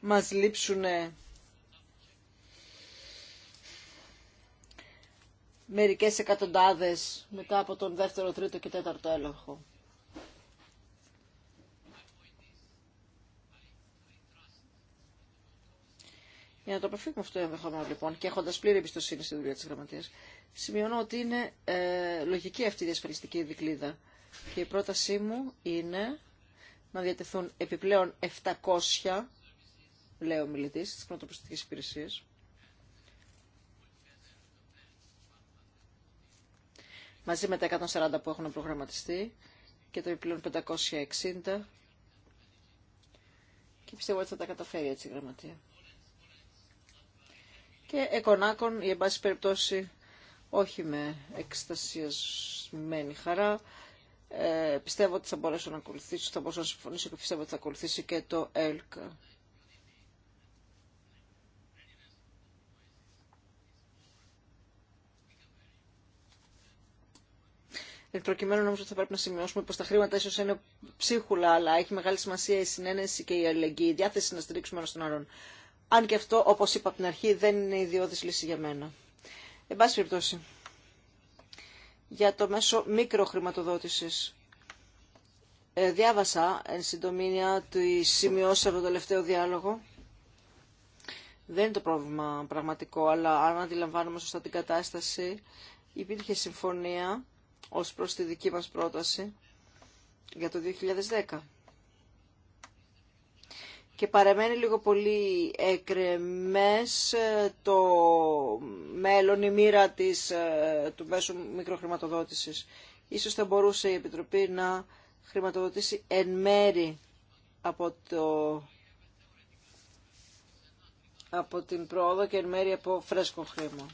μας λείψουν μερικές εκατοντάδες μετά από τον δεύτερο, τρίτο και τέταρτο έλεγχο. Για να το αποφύγουμε αυτό ενδεχόμενο λοιπόν και έχοντα πλήρη εμπιστοσύνη στη δουλειά τη Γραμματεία, σημειώνω ότι είναι ε, λογική αυτή η διασφαλιστική δικλίδα. Και η πρότασή μου είναι να διατεθούν επιπλέον 700 λέει ο μιλητή τη πρωτοπιστική Υπηρεσία. Μαζί με τα 140 που έχουν προγραμματιστεί και το επιπλέον 560. Και πιστεύω ότι θα τα καταφέρει έτσι η γραμματεία. Και εκονάκων, ή εν πάση περιπτώσει, όχι με εκστασιασμένη χαρά. Ε, πιστεύω ότι θα μπορέσω να ακολουθήσω, θα μπορέσω να συμφωνήσω και πιστεύω ότι θα ακολουθήσει και το ΕΛΚΑ. Εν προκειμένου νομίζω ότι θα πρέπει να σημειώσουμε πω τα χρήματα ίσω είναι ψίχουλα, αλλά έχει μεγάλη σημασία η συνένεση και η αλληλεγγύη, η διάθεση να στηρίξουμε ένα τον άλλον. Αν και αυτό, όπω είπα από την αρχή, δεν είναι ιδιώδη λύση για μένα. Εν πάση περιπτώσει, για το μέσο μικροχρηματοδότηση. Ε, διάβασα εν συντομία τη σημειώσει από το τελευταίο διάλογο. Δεν είναι το πρόβλημα πραγματικό, αλλά αν αντιλαμβάνουμε σωστά την κατάσταση, υπήρχε συμφωνία ως προς τη δική μας πρόταση για το 2010. Και παραμένει λίγο πολύ εκρεμές ε, το μέλλον, η μοίρα της, ε, του μέσου μικροχρηματοδότησης. Ίσως θα μπορούσε η Επιτροπή να χρηματοδοτήσει εν μέρη από, το, από την πρόοδο και εν μέρη από φρέσκο χρήμα.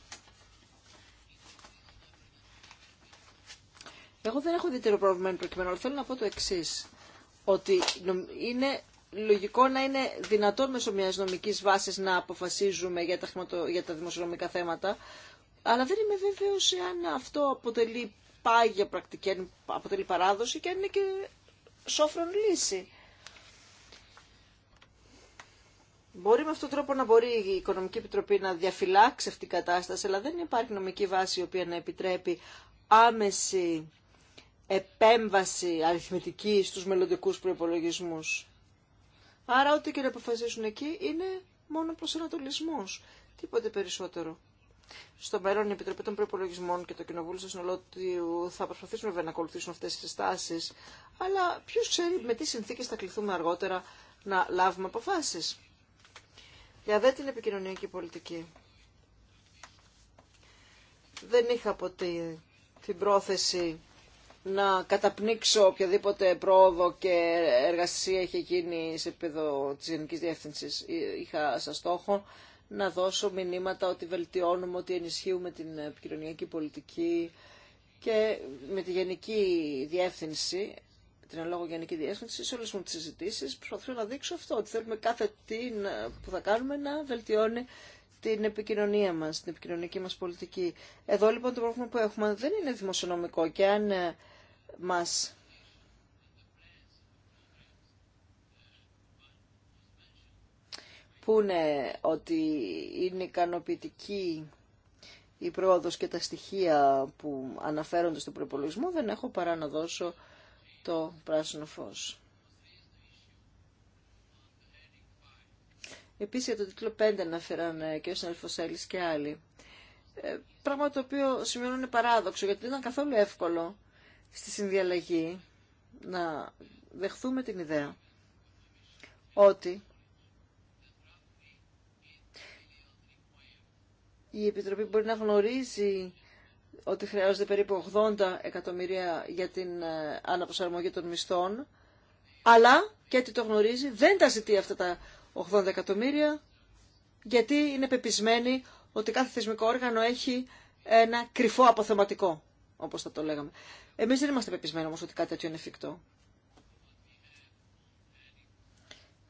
Εγώ δεν έχω ιδιαίτερο πρόβλημα εν προκειμένου, αλλά θέλω να πω το εξή. Ότι είναι λογικό να είναι δυνατόν μέσω μια νομική βάση να αποφασίζουμε για τα, για τα δημοσιονομικά θέματα, αλλά δεν είμαι βέβαιο εάν αυτό αποτελεί πάγια πρακτική, αν αποτελεί παράδοση και αν είναι και σόφρον λύση. Μπορεί με αυτόν τον τρόπο να μπορεί η Οικονομική Επιτροπή να διαφυλάξει αυτή την κατάσταση, αλλά δεν υπάρχει νομική βάση η οποία να επιτρέπει άμεση επέμβαση αριθμητική στους μελλοντικού προϋπολογισμούς. Άρα ό,τι και να αποφασίσουν εκεί είναι μόνο προσανατολισμός, τίποτε περισσότερο. Στο μέλλον, η Επιτροπή των Προπολογισμών και το Κοινοβούλιο στο σύνολό θα προσπαθήσουν βέβαια να ακολουθήσουν αυτέ τι τάσει, αλλά ποιο ξέρει με τι συνθήκε θα κληθούμε αργότερα να λάβουμε αποφάσει. Για δε την επικοινωνιακή πολιτική. Δεν είχα ποτέ την πρόθεση να καταπνίξω οποιαδήποτε πρόοδο και εργασία είχε γίνει σε επίπεδο της Γενικής Διεύθυνσης. Ε, είχα σαν στόχο να δώσω μηνύματα ότι βελτιώνουμε, ότι ενισχύουμε την επικοινωνιακή πολιτική και με τη Γενική Διεύθυνση την αλόγω γενική διεύθυνση, σε όλε μου τι συζητήσει, προσπαθώ να δείξω αυτό, ότι θέλουμε κάθε τι που θα κάνουμε να βελτιώνει την επικοινωνία μας, την επικοινωνική μας πολιτική. Εδώ λοιπόν το πρόβλημα που έχουμε δεν είναι δημοσιονομικό και αν ε, μας πούνε ότι είναι ικανοποιητική η πρόοδος και τα στοιχεία που αναφέρονται στον προπολογισμό, δεν έχω παρά να δώσω το πράσινο φως. Επίσης για το τίτλο 5 αναφέραν ε, και ο συνάδελφος και άλλοι. Ε, πράγμα το οποίο είναι παράδοξο, γιατί δεν ήταν καθόλου εύκολο στη συνδιαλλαγή να δεχθούμε την ιδέα ότι η Επιτροπή μπορεί να γνωρίζει ότι χρειάζονται περίπου 80 εκατομμυρία για την ε, αναπροσαρμογή των μισθών, αλλά και ότι το γνωρίζει δεν τα ζητεί αυτά τα 80 εκατομμύρια, γιατί είναι πεπισμένη ότι κάθε θεσμικό όργανο έχει ένα κρυφό αποθεματικό όπως θα το λέγαμε. Εμείς δεν είμαστε πεπισμένοι όμω ότι κάτι τέτοιο είναι εφικτό.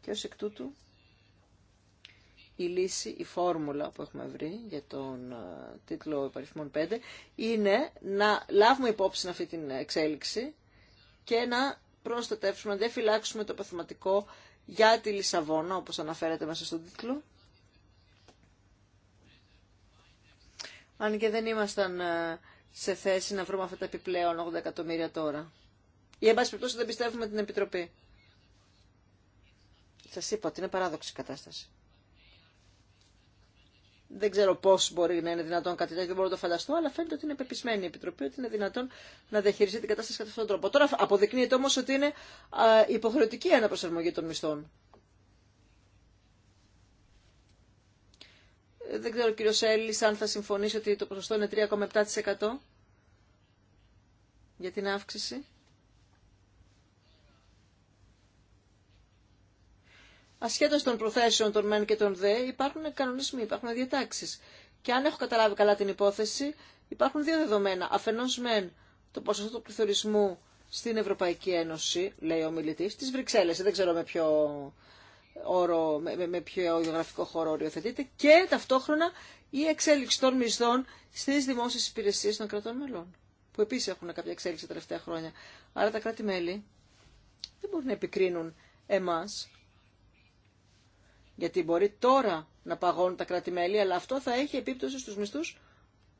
Και ω εκ τούτου, η λύση, η φόρμουλα που έχουμε βρει για τον ε, τίτλο υπαριθμών 5 είναι να λάβουμε υπόψη αυτή την εξέλιξη και να προστατεύσουμε, να δεν φυλάξουμε το παθηματικό για τη Λισαβόνα, όπως αναφέρεται μέσα στον τίτλο. Αν και δεν ήμασταν ε, σε θέση να βρούμε αυτά τα επιπλέον 80 εκατομμύρια τώρα. Ή εν πάση περιπτώσει δεν πιστεύουμε την Επιτροπή. Σας είπα ότι είναι παράδοξη η κατάσταση. Δεν ξέρω πώ Σα να είναι δυνατόν κάτι τέτοιο, δεν μπορώ να το φανταστώ, αλλά φαίνεται ότι είναι πεπισμένη η Επιτροπή ότι είναι δυνατόν να διαχειριστεί την κατάσταση κατά αυτόν τον τρόπο. Τώρα αποδεικνύεται όμω ότι είναι υποχρεωτική η αναπροσαρμογή των μισθών. Ε, δεν ξέρω κύριο Σέλης, αν θα συμφωνήσει ότι το ποσοστό είναι 3,7% για την αύξηση. Ασχέτως των προθέσεων των ΜΕΝ και των ΔΕ υπάρχουν κανονισμοί, υπάρχουν διατάξεις. Και αν έχω καταλάβει καλά την υπόθεση, υπάρχουν δύο δεδομένα. Αφενός μεν το ποσοστό του πληθωρισμού στην Ευρωπαϊκή Ένωση, λέει ο μιλητής, στις Βρυξέλλες, δεν ξέρω με ποιο όρο, με, με ποιο γεωγραφικό χώρο οριοθετείται και ταυτόχρονα η εξέλιξη των μισθών στις δημόσιες υπηρεσίες των κρατών μελών, που επίσης έχουν κάποια εξέλιξη τα τελευταία χρόνια. Άρα τα κράτη-μέλη δεν μπορούν να επικρίνουν εμάς, γιατί μπορεί τώρα να παγώνουν τα κράτη-μέλη, αλλά αυτό θα έχει επίπτωση στους μισθού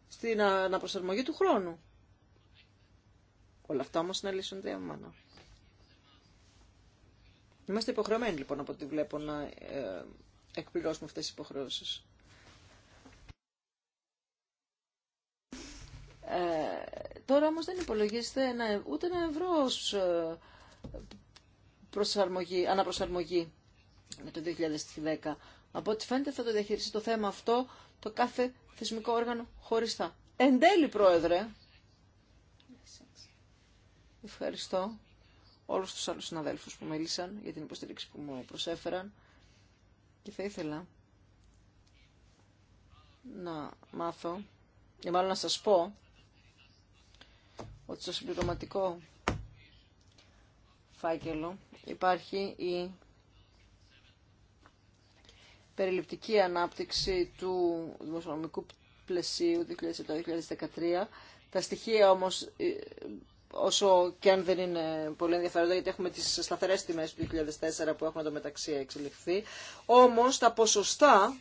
στην αναπροσαρμογή του χρόνου. Όλα αυτά όμω να λύσουν Είμαστε υποχρεωμένοι λοιπόν από ό,τι βλέπω να ε, εκπληρώσουμε αυτές τις υποχρεώσεις. Ε, τώρα όμως δεν υπολογίζεται ένα, ούτε ένα ευρώ ως ε, προσαρμογή, αναπροσαρμογή με το 2010. Από ό,τι φαίνεται θα το διαχειριστεί το θέμα αυτό το κάθε θεσμικό όργανο χωριστά. Εν τέλει, Πρόεδρε. Ευχαριστώ όλου του άλλου συναδέλφου που μίλησαν για την υποστήριξη που μου προσέφεραν και θα ήθελα να μάθω ή μάλλον να σας πω ότι στο συμπληρωματικό φάκελο υπάρχει η περιληπτική ανάπτυξη του δημοσιονομικού πλαισίου 2007-2013. Τα στοιχεία όμως ε, όσο και αν δεν είναι πολύ ενδιαφέροντα, γιατί έχουμε τις σταθερές τιμές του 2004 που έχουν μεταξύ εξελιχθεί. Όμως τα ποσοστά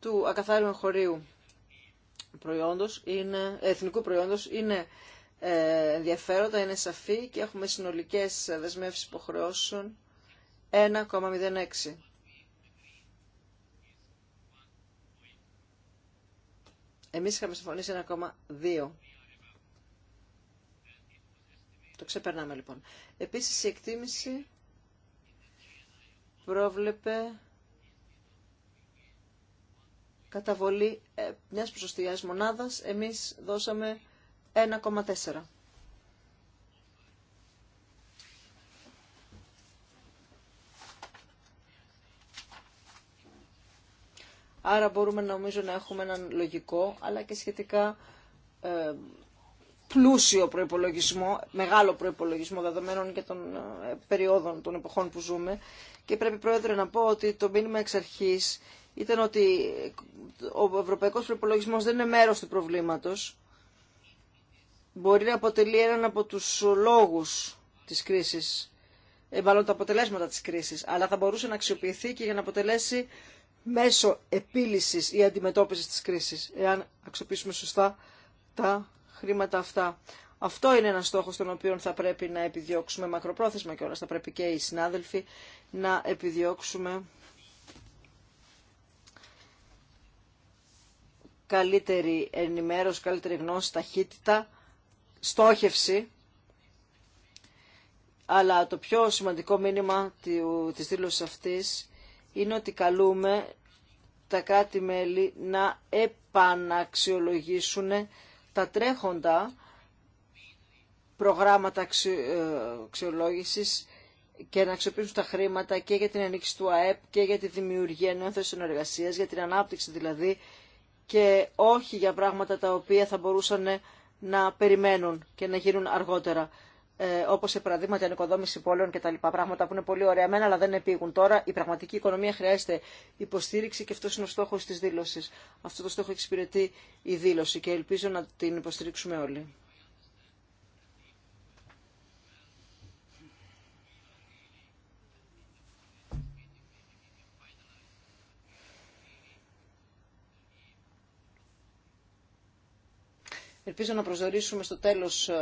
του ακαθάριου εγχωρίου προϊόντος είναι, εθνικού προϊόντος είναι ε, ενδιαφέροντα, είναι σαφή και έχουμε συνολικές δεσμεύσεις υποχρεώσεων 1,06. Εμείς είχαμε συμφωνήσει 1,2. Το ξεπερνάμε λοιπόν. Επίσης η εκτίμηση πρόβλεπε καταβολή ε, μια ποσοστιαίας μονάδας. Εμείς δώσαμε 1,4. Άρα μπορούμε νομίζω να έχουμε έναν λογικό αλλά και σχετικά ε, πλούσιο προϋπολογισμό, μεγάλο προϋπολογισμό δεδομένων και των ε, περιόδων των εποχών που ζούμε. Και πρέπει, Πρόεδρε, να πω ότι το μήνυμα εξ αρχή ήταν ότι ο ευρωπαϊκός προϋπολογισμός δεν είναι μέρος του προβλήματος. Μπορεί να αποτελεί έναν από τους λόγους της κρίσης, ε, μάλλον τα αποτελέσματα της κρίσης, αλλά θα μπορούσε να αξιοποιηθεί και για να αποτελέσει μέσω επίλυσης ή αντιμετώπισης της κρίσης, εάν αξιοποιήσουμε σωστά τα χρήματα αυτά. Αυτό είναι ένα στόχο τον οποίο θα πρέπει να επιδιώξουμε μακροπρόθεσμα και όλα θα πρέπει και οι συνάδελφοι να επιδιώξουμε καλύτερη ενημέρωση, καλύτερη γνώση, ταχύτητα, στόχευση, αλλά το πιο σημαντικό μήνυμα της δήλωση αυτής είναι ότι καλούμε τα κράτη-μέλη να επαναξιολογήσουν τα τρέχοντα προγράμματα ε, αξιολόγησης και να αξιοποιήσουν τα χρήματα και για την ανοίξη του ΑΕΠ και για τη δημιουργία νέων θέσεων εργασίας, για την ανάπτυξη δηλαδή και όχι για πράγματα τα οποία θα μπορούσαν να περιμένουν και να γίνουν αργότερα. Ε, όπω σε παραδείγματα ανοικοδόμηση πόλεων και τα λοιπά Πράγματα που είναι πολύ ωραία μένα, αλλά δεν επήγουν τώρα. Η πραγματική οικονομία χρειάζεται υποστήριξη και αυτό είναι ο στόχο τη δήλωση. Αυτό το στόχο εξυπηρετεί η δήλωση και ελπίζω να την υποστηρίξουμε όλοι. Ελπίζω να προσδορίσουμε στο τέλος ε,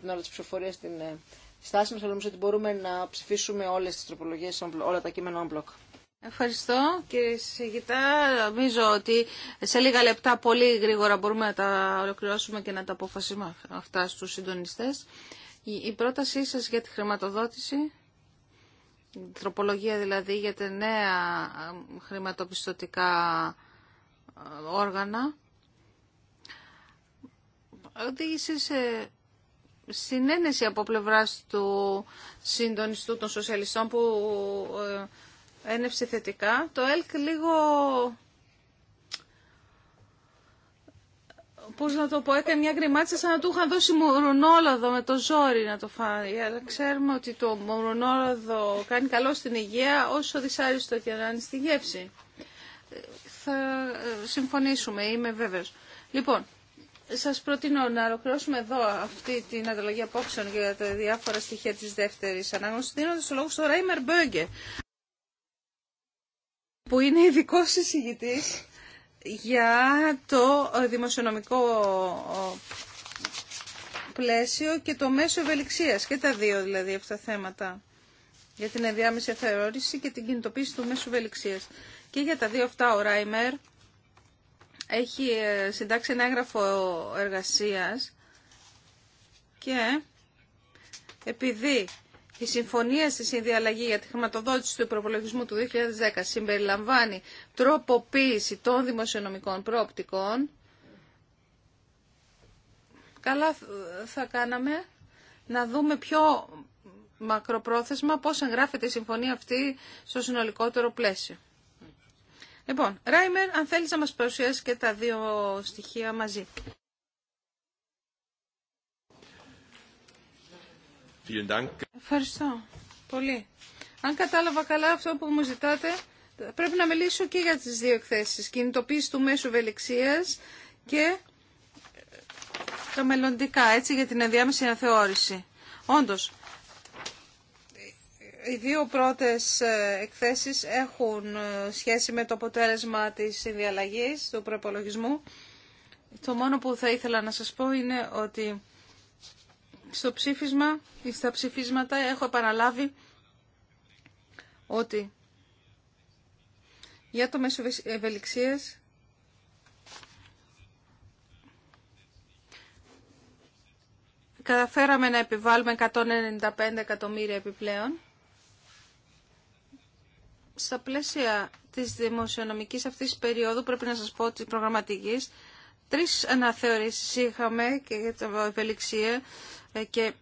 την ώρα τη ψηφοφορία την ε, στάση μας, αλλά νομίζω ότι μπορούμε να ψηφίσουμε όλες τις τροπολογίες, όλα τα κείμενα on block. Ευχαριστώ κύριε Σιγητά. Νομίζω ότι σε λίγα λεπτά πολύ γρήγορα μπορούμε να τα ολοκληρώσουμε και να τα αποφασίσουμε αυτά στους συντονιστές. Η πρότασή σας για τη χρηματοδότηση, η τροπολογία δηλαδή για τα νέα ε, χρηματοπιστωτικά όργανα, οδήγησε σε συνένεση από πλευρά του συντονιστού των σοσιαλιστών που ε, ένευσε θετικά. Το ΕΛΚ λίγο, πώς να το πω, έκανε μια γκριμάτσα σαν να του είχαν δώσει μουρονόλαδο με το ζόρι να το φάει. Αλλά ξέρουμε ότι το μουρονόλαδο κάνει καλό στην υγεία όσο δυσάριστο και να είναι στη γεύση. Ε, θα ε, συμφωνήσουμε, είμαι βέβαιος. Λοιπόν, σας προτείνω να ολοκληρώσουμε εδώ αυτή την ανταλλαγή απόψεων για τα διάφορα στοιχεία της δεύτερης ανάγνωσης, δίνοντας το λόγο στο Ράιμερ Μπέγκε, που είναι ειδικό συζητητής για το δημοσιονομικό πλαίσιο και το μέσο ευελιξίας και τα δύο δηλαδή αυτά τα θέματα για την ενδιάμεση θεωρήση και την κινητοποίηση του μέσου ευελιξίας. Και για τα δύο αυτά ο Ράιμερ έχει ε, συντάξει ένα έγγραφο εργασίας και επειδή η συμφωνία στη συνδιαλλαγή για τη χρηματοδότηση του προπολογισμού του 2010 συμπεριλαμβάνει τροποποίηση των δημοσιονομικών προοπτικών, καλά θα κάναμε να δούμε πιο μακροπρόθεσμα πώς εγγράφεται η συμφωνία αυτή στο συνολικότερο πλαίσιο. Λοιπόν, Ράιμερ, αν θέλεις να μας παρουσιάσει και τα δύο στοιχεία μαζί. Ευχαριστώ πολύ. Αν κατάλαβα καλά αυτό που μου ζητάτε, πρέπει να μιλήσω και για τις δύο εκθέσεις. Κινητοποίηση του μέσου βελεξίας και τα μελλοντικά, έτσι, για την ενδιάμεση αναθεώρηση. Όντως, οι δύο πρώτες ε, εκθέσεις έχουν ε, σχέση με το αποτέλεσμα της συνδιαλλαγής του προπολογισμού. Το μόνο που θα ήθελα να σας πω είναι ότι στο ψήφισμα ή στα ψηφίσματα έχω επαναλάβει ότι για το μέσο ευελιξίας καταφέραμε να επιβάλλουμε 195 εκατομμύρια επιπλέον στα πλαίσια της δημοσιονομικής αυτής περίοδου, πρέπει να σας πω, της προγραμματικής, τρεις αναθεωρήσεις είχαμε και για την ευελιξία ε, και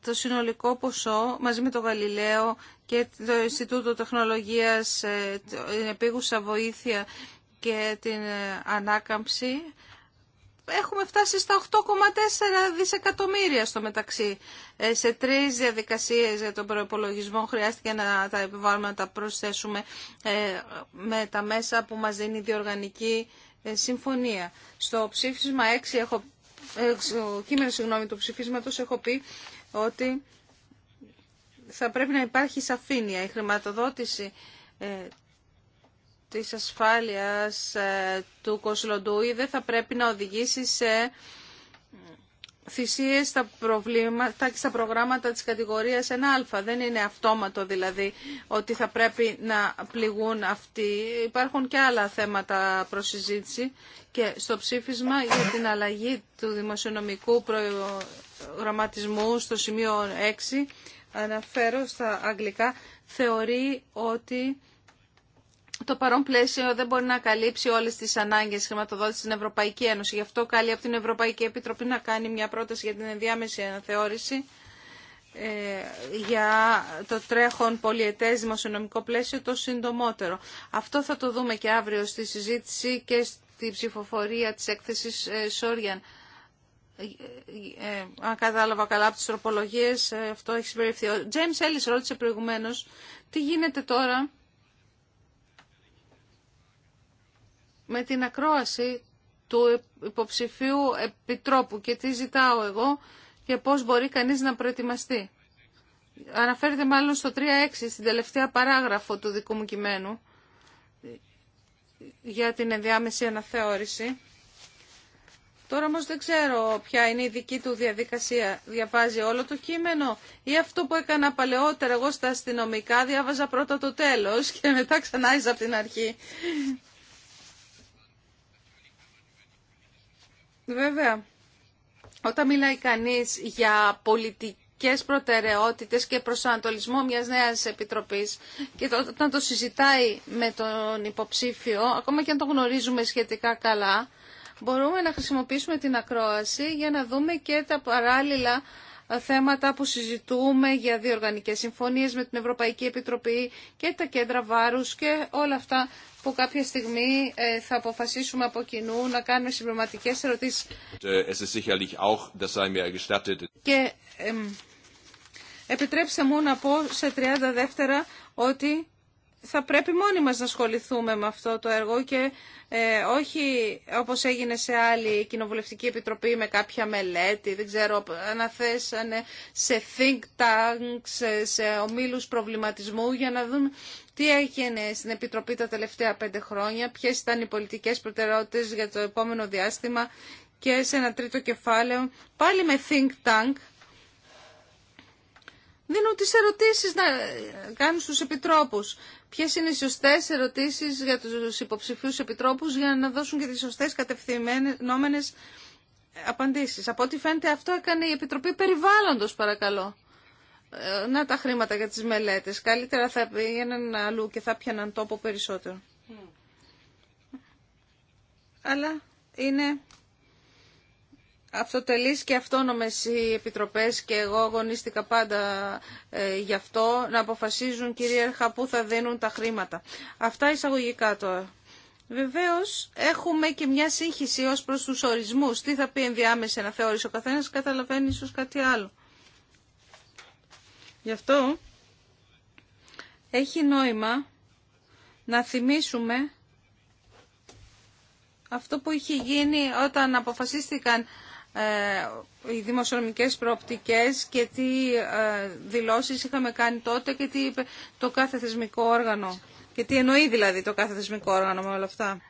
το συνολικό ποσό μαζί με το Γαλιλαίο και το Ινστιτούτο Τεχνολογίας, ε, την επίγουσα βοήθεια και την ε, ανάκαμψη έχουμε φτάσει στα 8,4 δισεκατομμύρια στο μεταξύ. Ε, σε τρεις διαδικασίες για τον προπολογισμό χρειάστηκε να τα επιβάλλουμε, να τα προσθέσουμε ε, με τα μέσα που μας δίνει η διοργανική ε, συμφωνία. Στο ψήφισμα 6 έχω κείμενο συγγνώμη, του ψηφίσματος έχω πει ότι θα πρέπει να υπάρχει σαφήνεια. Η χρηματοδότηση της ασφάλειας ε, του Κοσλοντούι δεν θα πρέπει να οδηγήσει σε θυσίες στα προβλήματα προγράμματα της κατηγορίας 1α. Δεν είναι αυτόματο δηλαδή ότι θα πρέπει να πληγούν αυτοί. Υπάρχουν και άλλα θέματα προς συζήτηση και στο ψήφισμα για την αλλαγή του δημοσιονομικού προγραμματισμού στο σημείο 6 αναφέρω στα αγγλικά θεωρεί ότι το παρόν πλαίσιο δεν μπορεί να καλύψει όλε τι ανάγκε χρηματοδότηση στην Ευρωπαϊκή Ένωση. Γι' αυτό καλεί από την Ευρωπαϊκή Επιτροπή να κάνει μια πρόταση για την ενδιάμεση αναθεώρηση ε, για το τρέχον πολιετέ δημοσιονομικό πλαίσιο το συντομότερο. Αυτό θα το δούμε και αύριο στη συζήτηση και στη ψηφοφορία της έκθεσης ε, Σόριαν. Ε, αν κατάλαβα καλά από τροπολογίε, τροπολογίες, αυτό έχει συμπεριφθεί. Ο Τζέιμ Έλλη ρώτησε προηγουμένω τι γίνεται τώρα με την ακρόαση του υποψηφίου επιτρόπου και τι ζητάω εγώ και πώς μπορεί κανείς να προετοιμαστεί. Αναφέρεται μάλλον στο 3.6 στην τελευταία παράγραφο του δικού μου κειμένου για την ενδιάμεση αναθεώρηση. Τώρα όμως δεν ξέρω ποια είναι η δική του διαδικασία. Διαβάζει όλο το κείμενο ή αυτό που έκανα παλαιότερα εγώ στα αστυνομικά διάβαζα πρώτα το τέλος και μετά ξανά από την αρχή. Βέβαια, όταν μιλάει κανείς για πολιτικές προτεραιότητες και προσανατολισμό μιας νέας επιτροπής και το, όταν το συζητάει με τον υποψήφιο, ακόμα και αν το γνωρίζουμε σχετικά καλά, μπορούμε να χρησιμοποιήσουμε την ακρόαση για να δούμε και τα παράλληλα θέματα που συζητούμε για διοργανικές συμφωνίες με την Ευρωπαϊκή Επιτροπή και τα κέντρα βάρους και όλα αυτά που κάποια στιγμή ε, θα αποφασίσουμε από κοινού να κάνουμε συμπληρωματικές ερωτήσεις. Ε, και ε, επιτρέψτε μου να πω σε 30 δεύτερα ότι θα πρέπει μόνοι μας να ασχοληθούμε με αυτό το έργο και ε, όχι όπως έγινε σε άλλη κοινοβουλευτική επιτροπή με κάποια μελέτη, δεν ξέρω, αναθέσανε σε think tanks, σε ομίλους προβληματισμού για να δούμε τι έγινε στην Επιτροπή τα τελευταία πέντε χρόνια, ποιες ήταν οι πολιτικές προτεραιότητες για το επόμενο διάστημα και σε ένα τρίτο κεφάλαιο, πάλι με think tank, δίνουν τις ερωτήσεις να κάνουν στους επιτρόπους. Ποιες είναι οι σωστές ερωτήσεις για τους υποψηφίους επιτρόπους για να δώσουν και τις σωστές κατευθυνόμενες απαντήσεις. Από ό,τι φαίνεται αυτό έκανε η Επιτροπή Περιβάλλοντος, παρακαλώ. Ε, να τα χρήματα για τις μελέτες. Καλύτερα θα πήγαιναν αλλού και θα πιαναν τόπο περισσότερο. Αλλά είναι αυτοτελείς και αυτόνομες οι επιτροπές και εγώ αγωνίστηκα πάντα ε, γι' αυτό να αποφασίζουν κυρίαρχα πού θα δίνουν τα χρήματα. Αυτά εισαγωγικά τώρα. Βεβαίως έχουμε και μια σύγχυση ως προς τους ορισμούς. Τι θα πει ενδιάμεση να θεώρησε ο καθένας, καταλαβαίνει ίσως κάτι άλλο. Γι' αυτό έχει νόημα να θυμίσουμε αυτό που είχε γίνει όταν αποφασίστηκαν ε, οι δημοσιονομικές προοπτικές και τι ε, δηλώσεις είχαμε κάνει τότε και τι είπε το κάθε θεσμικό όργανο. Και τι εννοεί δηλαδή το κάθε θεσμικό όργανο με όλα αυτά.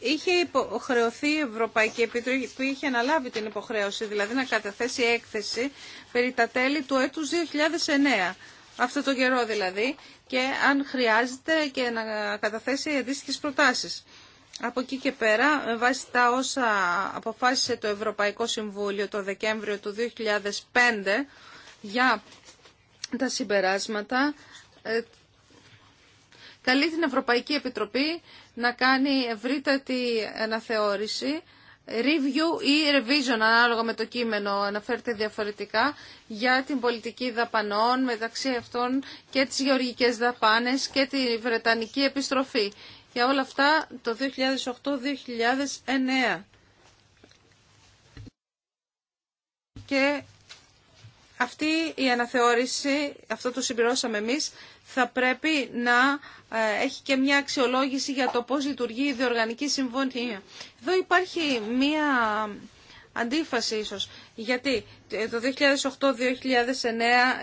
είχε υποχρεωθεί η Ευρωπαϊκή Επιτροπή που είχε αναλάβει την υποχρέωση, δηλαδή να καταθέσει έκθεση περί τα τέλη του έτους 2009, αυτό το καιρό δηλαδή, και αν χρειάζεται και να καταθέσει αντίστοιχε προτάσεις. Από εκεί και πέρα, με βάση τα όσα αποφάσισε το Ευρωπαϊκό Συμβούλιο το Δεκέμβριο του 2005 για τα συμπεράσματα, ε, καλεί την Ευρωπαϊκή Επιτροπή να κάνει ευρύτατη αναθεώρηση, review ή revision ανάλογα με το κείμενο, αναφέρεται διαφορετικά, για την πολιτική δαπανών μεταξύ αυτών και τις γεωργικές δαπάνες και τη Βρετανική επιστροφή. Για όλα αυτά το 2008-2009. Και αυτή η αναθεώρηση, αυτό το συμπληρώσαμε εμείς, θα πρέπει να ε, έχει και μια αξιολόγηση για το πώς λειτουργεί η διοργανική συμφωνία. Εδώ υπάρχει μια αντίφαση ίσως, γιατί ε, το 2008-2009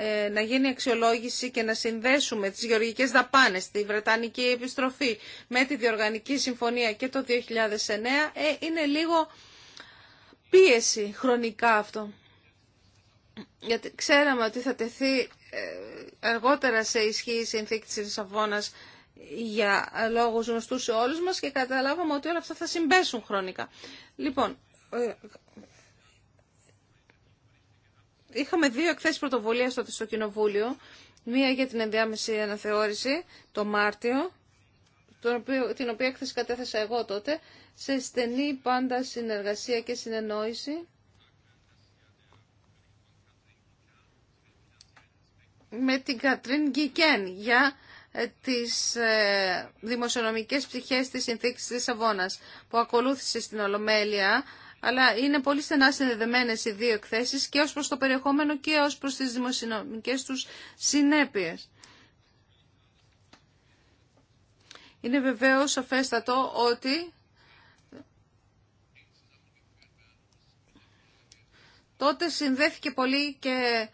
ε, να γίνει αξιολόγηση και να συνδέσουμε τις γεωργικές δαπάνες, τη Βρετανική επιστροφή με τη διοργανική συμφωνία και το 2009 ε, είναι λίγο πίεση χρονικά αυτό γιατί ξέραμε ότι θα τεθεί ε, αργότερα σε ισχύ η συνθήκη της Λισαβόνας για λόγους γνωστούς σε όλους μας και καταλάβαμε ότι όλα αυτά θα συμπέσουν χρονικά. Λοιπόν, ε, είχαμε δύο εκθέσεις πρωτοβουλίας τότε στο Κοινοβούλιο, μία για την ενδιάμεση αναθεώρηση το Μάρτιο, την οποία έκθεση κατέθεσα εγώ τότε, σε στενή πάντα συνεργασία και συνεννόηση με την Κατρίν Γκικέν για ε, τις ε, δημοσιονομικές ψυχές της συνθήκης της Αβώνας που ακολούθησε στην Ολομέλεια αλλά είναι πολύ στενά συνδεδεμένες οι δύο εκθέσεις και ως προς το περιεχόμενο και ως προς τις δημοσιονομικές τους συνέπειες. Είναι βεβαίως σαφέστατο ότι τότε συνδέθηκε πολύ και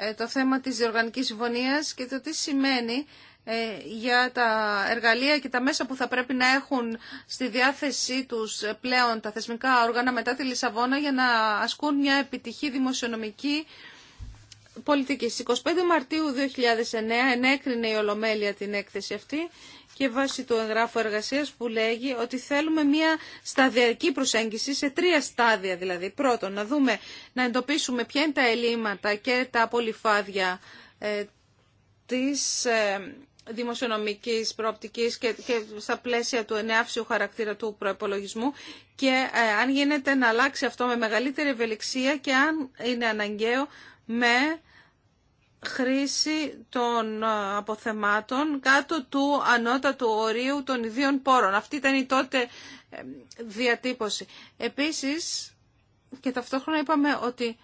ε, το θέμα της διοργανικής συμφωνίας και το τι σημαίνει ε, για τα εργαλεία και τα μέσα που θα πρέπει να έχουν στη διάθεσή τους πλέον τα θεσμικά όργανα μετά τη Λισαβόνα για να ασκούν μια επιτυχή δημοσιονομική πολιτικής. 25 Μαρτίου 2009 ενέκρινε η Ολομέλεια την έκθεση αυτή και βάσει του εγγράφου εργασίας που λέγει ότι θέλουμε μια σταδιακή προσέγγιση σε τρία στάδια δηλαδή. Πρώτον, να δούμε, να εντοπίσουμε ποια είναι τα ελλείμματα και τα πολυφάδια ε, της ε, δημοσιονομικής προοπτικής και, και στα πλαίσια του ενεάυσιου χαρακτήρα του προεπολογισμού και ε, αν γίνεται να αλλάξει αυτό με μεγαλύτερη ευελιξία και αν είναι αναγκαίο με χρήση των ε, αποθεμάτων κάτω του ανώτατου ορίου των ιδίων πόρων. Αυτή ήταν η τότε ε, διατύπωση. Επίσης, και ταυτόχρονα είπαμε ότι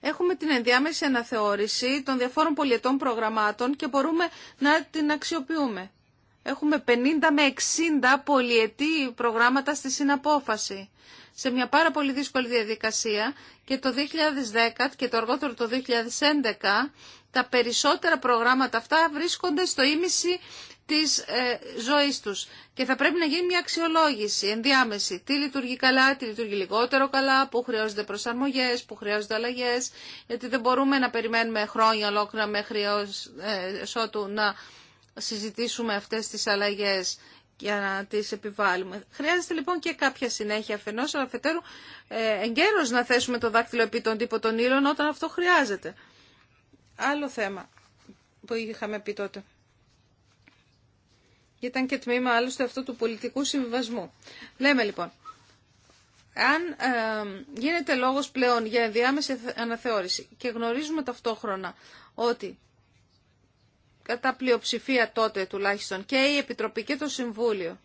έχουμε την ενδιάμεση αναθεώρηση των διαφόρων πολιετών προγραμμάτων και μπορούμε να την αξιοποιούμε. Έχουμε 50 με 60 πολυετή προγράμματα στη συναπόφαση σε μια πάρα πολύ δύσκολη διαδικασία και το 2010 και το αργότερο το 2011 τα περισσότερα προγράμματα αυτά βρίσκονται στο ίμιση της ε, ζωής τους και θα πρέπει να γίνει μια αξιολόγηση ενδιάμεση τι λειτουργεί καλά, τι λειτουργεί λιγότερο καλά, που χρειάζονται προσαρμογές, που χρειάζονται αλλαγές γιατί δεν μπορούμε να περιμένουμε χρόνια ολόκληρα μέχρι ε, ότου να συζητήσουμε αυτές τις αλλαγές για να τις επιβάλλουμε. Χρειάζεται λοιπόν και κάποια συνέχεια αφενός, αλλά αφετέρου ε, εγκαίρως να θέσουμε το δάκτυλο επί των τύπων των ήλων όταν αυτό χρειάζεται. Άλλο θέμα που είχαμε πει τότε. Ήταν και τμήμα άλλωστε αυτού του πολιτικού συμβιβασμού. Λέμε λοιπόν, αν ε, γίνεται λόγος πλέον για ενδιάμεση αναθεώρηση και γνωρίζουμε ταυτόχρονα ότι κατά πλειοψηφία τότε τουλάχιστον και η Επιτροπή και το Συμβούλιο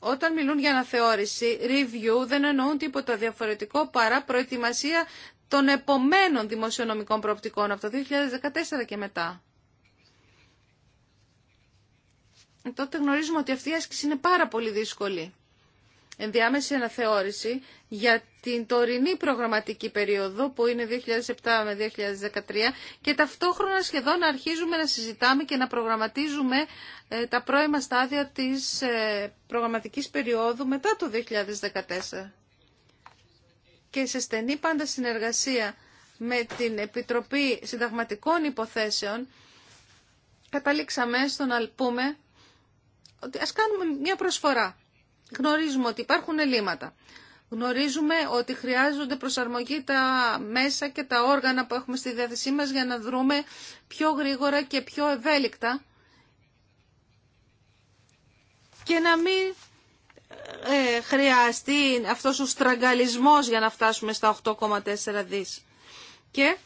όταν μιλούν για αναθεώρηση, review δεν εννοούν τίποτα διαφορετικό παρά προετοιμασία των επομένων δημοσιονομικών προοπτικών από το 2014 και μετά. Ε, τότε γνωρίζουμε ότι αυτή η άσκηση είναι πάρα πολύ δύσκολη ενδιάμεση αναθεώρηση για την τωρινή προγραμματική περίοδο που είναι 2007 με 2013 και ταυτόχρονα σχεδόν αρχίζουμε να συζητάμε και να προγραμματίζουμε ε, τα πρώιμα στάδια της ε, προγραμματικής περίοδου μετά το 2014. Και σε στενή πάντα συνεργασία με την Επιτροπή Συνταγματικών Υποθέσεων καταλήξαμε στο να πούμε ότι ας κάνουμε μια προσφορά Γνωρίζουμε ότι υπάρχουν ελλείμματα. Γνωρίζουμε ότι χρειάζονται προσαρμογή τα μέσα και τα όργανα που έχουμε στη διάθεσή μας για να δρούμε πιο γρήγορα και πιο ευέλικτα και να μην ε, χρειαστεί αυτός ο στραγγαλισμός για να φτάσουμε στα 8,4 δις. Και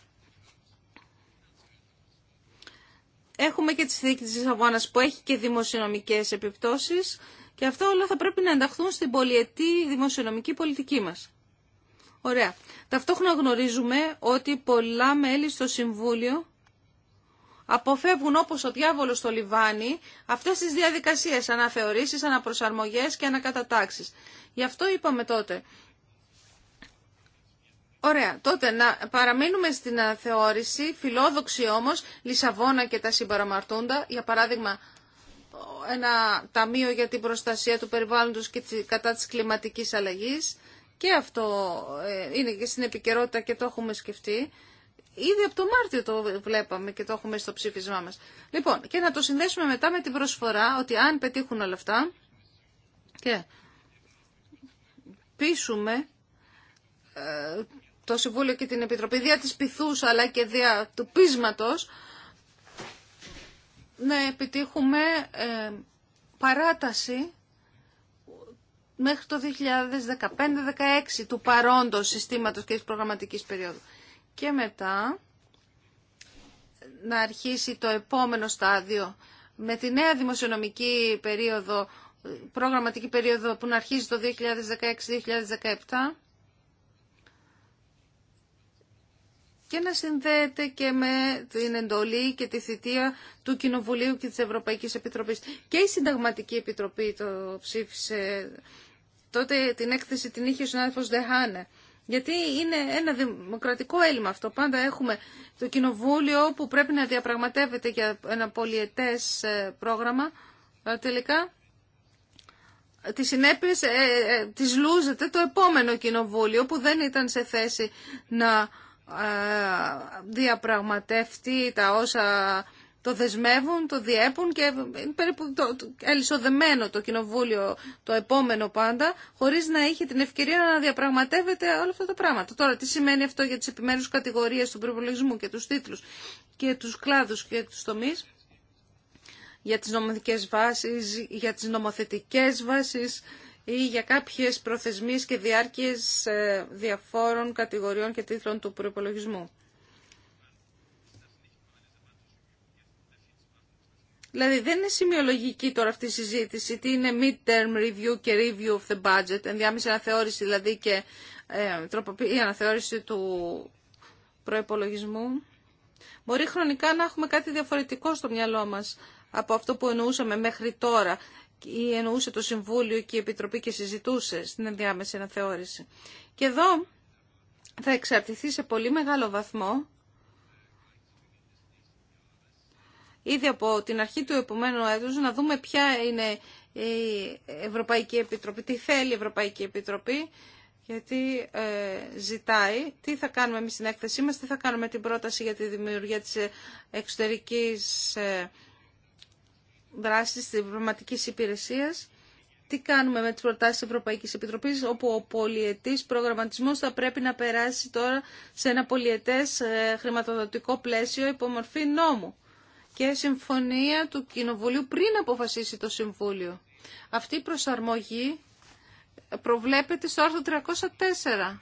έχουμε και τη συνθήκη της αγώνας που έχει και δημοσιονομικές επιπτώσεις και αυτό όλα θα πρέπει να ενταχθούν στην πολιετή δημοσιονομική πολιτική μας. Ωραία. Ταυτόχρονα γνωρίζουμε ότι πολλά μέλη στο Συμβούλιο αποφεύγουν όπως ο διάβολος στο λιβάνι αυτές τις διαδικασίες αναθεωρήσεις, αναπροσαρμογές και ανακατατάξεις. Γι' αυτό είπαμε τότε. Ωραία, τότε να παραμείνουμε στην αναθεώρηση, φιλόδοξη όμως, Λισαβόνα και τα συμπαραμαρτούντα, για παράδειγμα ένα ταμείο για την προστασία του περιβάλλοντος και κατά της κλιματικής αλλαγής και αυτό ε, είναι και στην επικαιρότητα και το έχουμε σκεφτεί. Ήδη από το Μάρτιο το βλέπαμε και το έχουμε στο ψήφισμά μας. Λοιπόν, και να το συνδέσουμε μετά με την προσφορά ότι αν πετύχουν όλα αυτά και πείσουμε ε, το Συμβούλιο και την Επιτροπή δια της πυθούς αλλά και δια του πείσματος να επιτύχουμε ε, παράταση μέχρι το 2015 2016 του παρόντος συστήματος και της προγραμματικής περίοδου. Και μετά να αρχίσει το επόμενο στάδιο με τη νέα δημοσιονομική περίοδο, προγραμματική περίοδο που να αρχίζει το 2016-2017 και να συνδέεται και με την εντολή και τη θητεία του Κοινοβουλίου και της Ευρωπαϊκής Επιτροπής. Και η Συνταγματική Επιτροπή το ψήφισε. Τότε την έκθεση την είχε ο συνάδελφος Δεχάνε. Γιατί είναι ένα δημοκρατικό έλλειμμα αυτό. Πάντα έχουμε το Κοινοβούλιο που πρέπει να διαπραγματεύεται για ένα πολιετές ε, πρόγραμμα. Τελικά τις συνέπειες ε, ε, τις λούζεται το επόμενο Κοινοβούλιο που δεν ήταν σε θέση να διαπραγματευτεί τα όσα το δεσμεύουν, το διέπουν και είναι περίπου το, το, ελισοδεμένο το κοινοβούλιο το επόμενο πάντα, χωρίς να είχε την ευκαιρία να διαπραγματεύεται όλα αυτά τα πράγματα. Τώρα, τι σημαίνει αυτό για τις επιμέρους κατηγορίες του προπολογισμού και τους τίτλους και τους κλάδους και τους τομείς, για τις νομοθετικές βάσεις, για τις νομοθετικές βάσεις, ή για κάποιες προθεσμίες και διάρκειες ε, διαφόρων κατηγοριών και τίτλων του προϋπολογισμού. Δηλαδή δεν είναι σημειολογική τώρα αυτή η συζήτηση, τι είναι mid-term review και review of the budget, ενδιάμεση αναθεώρηση δηλαδή και ε, η αναθεώρηση του προϋπολογισμού. Μπορεί χρονικά να έχουμε κάτι διαφορετικό στο μυαλό μας από αυτό που εννοούσαμε μέχρι τώρα ή εννοούσε το Συμβούλιο και η Επιτροπή και συζητούσε στην ενδιάμεση αναθεώρηση. Και εδώ θα εξαρτηθεί σε πολύ μεγάλο βαθμό ήδη από την αρχή του επομένου έτους να δούμε ποια είναι η Ευρωπαϊκή Επιτροπή, τι θέλει η Ευρωπαϊκή Επιτροπή, γιατί ε, ζητάει τι θα κάνουμε εμείς στην έκθεσή μας, τι θα κάνουμε την πρόταση για τη δημιουργία της εξωτερικής ε, δράση τη Υπηρεσία. Τι κάνουμε με τις προτάσεις της Ευρωπαϊκής Επιτροπής, όπου ο πολιετής προγραμματισμός θα πρέπει να περάσει τώρα σε ένα πολιετές ε, χρηματοδοτικό πλαίσιο υπομορφή νόμου και συμφωνία του Κοινοβουλίου πριν αποφασίσει το Συμβούλιο. Αυτή η προσαρμογή προβλέπεται στο άρθρο 304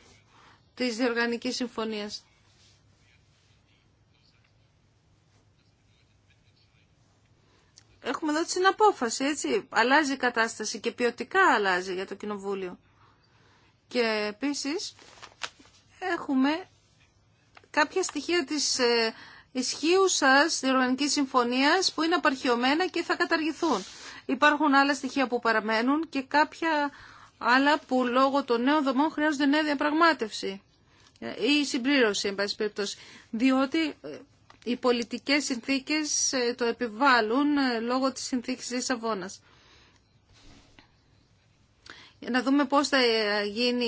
της Διοργανικής Συμφωνίας. Έχουμε εδώ την συναπόφαση, έτσι. Αλλάζει η κατάσταση και ποιοτικά αλλάζει για το Κοινοβούλιο. Και επίσης έχουμε κάποια στοιχεία της ε, της Ρωμανικής συμφωνίας που είναι απαρχιωμένα και θα καταργηθούν. Υπάρχουν άλλα στοιχεία που παραμένουν και κάποια άλλα που λόγω των νέων δομών χρειάζονται νέα διαπραγμάτευση ε, ή συμπλήρωση, εν πάση περιπτώσει. Διότι ε, οι πολιτικές συνθήκες ε, το επιβάλλουν ε, λόγω της συνθήκης της Αβώνας. Να δούμε πώς θα ε, γίνει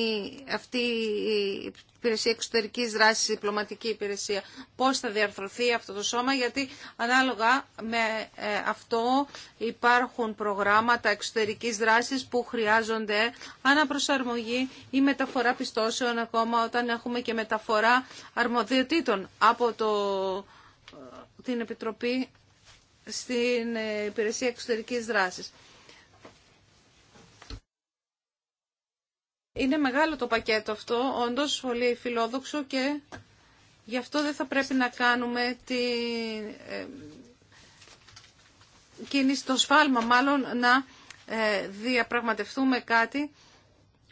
αυτή η υπηρεσία εξωτερικής δράσης, η διπλωματική υπηρεσία. Πώς θα διαρθρωθεί αυτό το σώμα, γιατί ανάλογα με αυτό υπάρχουν προγράμματα εξωτερικής δράσης που χρειάζονται αναπροσαρμογή ή μεταφορά πιστώσεων ακόμα όταν έχουμε και μεταφορά αρμοδιοτήτων από το την Επιτροπή στην ε, Υπηρεσία Εξωτερικής Δράσης. Είναι μεγάλο το πακέτο αυτό, όντως πολύ φιλόδοξο και γι' αυτό δεν θα πρέπει να κάνουμε την ε, κίνηση, το σφάλμα μάλλον, να ε, διαπραγματευτούμε κάτι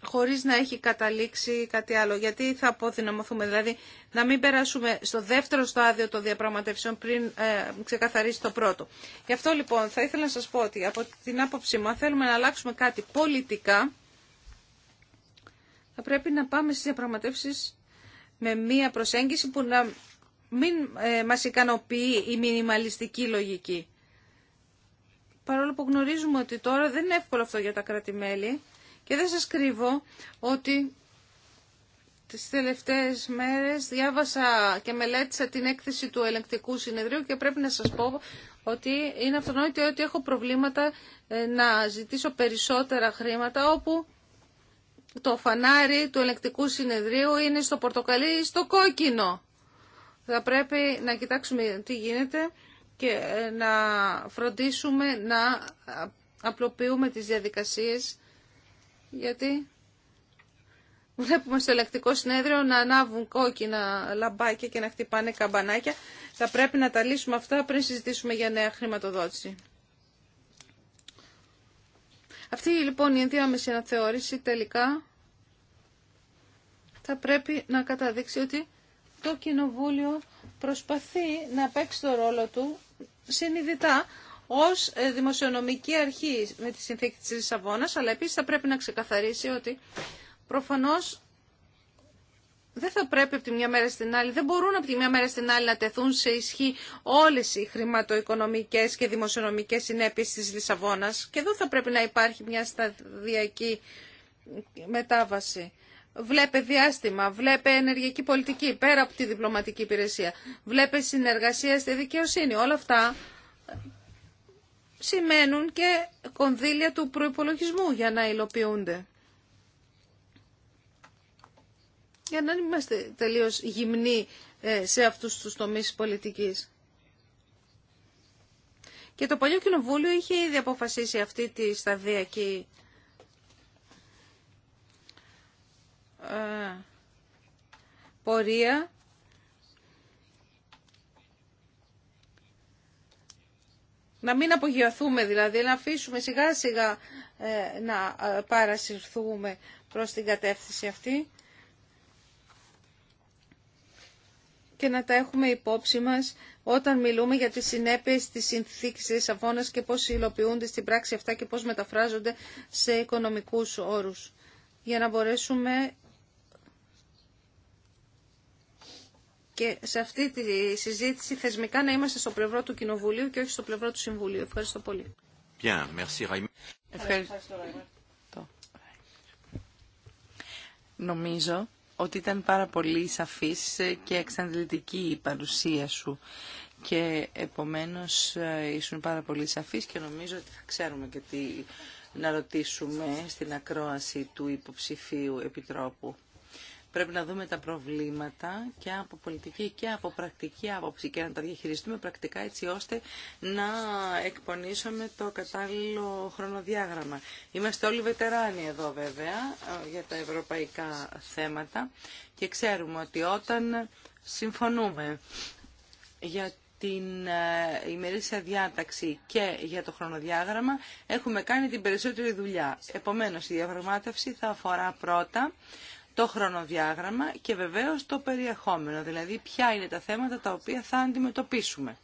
χωρίς να έχει καταλήξει κάτι άλλο. Γιατί θα αποδυναμωθούμε, δηλαδή να μην περάσουμε στο δεύτερο στάδιο των διαπραγματεύσεων πριν ε, ξεκαθαρίσει το πρώτο. Γι' αυτό λοιπόν θα ήθελα να σας πω ότι από την άποψή μου, αν θέλουμε να αλλάξουμε κάτι πολιτικά, θα πρέπει να πάμε στις διαπραγματεύσεις με μία προσέγγιση που να μην ε, μας ικανοποιεί η μινιμαλιστική λογική. Παρόλο που γνωρίζουμε ότι τώρα δεν είναι εύκολο αυτό για τα κράτη-μέλη, και δεν σας κρύβω ότι τις τελευταίες μέρες διάβασα και μελέτησα την έκθεση του ελεγκτικού συνεδρίου και πρέπει να σας πω ότι είναι αυτονόητο ότι έχω προβλήματα ε, να ζητήσω περισσότερα χρήματα όπου το φανάρι του ελεγκτικού συνεδρίου είναι στο πορτοκαλί ή στο κόκκινο. Θα πρέπει να κοιτάξουμε τι γίνεται και ε, να φροντίσουμε να απλοποιούμε τις διαδικασίες γιατί βλέπουμε στο ελεκτικό συνέδριο να ανάβουν κόκκινα λαμπάκια και να χτυπάνε καμπανάκια. Θα πρέπει να τα λύσουμε αυτά πριν συζητήσουμε για νέα χρηματοδότηση. Αυτή λοιπόν η ενδιάμεση αναθεώρηση τελικά θα πρέπει να καταδείξει ότι το Κοινοβούλιο προσπαθεί να παίξει το ρόλο του συνειδητά ως ε, δημοσιονομική αρχή με τη συνθήκη της Λισαβόνας, αλλά επίσης θα πρέπει να ξεκαθαρίσει ότι προφανώς δεν θα πρέπει από τη μια μέρα στην άλλη, δεν μπορούν από τη μια μέρα στην άλλη να τεθούν σε ισχύ όλες οι χρηματοοικονομικές και δημοσιονομικές συνέπειες της Λισαβόνας και εδώ θα πρέπει να υπάρχει μια σταδιακή μετάβαση. Βλέπε διάστημα, βλέπε ενεργειακή πολιτική πέρα από τη διπλωματική υπηρεσία, βλέπε συνεργασία στη δικαιοσύνη. Όλα αυτά σημαίνουν και κονδύλια του προϋπολογισμού για να υλοποιούνται. Για να είμαστε τελείως γυμνοί ε, σε αυτούς τους τομείς πολιτικής. Και το παλιό κοινοβούλιο είχε ήδη αποφασίσει αυτή τη σταδιακή ε, πορεία Να μην απογειωθούμε δηλαδή, να αφήσουμε σιγά σιγά ε, να ε, παρασυρθούμε προς την κατεύθυνση αυτή και να τα έχουμε υπόψη μας όταν μιλούμε για τις συνέπειες της συνθήκης της Σαββόνας και πώς υλοποιούνται στην πράξη αυτά και πώς μεταφράζονται σε οικονομικούς όρους για να μπορέσουμε και σε αυτή τη συζήτηση θεσμικά να είμαστε στο πλευρό του Κοινοβουλίου και όχι στο πλευρό του Συμβουλίου. Ευχαριστώ πολύ. Bien, merci, Ευχαριστώ. Νομίζω ότι ήταν πάρα πολύ σαφής και εξαντλητική η παρουσία σου και επομένως ε, ήσουν πάρα πολύ σαφής και νομίζω ότι θα ξέρουμε και τι να ρωτήσουμε στην ακρόαση του υποψηφίου επιτρόπου. Πρέπει να δούμε τα προβλήματα και από πολιτική και από πρακτική άποψη και να τα διαχειριστούμε πρακτικά έτσι ώστε να εκπονήσουμε το κατάλληλο χρονοδιάγραμμα. Είμαστε όλοι βετεράνοι εδώ βέβαια για τα ευρωπαϊκά θέματα και ξέρουμε ότι όταν συμφωνούμε για την ε, ημερήσια διάταξη και για το χρονοδιάγραμμα έχουμε κάνει την περισσότερη δουλειά. Επομένως, η διαπραγμάτευση θα αφορά πρώτα το χρονοδιάγραμμα και βεβαίως το περιεχόμενο, δηλαδή ποια είναι τα θέματα τα οποία θα αντιμετωπίσουμε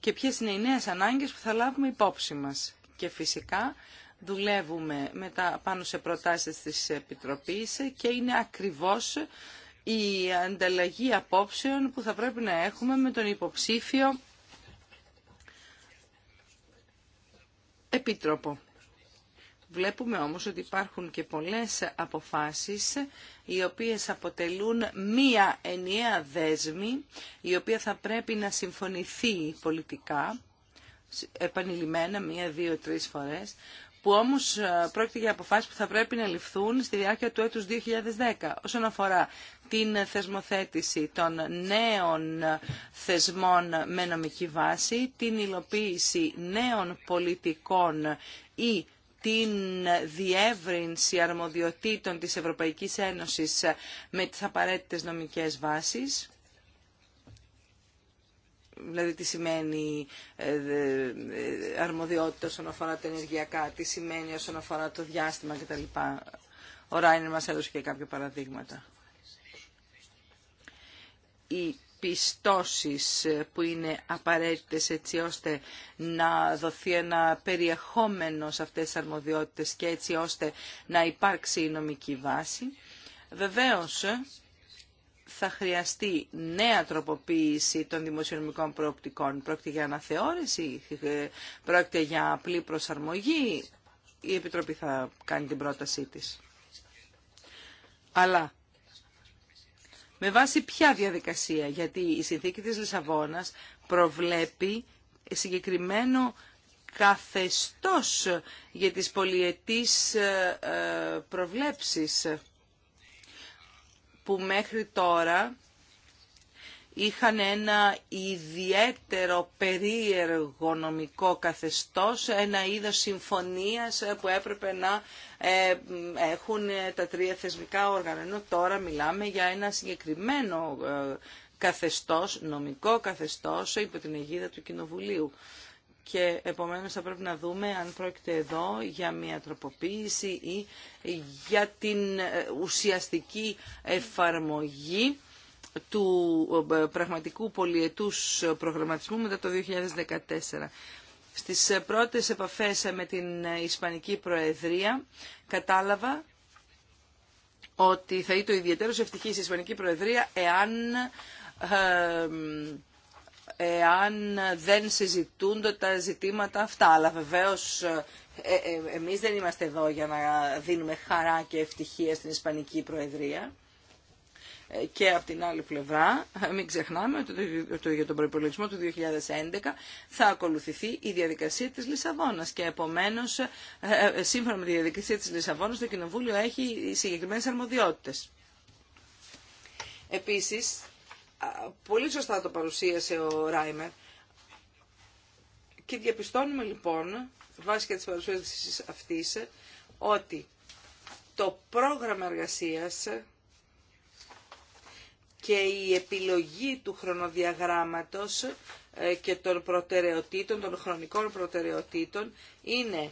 και ποιες είναι οι νέες ανάγκες που θα λάβουμε υπόψη μας. Και φυσικά δουλεύουμε μετά πάνω σε προτάσεις της Επιτροπής και είναι ακριβώς η ανταλλαγή απόψεων που θα πρέπει να έχουμε με τον υποψήφιο Επίτροπο. Βλέπουμε όμως ότι υπάρχουν και πολλές αποφάσεις οι οποίες αποτελούν μία ενιαία δέσμη η οποία θα πρέπει να συμφωνηθεί πολιτικά επανειλημμένα μία, δύο, τρεις φορές που όμως ε, πρόκειται για αποφάσεις που θα πρέπει να ληφθούν στη διάρκεια του έτους 2010 όσον αφορά την θεσμοθέτηση των νέων θεσμών με νομική βάση, την υλοποίηση νέων πολιτικών ή την διεύρυνση αρμοδιοτήτων της Ευρωπαϊκής Ένωσης με τις απαραίτητες νομικές βάσεις δηλαδή τι σημαίνει ε, ε, αρμοδιότητα όσον αφορά τα ενεργειακά, τι σημαίνει όσον αφορά το διάστημα κτλ. Ο Ράινερ μας έδωσε και κάποια παραδείγματα. Η πιστώσεις ε, που είναι απαραίτητες έτσι ώστε να δοθεί ένα περιεχόμενο σε αυτές τις αρμοδιότητες και έτσι ώστε να υπάρξει η νομική βάση. Βεβαίως, ε, θα χρειαστεί νέα τροποποίηση των δημοσιονομικών προοπτικών. Πρόκειται για αναθεώρηση, ε, πρόκειται για απλή προσαρμογή. Η Επιτροπή θα κάνει την πρότασή της. Αλλά με βάση ποια διαδικασία, γιατί η συνθήκη της Λισαβόνας προβλέπει συγκεκριμένο καθεστώς για τις πολιετής ε, ε, προβλέψεις που μέχρι τώρα είχαν ένα ιδιαίτερο περίεργο νομικό καθεστώς, ένα είδος συμφωνίας ε, που έπρεπε να ε, έχουν τα τρία θεσμικά όργανα. Ενώ τώρα μιλάμε για ένα συγκεκριμένο ε, καθεστώς, νομικό καθεστώς υπό την αιγίδα του Κοινοβουλίου. Και επομένως θα πρέπει να δούμε αν πρόκειται εδώ για μια τροποποίηση ή για την ε, ουσιαστική εφαρμογή του πραγματικού πολιετούς προγραμματισμού μετά το 2014. Στις ε, πρώτες επαφές ε, με την ε, Ισπανική Προεδρία κατάλαβα ότι θα ήταν ιδιαίτερος ευτυχής η Ισπανική Προεδρία εάν εάν δεν συζητούνται τα ζητήματα αυτά. Αλλά βεβαίως ε, εμείς δεν είμαστε εδώ για να δίνουμε χαρά και ευτυχία στην Ισπανική Προεδρία και από την άλλη πλευρά, μην ξεχνάμε ότι για τον προπολογισμό του 2011 θα ακολουθηθεί η διαδικασία της Λισαβόνας και επομένως ε, ε, σύμφωνα με τη διαδικασία της Λισαβόνας το Κοινοβούλιο έχει συγκεκριμένες αρμοδιότητες. Επίσης, πολύ σωστά το παρουσίασε ο Ράιμερ και διαπιστώνουμε λοιπόν, βάσει και της παρουσίασης αυτής, ότι το πρόγραμμα εργασίας και η επιλογή του χρονοδιαγράμματος ε, και των προτεραιοτήτων, των χρονικών προτεραιοτήτων είναι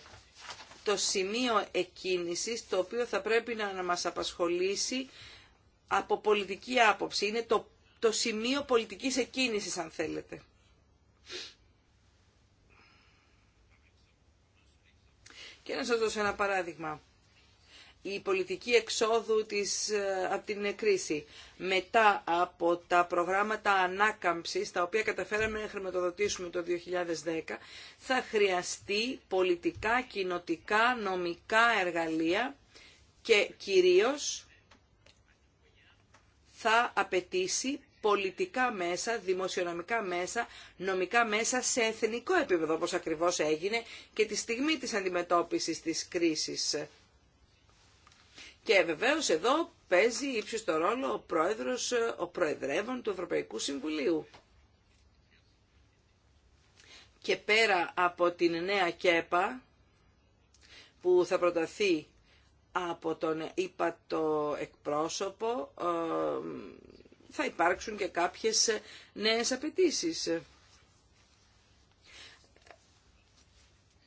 το σημείο εκκίνησης το οποίο θα πρέπει να μας απασχολήσει από πολιτική άποψη. Είναι το, το σημείο πολιτικής εκκίνησης αν θέλετε. Και να σας δώσω ένα παράδειγμα η πολιτική εξόδου της, ε, από την κρίση. Μετά από τα προγράμματα ανάκαμψης, τα οποία καταφέραμε να χρηματοδοτήσουμε το 2010, θα χρειαστεί πολιτικά, κοινοτικά, νομικά εργαλεία και κυρίως θα απαιτήσει πολιτικά μέσα, δημοσιονομικά μέσα, νομικά μέσα σε εθνικό επίπεδο, όπως ακριβώς έγινε και τη στιγμή της αντιμετώπισης της κρίσης και βεβαίως εδώ παίζει ύψιστο ρόλο ο πρόεδρος, ο προεδρεύων του Ευρωπαϊκού Συμβουλίου. Και πέρα από την νέα ΚΕΠΑ που θα προταθεί από τον ύπατο εκπρόσωπο ε, θα υπάρξουν και κάποιες νέες απαιτήσει.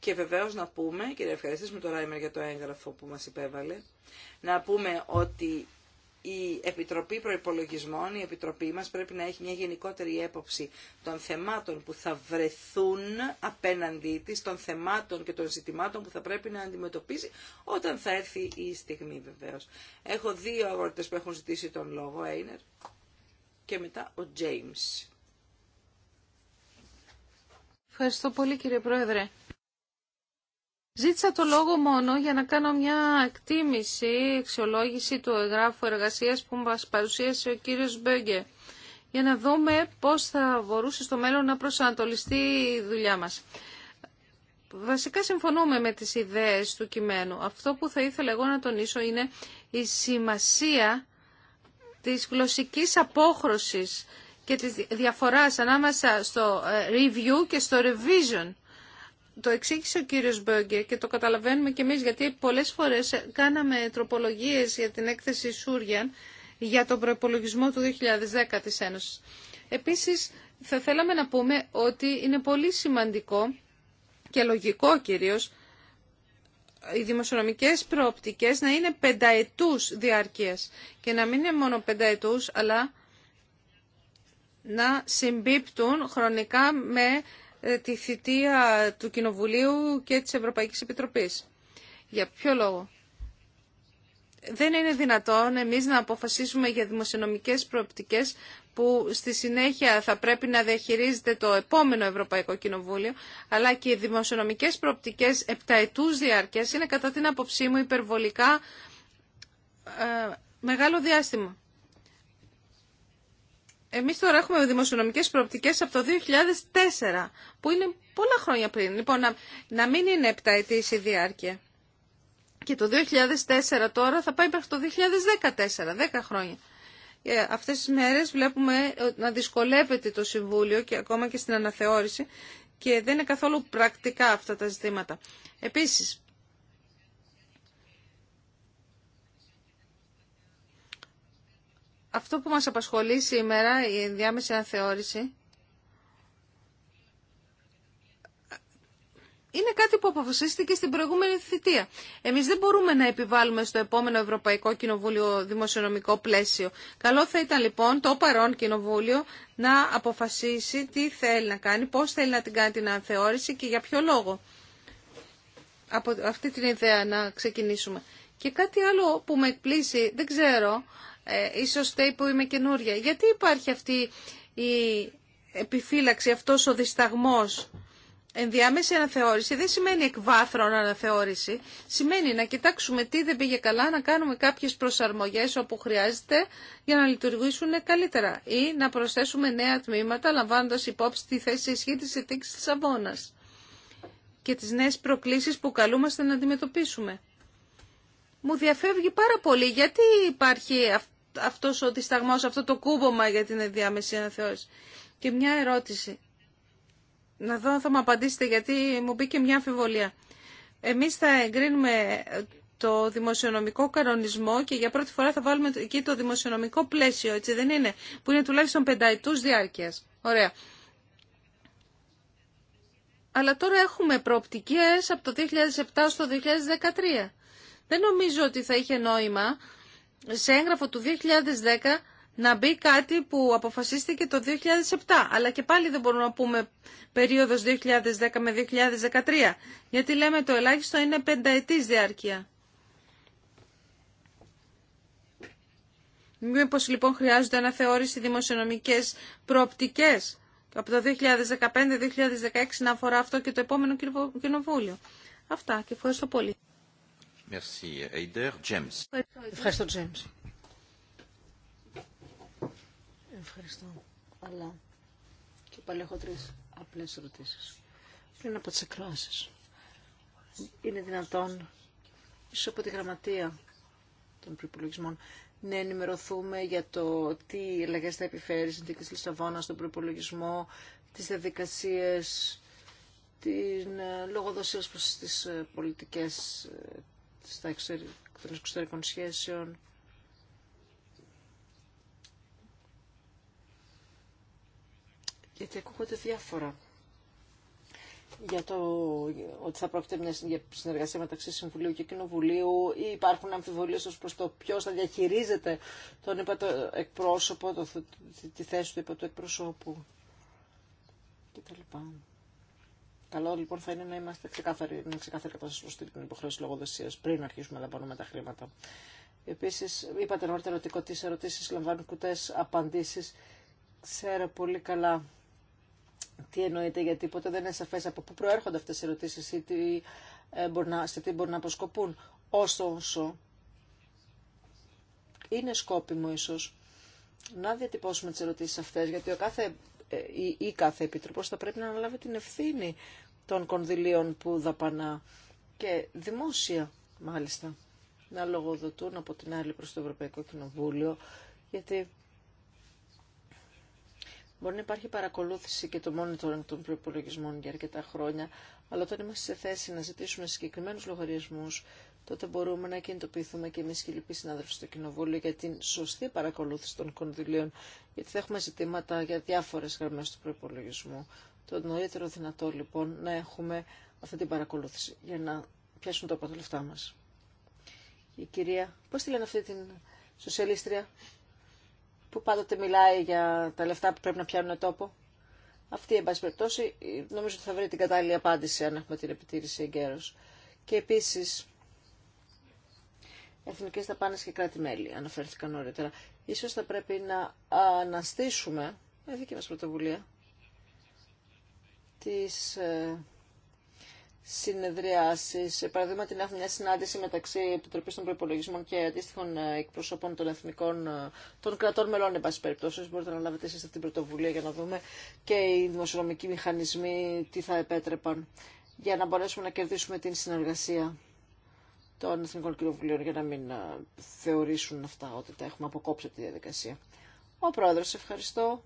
Και βεβαίω να πούμε, και ευχαριστήσουμε τον Ράιμερ για το έγγραφο που μα υπέβαλε, να πούμε ότι η Επιτροπή Προπολογισμών, η Επιτροπή μας πρέπει να έχει μια γενικότερη έποψη των θεμάτων που θα βρεθούν απέναντί της, των θεμάτων και των ζητημάτων που θα πρέπει να αντιμετωπίσει όταν θα έρθει η στιγμή βεβαίως. Έχω δύο αγόρτες που έχουν ζητήσει τον λόγο, Έινερ και μετά ο Τζέιμς. Ευχαριστώ πολύ κύριε Πρόεδρε. Ζήτησα το λόγο μόνο για να κάνω μια εκτίμηση, αξιολόγηση του εγγράφου εργασίας που μας παρουσίασε ο κύριος Μπέγκε για να δούμε πώς θα μπορούσε στο μέλλον να προσανατολιστεί η δουλειά μας. Βασικά συμφωνούμε με τις ιδέες του κειμένου. Αυτό που θα ήθελα εγώ να τονίσω είναι η σημασία της γλωσσικής απόχρωσης και της διαφοράς ανάμεσα στο ε, review και στο revision το εξήγησε ο κύριος Μπέγκε και το καταλαβαίνουμε και εμείς γιατί πολλές φορές κάναμε τροπολογίες για την έκθεση Σούριαν για τον προπολογισμό του 2010 της Ένωσης. Επίσης θα θέλαμε να πούμε ότι είναι πολύ σημαντικό και λογικό κυρίως οι δημοσιονομικές προοπτικές να είναι πενταετούς διάρκειας και να μην είναι μόνο πενταετούς αλλά να συμπίπτουν χρονικά με ε, τη θητεία του Κοινοβουλίου και της Ευρωπαϊκής Επιτροπής. Για ποιο λόγο. Δεν είναι δυνατόν εμείς να αποφασίσουμε για δημοσιονομικές προοπτικές που στη συνέχεια θα πρέπει να διαχειρίζεται το επόμενο Ευρωπαϊκό Κοινοβούλιο, αλλά και οι δημοσιονομικές προοπτικές επταετούς διάρκειας είναι κατά την άποψή μου υπερβολικά ε, μεγάλο διάστημα. Εμείς τώρα έχουμε δημοσιονομικές προοπτικές από το 2004, που είναι πολλά χρόνια πριν. Λοιπόν, να, μην είναι επταετής η διάρκεια. Και το 2004 τώρα θα πάει μέχρι το 2014, 10 χρόνια. Και ε, αυτές τις μέρες βλέπουμε ε, να δυσκολεύεται το Συμβούλιο και ακόμα και στην αναθεώρηση και δεν είναι καθόλου πρακτικά αυτά τα ζητήματα. Επίσης, Αυτό που μας απασχολεί σήμερα, η διάμεση αναθεώρηση, είναι κάτι που αποφασίστηκε στην προηγούμενη θητεία. Εμείς δεν μπορούμε να επιβάλλουμε στο επόμενο Ευρωπαϊκό Κοινοβούλιο δημοσιονομικό πλαίσιο. Καλό θα ήταν λοιπόν το παρόν Κοινοβούλιο να αποφασίσει τι θέλει να κάνει, πώς θέλει να την κάνει την αναθεώρηση και για ποιο λόγο. Από αυτή την ιδέα να ξεκινήσουμε. Και κάτι άλλο που με εκπλήσει, δεν ξέρω ε, ίσως θέει που είμαι καινούρια. Γιατί υπάρχει αυτή η επιφύλαξη, αυτός ο δισταγμός. Ενδιάμεση αναθεώρηση δεν σημαίνει εκβάθρον αναθεώρηση. Σημαίνει να κοιτάξουμε τι δεν πήγε καλά, να κάνουμε κάποιες προσαρμογές όπου χρειάζεται για να λειτουργήσουν καλύτερα ή να προσθέσουμε νέα τμήματα λαμβάνοντας υπόψη τη θέση ισχύ της συνθήκης της Αβώνας και τις νέες προκλήσεις που καλούμαστε να αντιμετωπίσουμε. Μου διαφεύγει πάρα πολύ γιατί υπάρχει αυτός ο δισταγμός, αυτό το κούμπομα για την ενδιάμεση αναθεώρηση. Και μια ερώτηση. Να δω αν θα μου απαντήσετε γιατί μου μπήκε μια αμφιβολία. Εμείς θα εγκρίνουμε το δημοσιονομικό κανονισμό και για πρώτη φορά θα βάλουμε εκεί το δημοσιονομικό πλαίσιο, έτσι δεν είναι, που είναι τουλάχιστον πενταετούς διάρκειας. Ωραία. Αλλά τώρα έχουμε προοπτικές από το 2007 στο 2013. Δεν νομίζω ότι θα είχε νόημα σε έγγραφο του 2010 να μπει κάτι που αποφασίστηκε το 2007. Αλλά και πάλι δεν μπορούμε να πούμε περίοδος 2010 με 2013. Γιατί λέμε το ελάχιστο είναι πενταετής διάρκεια. Μήπω λοιπόν χρειάζονται αναθεώρηση δημοσιονομικές προοπτικές από το 2015-2016 να αφορά αυτό και το επόμενο κοινοβούλιο. Αυτά και ευχαριστώ πολύ. Ευχαριστώ, James. Ευχαριστώ. Αλλά και πάλι έχω τρεις απλές ερωτήσεις. Πριν από τις εκφράσεις. Είναι δυνατόν, ίσως από τη γραμματεία των προπολογισμών, να ενημερωθούμε για το τι αλλαγέ θα επιφέρει η συνθήκη τη Λισαβόνα στον προπολογισμό, τις διαδικασίες, την ε, λογοδοσία προς τις ε, πολιτικές ε, στα εξωτερικών, των εξωτερικών σχέσεων. Γιατί ακούγονται διάφορα για το ότι θα πρόκειται μια συνεργασία μεταξύ Συμβουλίου και Κοινοβουλίου ή υπάρχουν αμφιβολίες ως προς το ποιος θα διαχειρίζεται τον το εκπρόσωπο, τη θέση του είπα του εκπροσώπου κτλ. Καλό λοιπόν θα είναι να είμαστε ξεκάθαροι, να ξεκάθαρη κατάσταση προ την υποχρέωση λογοδοσία πριν αρχίσουμε να δαπανούμε τα χρήματα. Επίση, είπατε νωρίτερα ότι κοτέ ερωτήσει λαμβάνουν κουτέ απαντήσει. Ξέρω πολύ καλά τι εννοείται, γιατί ποτέ δεν είναι σαφέ από πού προέρχονται αυτέ οι ερωτήσει ή τι, ε, σε τι μπορεί να αποσκοπούν. Όσο, όσο είναι σκόπιμο ίσω να διατυπώσουμε τι ερωτήσει αυτέ, γιατί ο κάθε ή, ε, ή κάθε επιτροπός θα πρέπει να αναλάβει την ευθύνη των κονδυλίων που δαπανά και δημόσια μάλιστα να λογοδοτούν από την άλλη προς το Ευρωπαϊκό Κοινοβούλιο γιατί Μπορεί να υπάρχει παρακολούθηση και το monitoring των προπολογισμών για αρκετά χρόνια, αλλά όταν είμαστε σε θέση να ζητήσουμε συγκεκριμένους λογαριασμού τότε μπορούμε να κινητοποιηθούμε και εμεί και οι λοιποί συνάδελφοι στο Κοινοβούλιο για την σωστή παρακολούθηση των κονδυλίων, γιατί θα έχουμε ζητήματα για διάφορε γραμμέ του προπολογισμού. Το νωρίτερο δυνατό λοιπόν να έχουμε αυτή την παρακολούθηση για να πιάσουν το από τα λεφτά μα. Η κυρία, πώ τη λένε αυτή την σοσιαλίστρια που πάντοτε μιλάει για τα λεφτά που πρέπει να πιάνουν τόπο. Αυτή, εν πάση περιπτώσει, νομίζω ότι θα βρει την κατάλληλη απάντηση αν έχουμε την επιτήρηση εγκαίρω. Και επίση εθνικές δαπάνες και κράτη-μέλη, αναφέρθηκαν νωρίτερα. Ίσως θα πρέπει να αναστήσουμε, με δική μας πρωτοβουλία, τις ε, συνεδριάσεις. Ε, Παραδείγμα, την έχουμε μια συνάντηση μεταξύ Επιτροπής των Προπολογισμών και αντίστοιχων ε, εκπροσώπων των εθνικών, των κρατών μελών, εν πάση περιπτώσει. Μπορείτε να λάβετε εσείς αυτή την πρωτοβουλία για να δούμε και οι δημοσιονομικοί μηχανισμοί τι θα επέτρεπαν για να μπορέσουμε να κερδίσουμε την συνεργασία των Εθνικών Κοινοβουλίων για να μην ε, θεωρήσουν αυτά ότι τα έχουμε αποκόψει από τη διαδικασία. Ο Πρόεδρος, ευχαριστώ.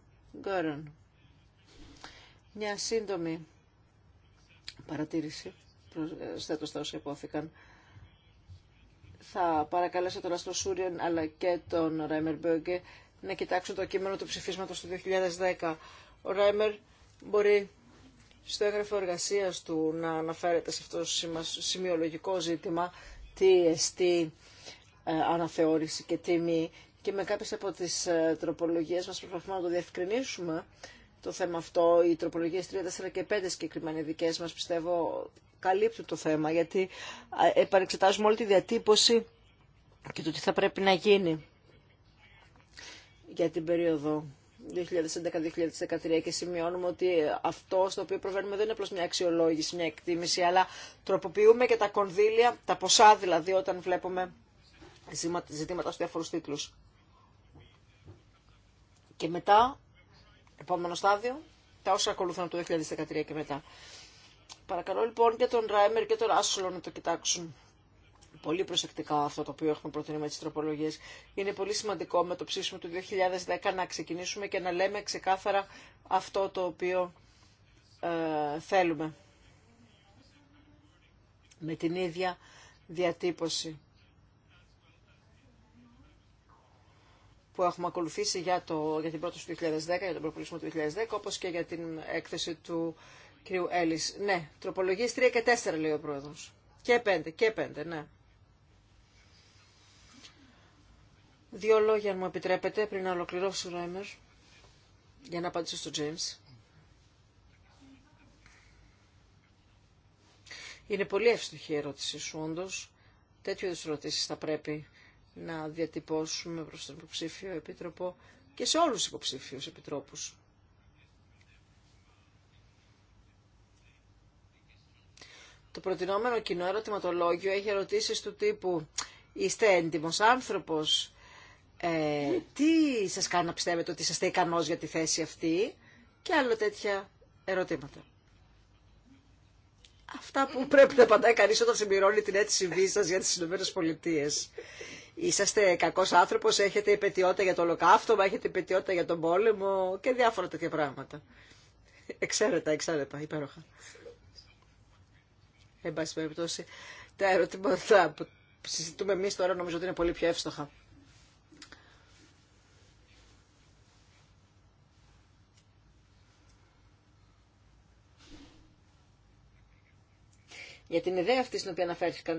Μια σύντομη παρατήρηση προσθέτω στα όσα υπόθηκαν. Θα παρακαλέσω τον στο αλλά και τον Ράιμερ Μπέγκε να κοιτάξουν το κείμενο του ψηφίσματος του 2010. Ο Ράιμερ μπορεί στο έγγραφο εργασία του να αναφέρεται σε αυτό το σημειολογικό ζήτημα τι εστί ε, αναθεώρηση και τιμή και με κάποιες από τις ε, τροπολογίες μας προσπαθούμε να το διευκρινίσουμε το θέμα αυτό. Οι τροπολογίες 3, 4 και 5 συγκεκριμένα δικέ, μας πιστεύω καλύπτουν το θέμα γιατί ε, επανεξετάζουμε όλη τη διατύπωση και το τι θα πρέπει να γίνει για την περίοδο 2011-2013 και σημειώνουμε ότι αυτό στο οποίο προβαίνουμε δεν είναι απλώς μια αξιολόγηση, μια εκτίμηση, αλλά τροποποιούμε και τα κονδύλια, τα ποσά δηλαδή όταν βλέπουμε ζητήματα στους διάφορους τίτλους. Και μετά, επόμενο στάδιο, τα όσα ακολουθούν από το 2013 και μετά. Παρακαλώ λοιπόν και τον Ράιμερ και τον Άσολο να το κοιτάξουν πολύ προσεκτικά αυτό το οποίο έχουμε προτείνει με τις τροπολογίες. Είναι πολύ σημαντικό με το ψήφισμα του 2010 να ξεκινήσουμε και να λέμε ξεκάθαρα αυτό το οποίο ε, θέλουμε. Με την ίδια διατύπωση που έχουμε ακολουθήσει για, το, για την πρόταση του 2010, για τον προπολισμό του 2010, όπως και για την έκθεση του κ. Έλλης. Ναι, τροπολογίες 3 και 4 λέει ο πρόεδρος. Και 5, και 5, ναι. Δύο λόγια, αν μου επιτρέπετε, πριν να ολοκληρώσω, Ρόιμερ, για να απαντήσω στον Τζέιμς. Είναι πολύ εύστοχη η ερώτησή σου, όντω. Τέτοιου ερωτήσει θα πρέπει να διατυπώσουμε προ τον υποψήφιο επίτροπο και σε όλου του υποψήφιου επιτρόπου. Το προτινόμενο κοινό ερωτηματολόγιο έχει ερωτήσεις του τύπου «Είστε έντιμος άνθρωπος» Ε, τι σας κάνει να πιστεύετε ότι είστε ικανός για τη θέση αυτή και άλλο τέτοια ερωτήματα. Αυτά που πρέπει να απαντάει κανείς όταν συμπληρώνει την αίτηση βίζας για τις ΗΠΑ. Πολιτείες. Είσαστε κακό άνθρωπο, έχετε υπετιότητα για το ολοκαύτωμα, έχετε υπετιότητα για τον πόλεμο και διάφορα τέτοια πράγματα. Εξαίρετα, εξαίρετα, υπέροχα. Εν πάση περιπτώσει, τα ερωτήματα που συζητούμε εμεί τώρα νομίζω ότι είναι πολύ πιο εύστοχα. για την ιδέα αυτή στην οποία αναφέρθηκε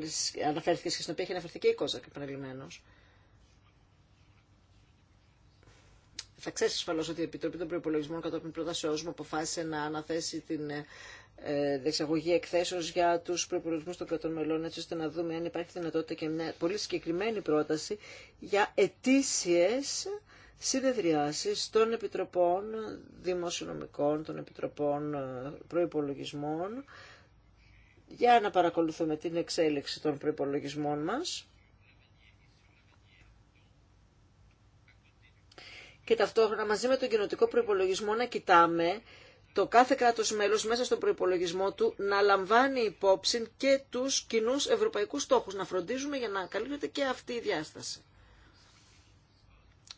και στην οποία έχει αναφερθεί και η Κόζα επαναλημμένω. Θα ξέρει ασφαλώ ότι η Επιτροπή των Προπολογισμών κατόπιν πρότασή μου αποφάσισε να αναθέσει την ε, δεξαγωγή εκθέσεω για του προπολογισμού των κρατών μελών, έτσι ώστε να δούμε αν υπάρχει δυνατότητα και μια πολύ συγκεκριμένη πρόταση για ετήσιε συνεδριάσεις των Επιτροπών Δημοσιονομικών, των Επιτροπών ε, Προϋπολογισμών για να παρακολουθούμε την εξέλιξη των προϋπολογισμών μας και ταυτόχρονα μαζί με τον κοινοτικό προϋπολογισμό να κοιτάμε το κάθε κράτος μέλος μέσα στον προϋπολογισμό του να λαμβάνει υπόψη και τους κοινού ευρωπαϊκούς στόχους, να φροντίζουμε για να καλύπτεται και αυτή η διάσταση.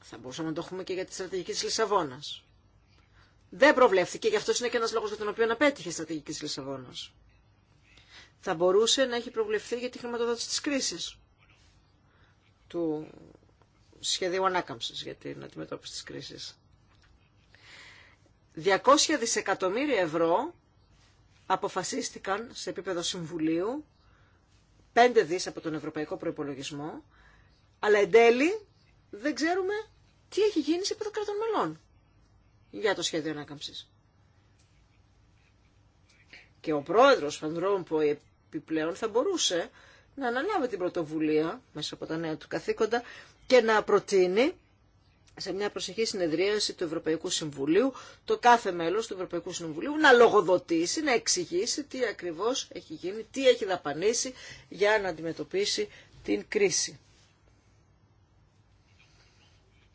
Θα μπορούσαμε να το έχουμε και για τη στρατηγική της Λισαβόνας. Δεν προβλέφθηκε, γι' αυτό είναι και ένας λόγος για τον οποίο να πέτυχε η στρατηγική της Λισαβόνας θα μπορούσε να έχει προβλεφθεί για τη χρηματοδότηση της κρίσης του σχεδίου ανάκαμψης για την αντιμετώπιση της κρίσης. 200 δισεκατομμύρια ευρώ αποφασίστηκαν σε επίπεδο Συμβουλίου, 5 δις από τον Ευρωπαϊκό Προϋπολογισμό, αλλά εν τέλει δεν ξέρουμε τι έχει γίνει σε επίπεδο κρατών μελών για το σχέδιο ανάκαμψης και ο πρόεδρος Φαντρόμπο επιπλέον θα μπορούσε να αναλάβει την πρωτοβουλία μέσα από τα νέα του καθήκοντα και να προτείνει σε μια προσεχή συνεδρίαση του Ευρωπαϊκού Συμβουλίου, το κάθε μέλος του Ευρωπαϊκού Συμβουλίου να λογοδοτήσει, να εξηγήσει τι ακριβώς έχει γίνει, τι έχει δαπανίσει για να αντιμετωπίσει την κρίση.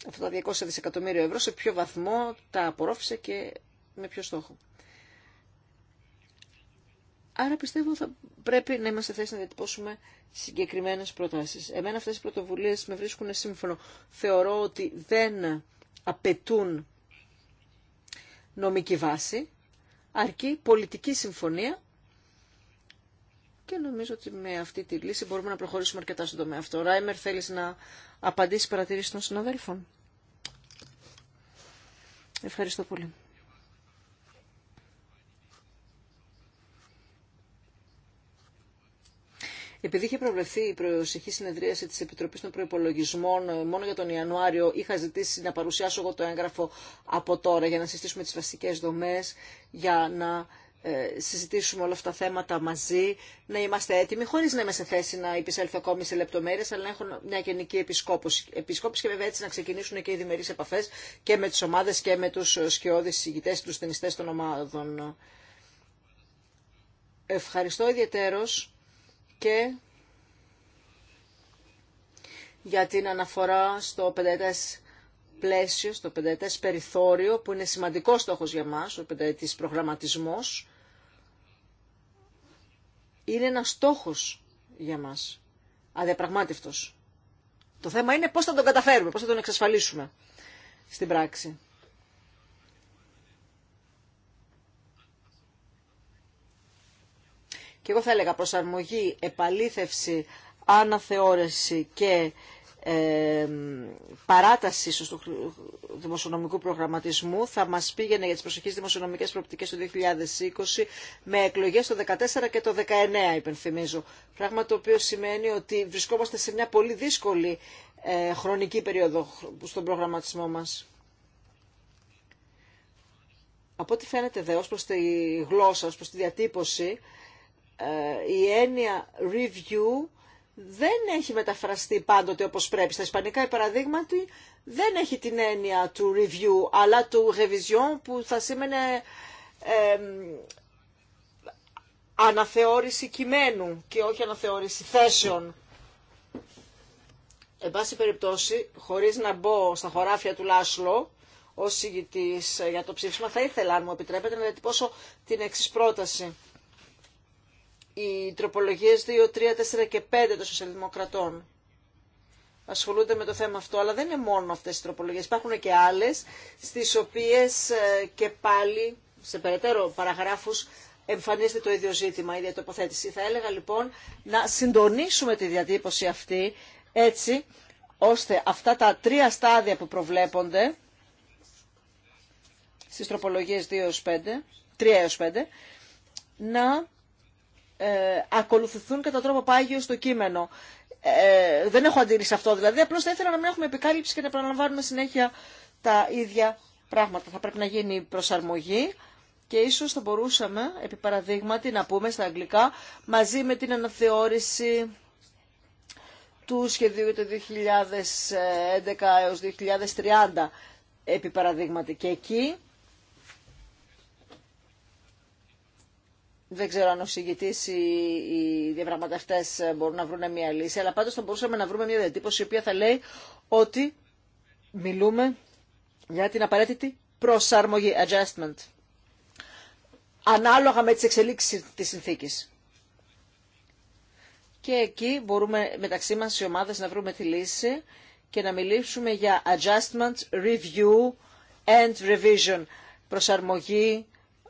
Αυτά τα 200 δισεκατομμύρια ευρώ σε ποιο βαθμό τα απορρόφησε και με ποιο στόχο. Άρα πιστεύω θα πρέπει να είμαστε θέσει να διατυπώσουμε συγκεκριμένες προτάσεις. Εμένα αυτές οι πρωτοβουλίες με βρίσκουν σύμφωνο. Θεωρώ ότι δεν απαιτούν νομική βάση, αρκεί πολιτική συμφωνία και νομίζω ότι με αυτή τη λύση μπορούμε να προχωρήσουμε αρκετά στον τομέα αυτό. Ράιμερ, θέλεις να απαντήσεις παρατηρήσεις των συναδέλφων. Ευχαριστώ πολύ. Επειδή είχε προβλεφθεί η προσεχή συνεδρίαση τη Επιτροπή των Προπολογισμών ε, μόνο για τον Ιανουάριο, είχα ζητήσει να παρουσιάσω εγώ το έγγραφο από τώρα για να συστήσουμε τι βασικέ δομέ, για να ε, συζητήσουμε όλα αυτά τα θέματα μαζί, να είμαστε έτοιμοι, χωρί να είμαι σε θέση να επισέλθω ακόμη σε λεπτομέρειε, αλλά να έχω μια γενική επισκόπηση. Επισκόπηση και βέβαια έτσι να ξεκινήσουν και οι διμερεί επαφέ και με τι ομάδε και με του σκιώδει ηγητέ, του ταινιστέ των ομάδων. Ευχαριστώ ιδιαίτερω και για την αναφορά στο πενταετές πλαίσιο, στο πενταετές περιθώριο, που είναι σημαντικός στόχος για μας, ο πενταετής προγραμματισμός, είναι ένας στόχος για μας, αδιαπραγμάτευτος. Το θέμα είναι πώς θα τον καταφέρουμε, πώς θα τον εξασφαλίσουμε στην πράξη. και εγώ θα έλεγα προσαρμογή, επαλήθευση, αναθεώρηση και ε, παράταση του δημοσιονομικού προγραμματισμού θα μας πήγαινε για τις προσεχείς δημοσιονομικές προοπτικές του 2020 με εκλογές το 2014 και το 2019 υπενθυμίζω. Πράγμα το οποίο σημαίνει ότι βρισκόμαστε σε μια πολύ δύσκολη ε, χρονική περίοδο στον προγραμματισμό μας. Από ό,τι φαίνεται δε ως προς τη γλώσσα, ως προς τη διατύπωση ε, η έννοια review δεν έχει μεταφραστεί πάντοτε όπως πρέπει. Στα ισπανικά η παραδείγματι δεν έχει την έννοια του review αλλά του revision που θα σήμαινε αναθεώρηση κειμένου και όχι αναθεώρηση θέσεων. Εν πάση περιπτώσει, χωρίς να μπω στα χωράφια του Λάσλο, ως ηγητής ε, για το ψήφισμα, θα ήθελα, αν μου επιτρέπετε, να διατυπώσω την εξή πρόταση οι τροπολογίες 2, 3, 4 και 5 των σοσιαλδημοκρατών ασχολούνται με το θέμα αυτό, αλλά δεν είναι μόνο αυτές οι τροπολογίες, υπάρχουν και άλλες, στις οποίες ε, και πάλι, σε περαιτέρω παραγράφους, εμφανίζεται το ίδιο ζήτημα, η ίδια τοποθέτηση. Θα έλεγα λοιπόν να συντονίσουμε τη διατύπωση αυτή, έτσι, ώστε αυτά τα τρία στάδια που προβλέπονται, στις τροπολογίες 2 έως 5, 3 έως 5, να ε, ακολουθηθούν κατά τρόπο πάγιο στο κείμενο. Ε, δεν έχω αντίρρηση αυτό δηλαδή, Απλώ θα ήθελα να μην έχουμε επικάλυψη και να επαναλαμβάνουμε συνέχεια τα ίδια πράγματα. Θα πρέπει να γίνει προσαρμογή και ίσως θα μπορούσαμε, επί παραδείγματι, να πούμε στα αγγλικά, μαζί με την αναθεώρηση του σχεδίου για το 2011 έως 2030, επί παραδείγματι. Και εκεί Δεν ξέρω αν ο ή οι διαπραγματευτέ μπορούν να βρουν μια λύση, αλλά πάντω θα μπορούσαμε να βρούμε μια διατύπωση η οποία θα λέει ότι μιλούμε για την απαραίτητη προσαρμογή, adjustment, ανάλογα με τις εξελίξεις τη συνθήκη. Και εκεί μπορούμε μεταξύ μας οι ομάδες να βρούμε τη λύση και να μιλήσουμε για adjustment, review and revision, προσαρμογή,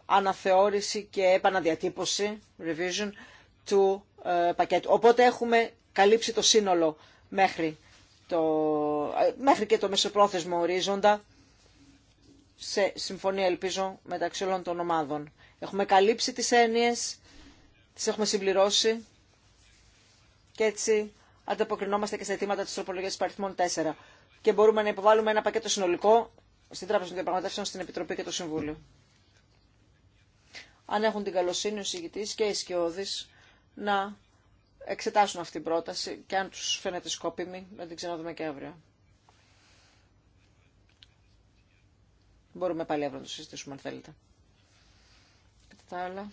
αναθεώρηση και επαναδιατύπωση, revision, του ε, πακέτου. Οπότε έχουμε καλύψει το σύνολο μέχρι, το, ε, μέχρι και το μεσοπρόθεσμο ορίζοντα σε συμφωνία ελπίζω μεταξύ όλων των ομάδων. Έχουμε καλύψει τις έννοιες, τις έχουμε συμπληρώσει και έτσι ανταποκρινόμαστε και στα αιτήματα της τροπολογίας παριθμών 4 και μπορούμε να υποβάλουμε ένα πακέτο συνολικό στην Τράπεζα των Διαπραγματεύσεων, στην Επιτροπή και το Συμβούλιο αν έχουν την καλοσύνη ο συγητή και οι σκιώδει να εξετάσουν αυτή την πρόταση και αν τους φαίνεται σκόπιμη να την ξαναδούμε και αύριο. Μπορούμε πάλι αύριο να το συζητήσουμε αν θέλετε. Κατά τα άλλα,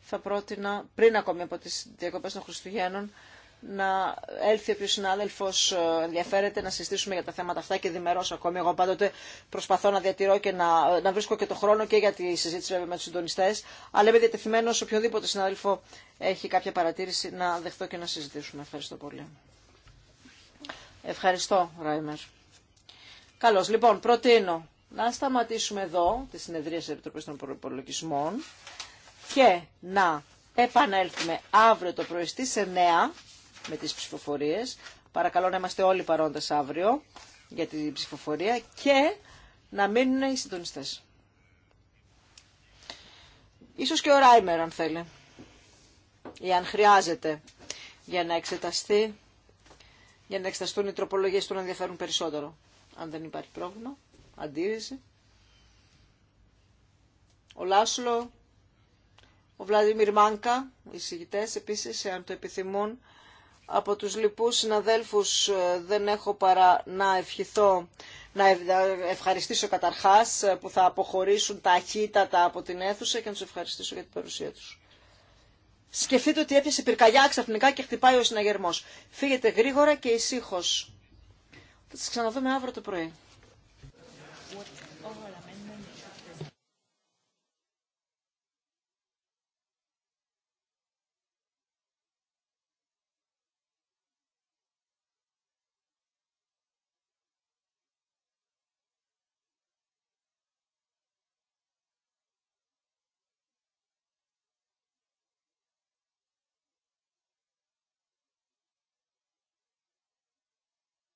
θα πρότεινα πριν ακόμη από τις διακοπές των Χριστουγέννων να έλθει όποιο συνάδελφο ε, ενδιαφέρεται να συζητήσουμε για τα θέματα αυτά και διμερώ ακόμη. Εγώ πάντοτε προσπαθώ να διατηρώ και να, ε, να βρίσκω και το χρόνο και για τη συζήτηση βέβαια με του συντονιστέ. Αλλά είμαι διατεθειμένο οποιοδήποτε συνάδελφο έχει κάποια παρατήρηση να δεχτώ και να συζητήσουμε. Ευχαριστώ πολύ. Ευχαριστώ, Ράιμερ. Καλώ. Λοιπόν, προτείνω να σταματήσουμε εδώ τη συνεδρία της Επιτροπής των Προπολογισμών και να επανέλθουμε αύριο το πρωί στις με τις ψηφοφορίες. Παρακαλώ να είμαστε όλοι παρόντες αύριο για την ψηφοφορία και να μείνουν οι συντονιστές. Ίσως και ο Ράιμερ αν θέλει ή αν χρειάζεται για να εξεταστεί για να εξεταστούν οι τροπολογίες του να ενδιαφέρουν περισσότερο. Αν δεν υπάρχει πρόβλημα, αντίρρηση. Ο Λάσλο, ο Βλαδίμιρ Μάνκα, οι συγητές επίσης, εάν το επιθυμούν, από τους λοιπούς συναδέλφους ε, δεν έχω παρά να ευχηθώ, να ευχαριστήσω καταρχάς ε, που θα αποχωρήσουν ταχύτατα από την αίθουσα και να τους ευχαριστήσω για την παρουσία τους. Σκεφτείτε ότι έπιασε πυρκαγιά ξαφνικά και χτυπάει ο συναγερμός. Φύγετε γρήγορα και ησύχως. Θα σας ξαναδούμε αύριο το πρωί.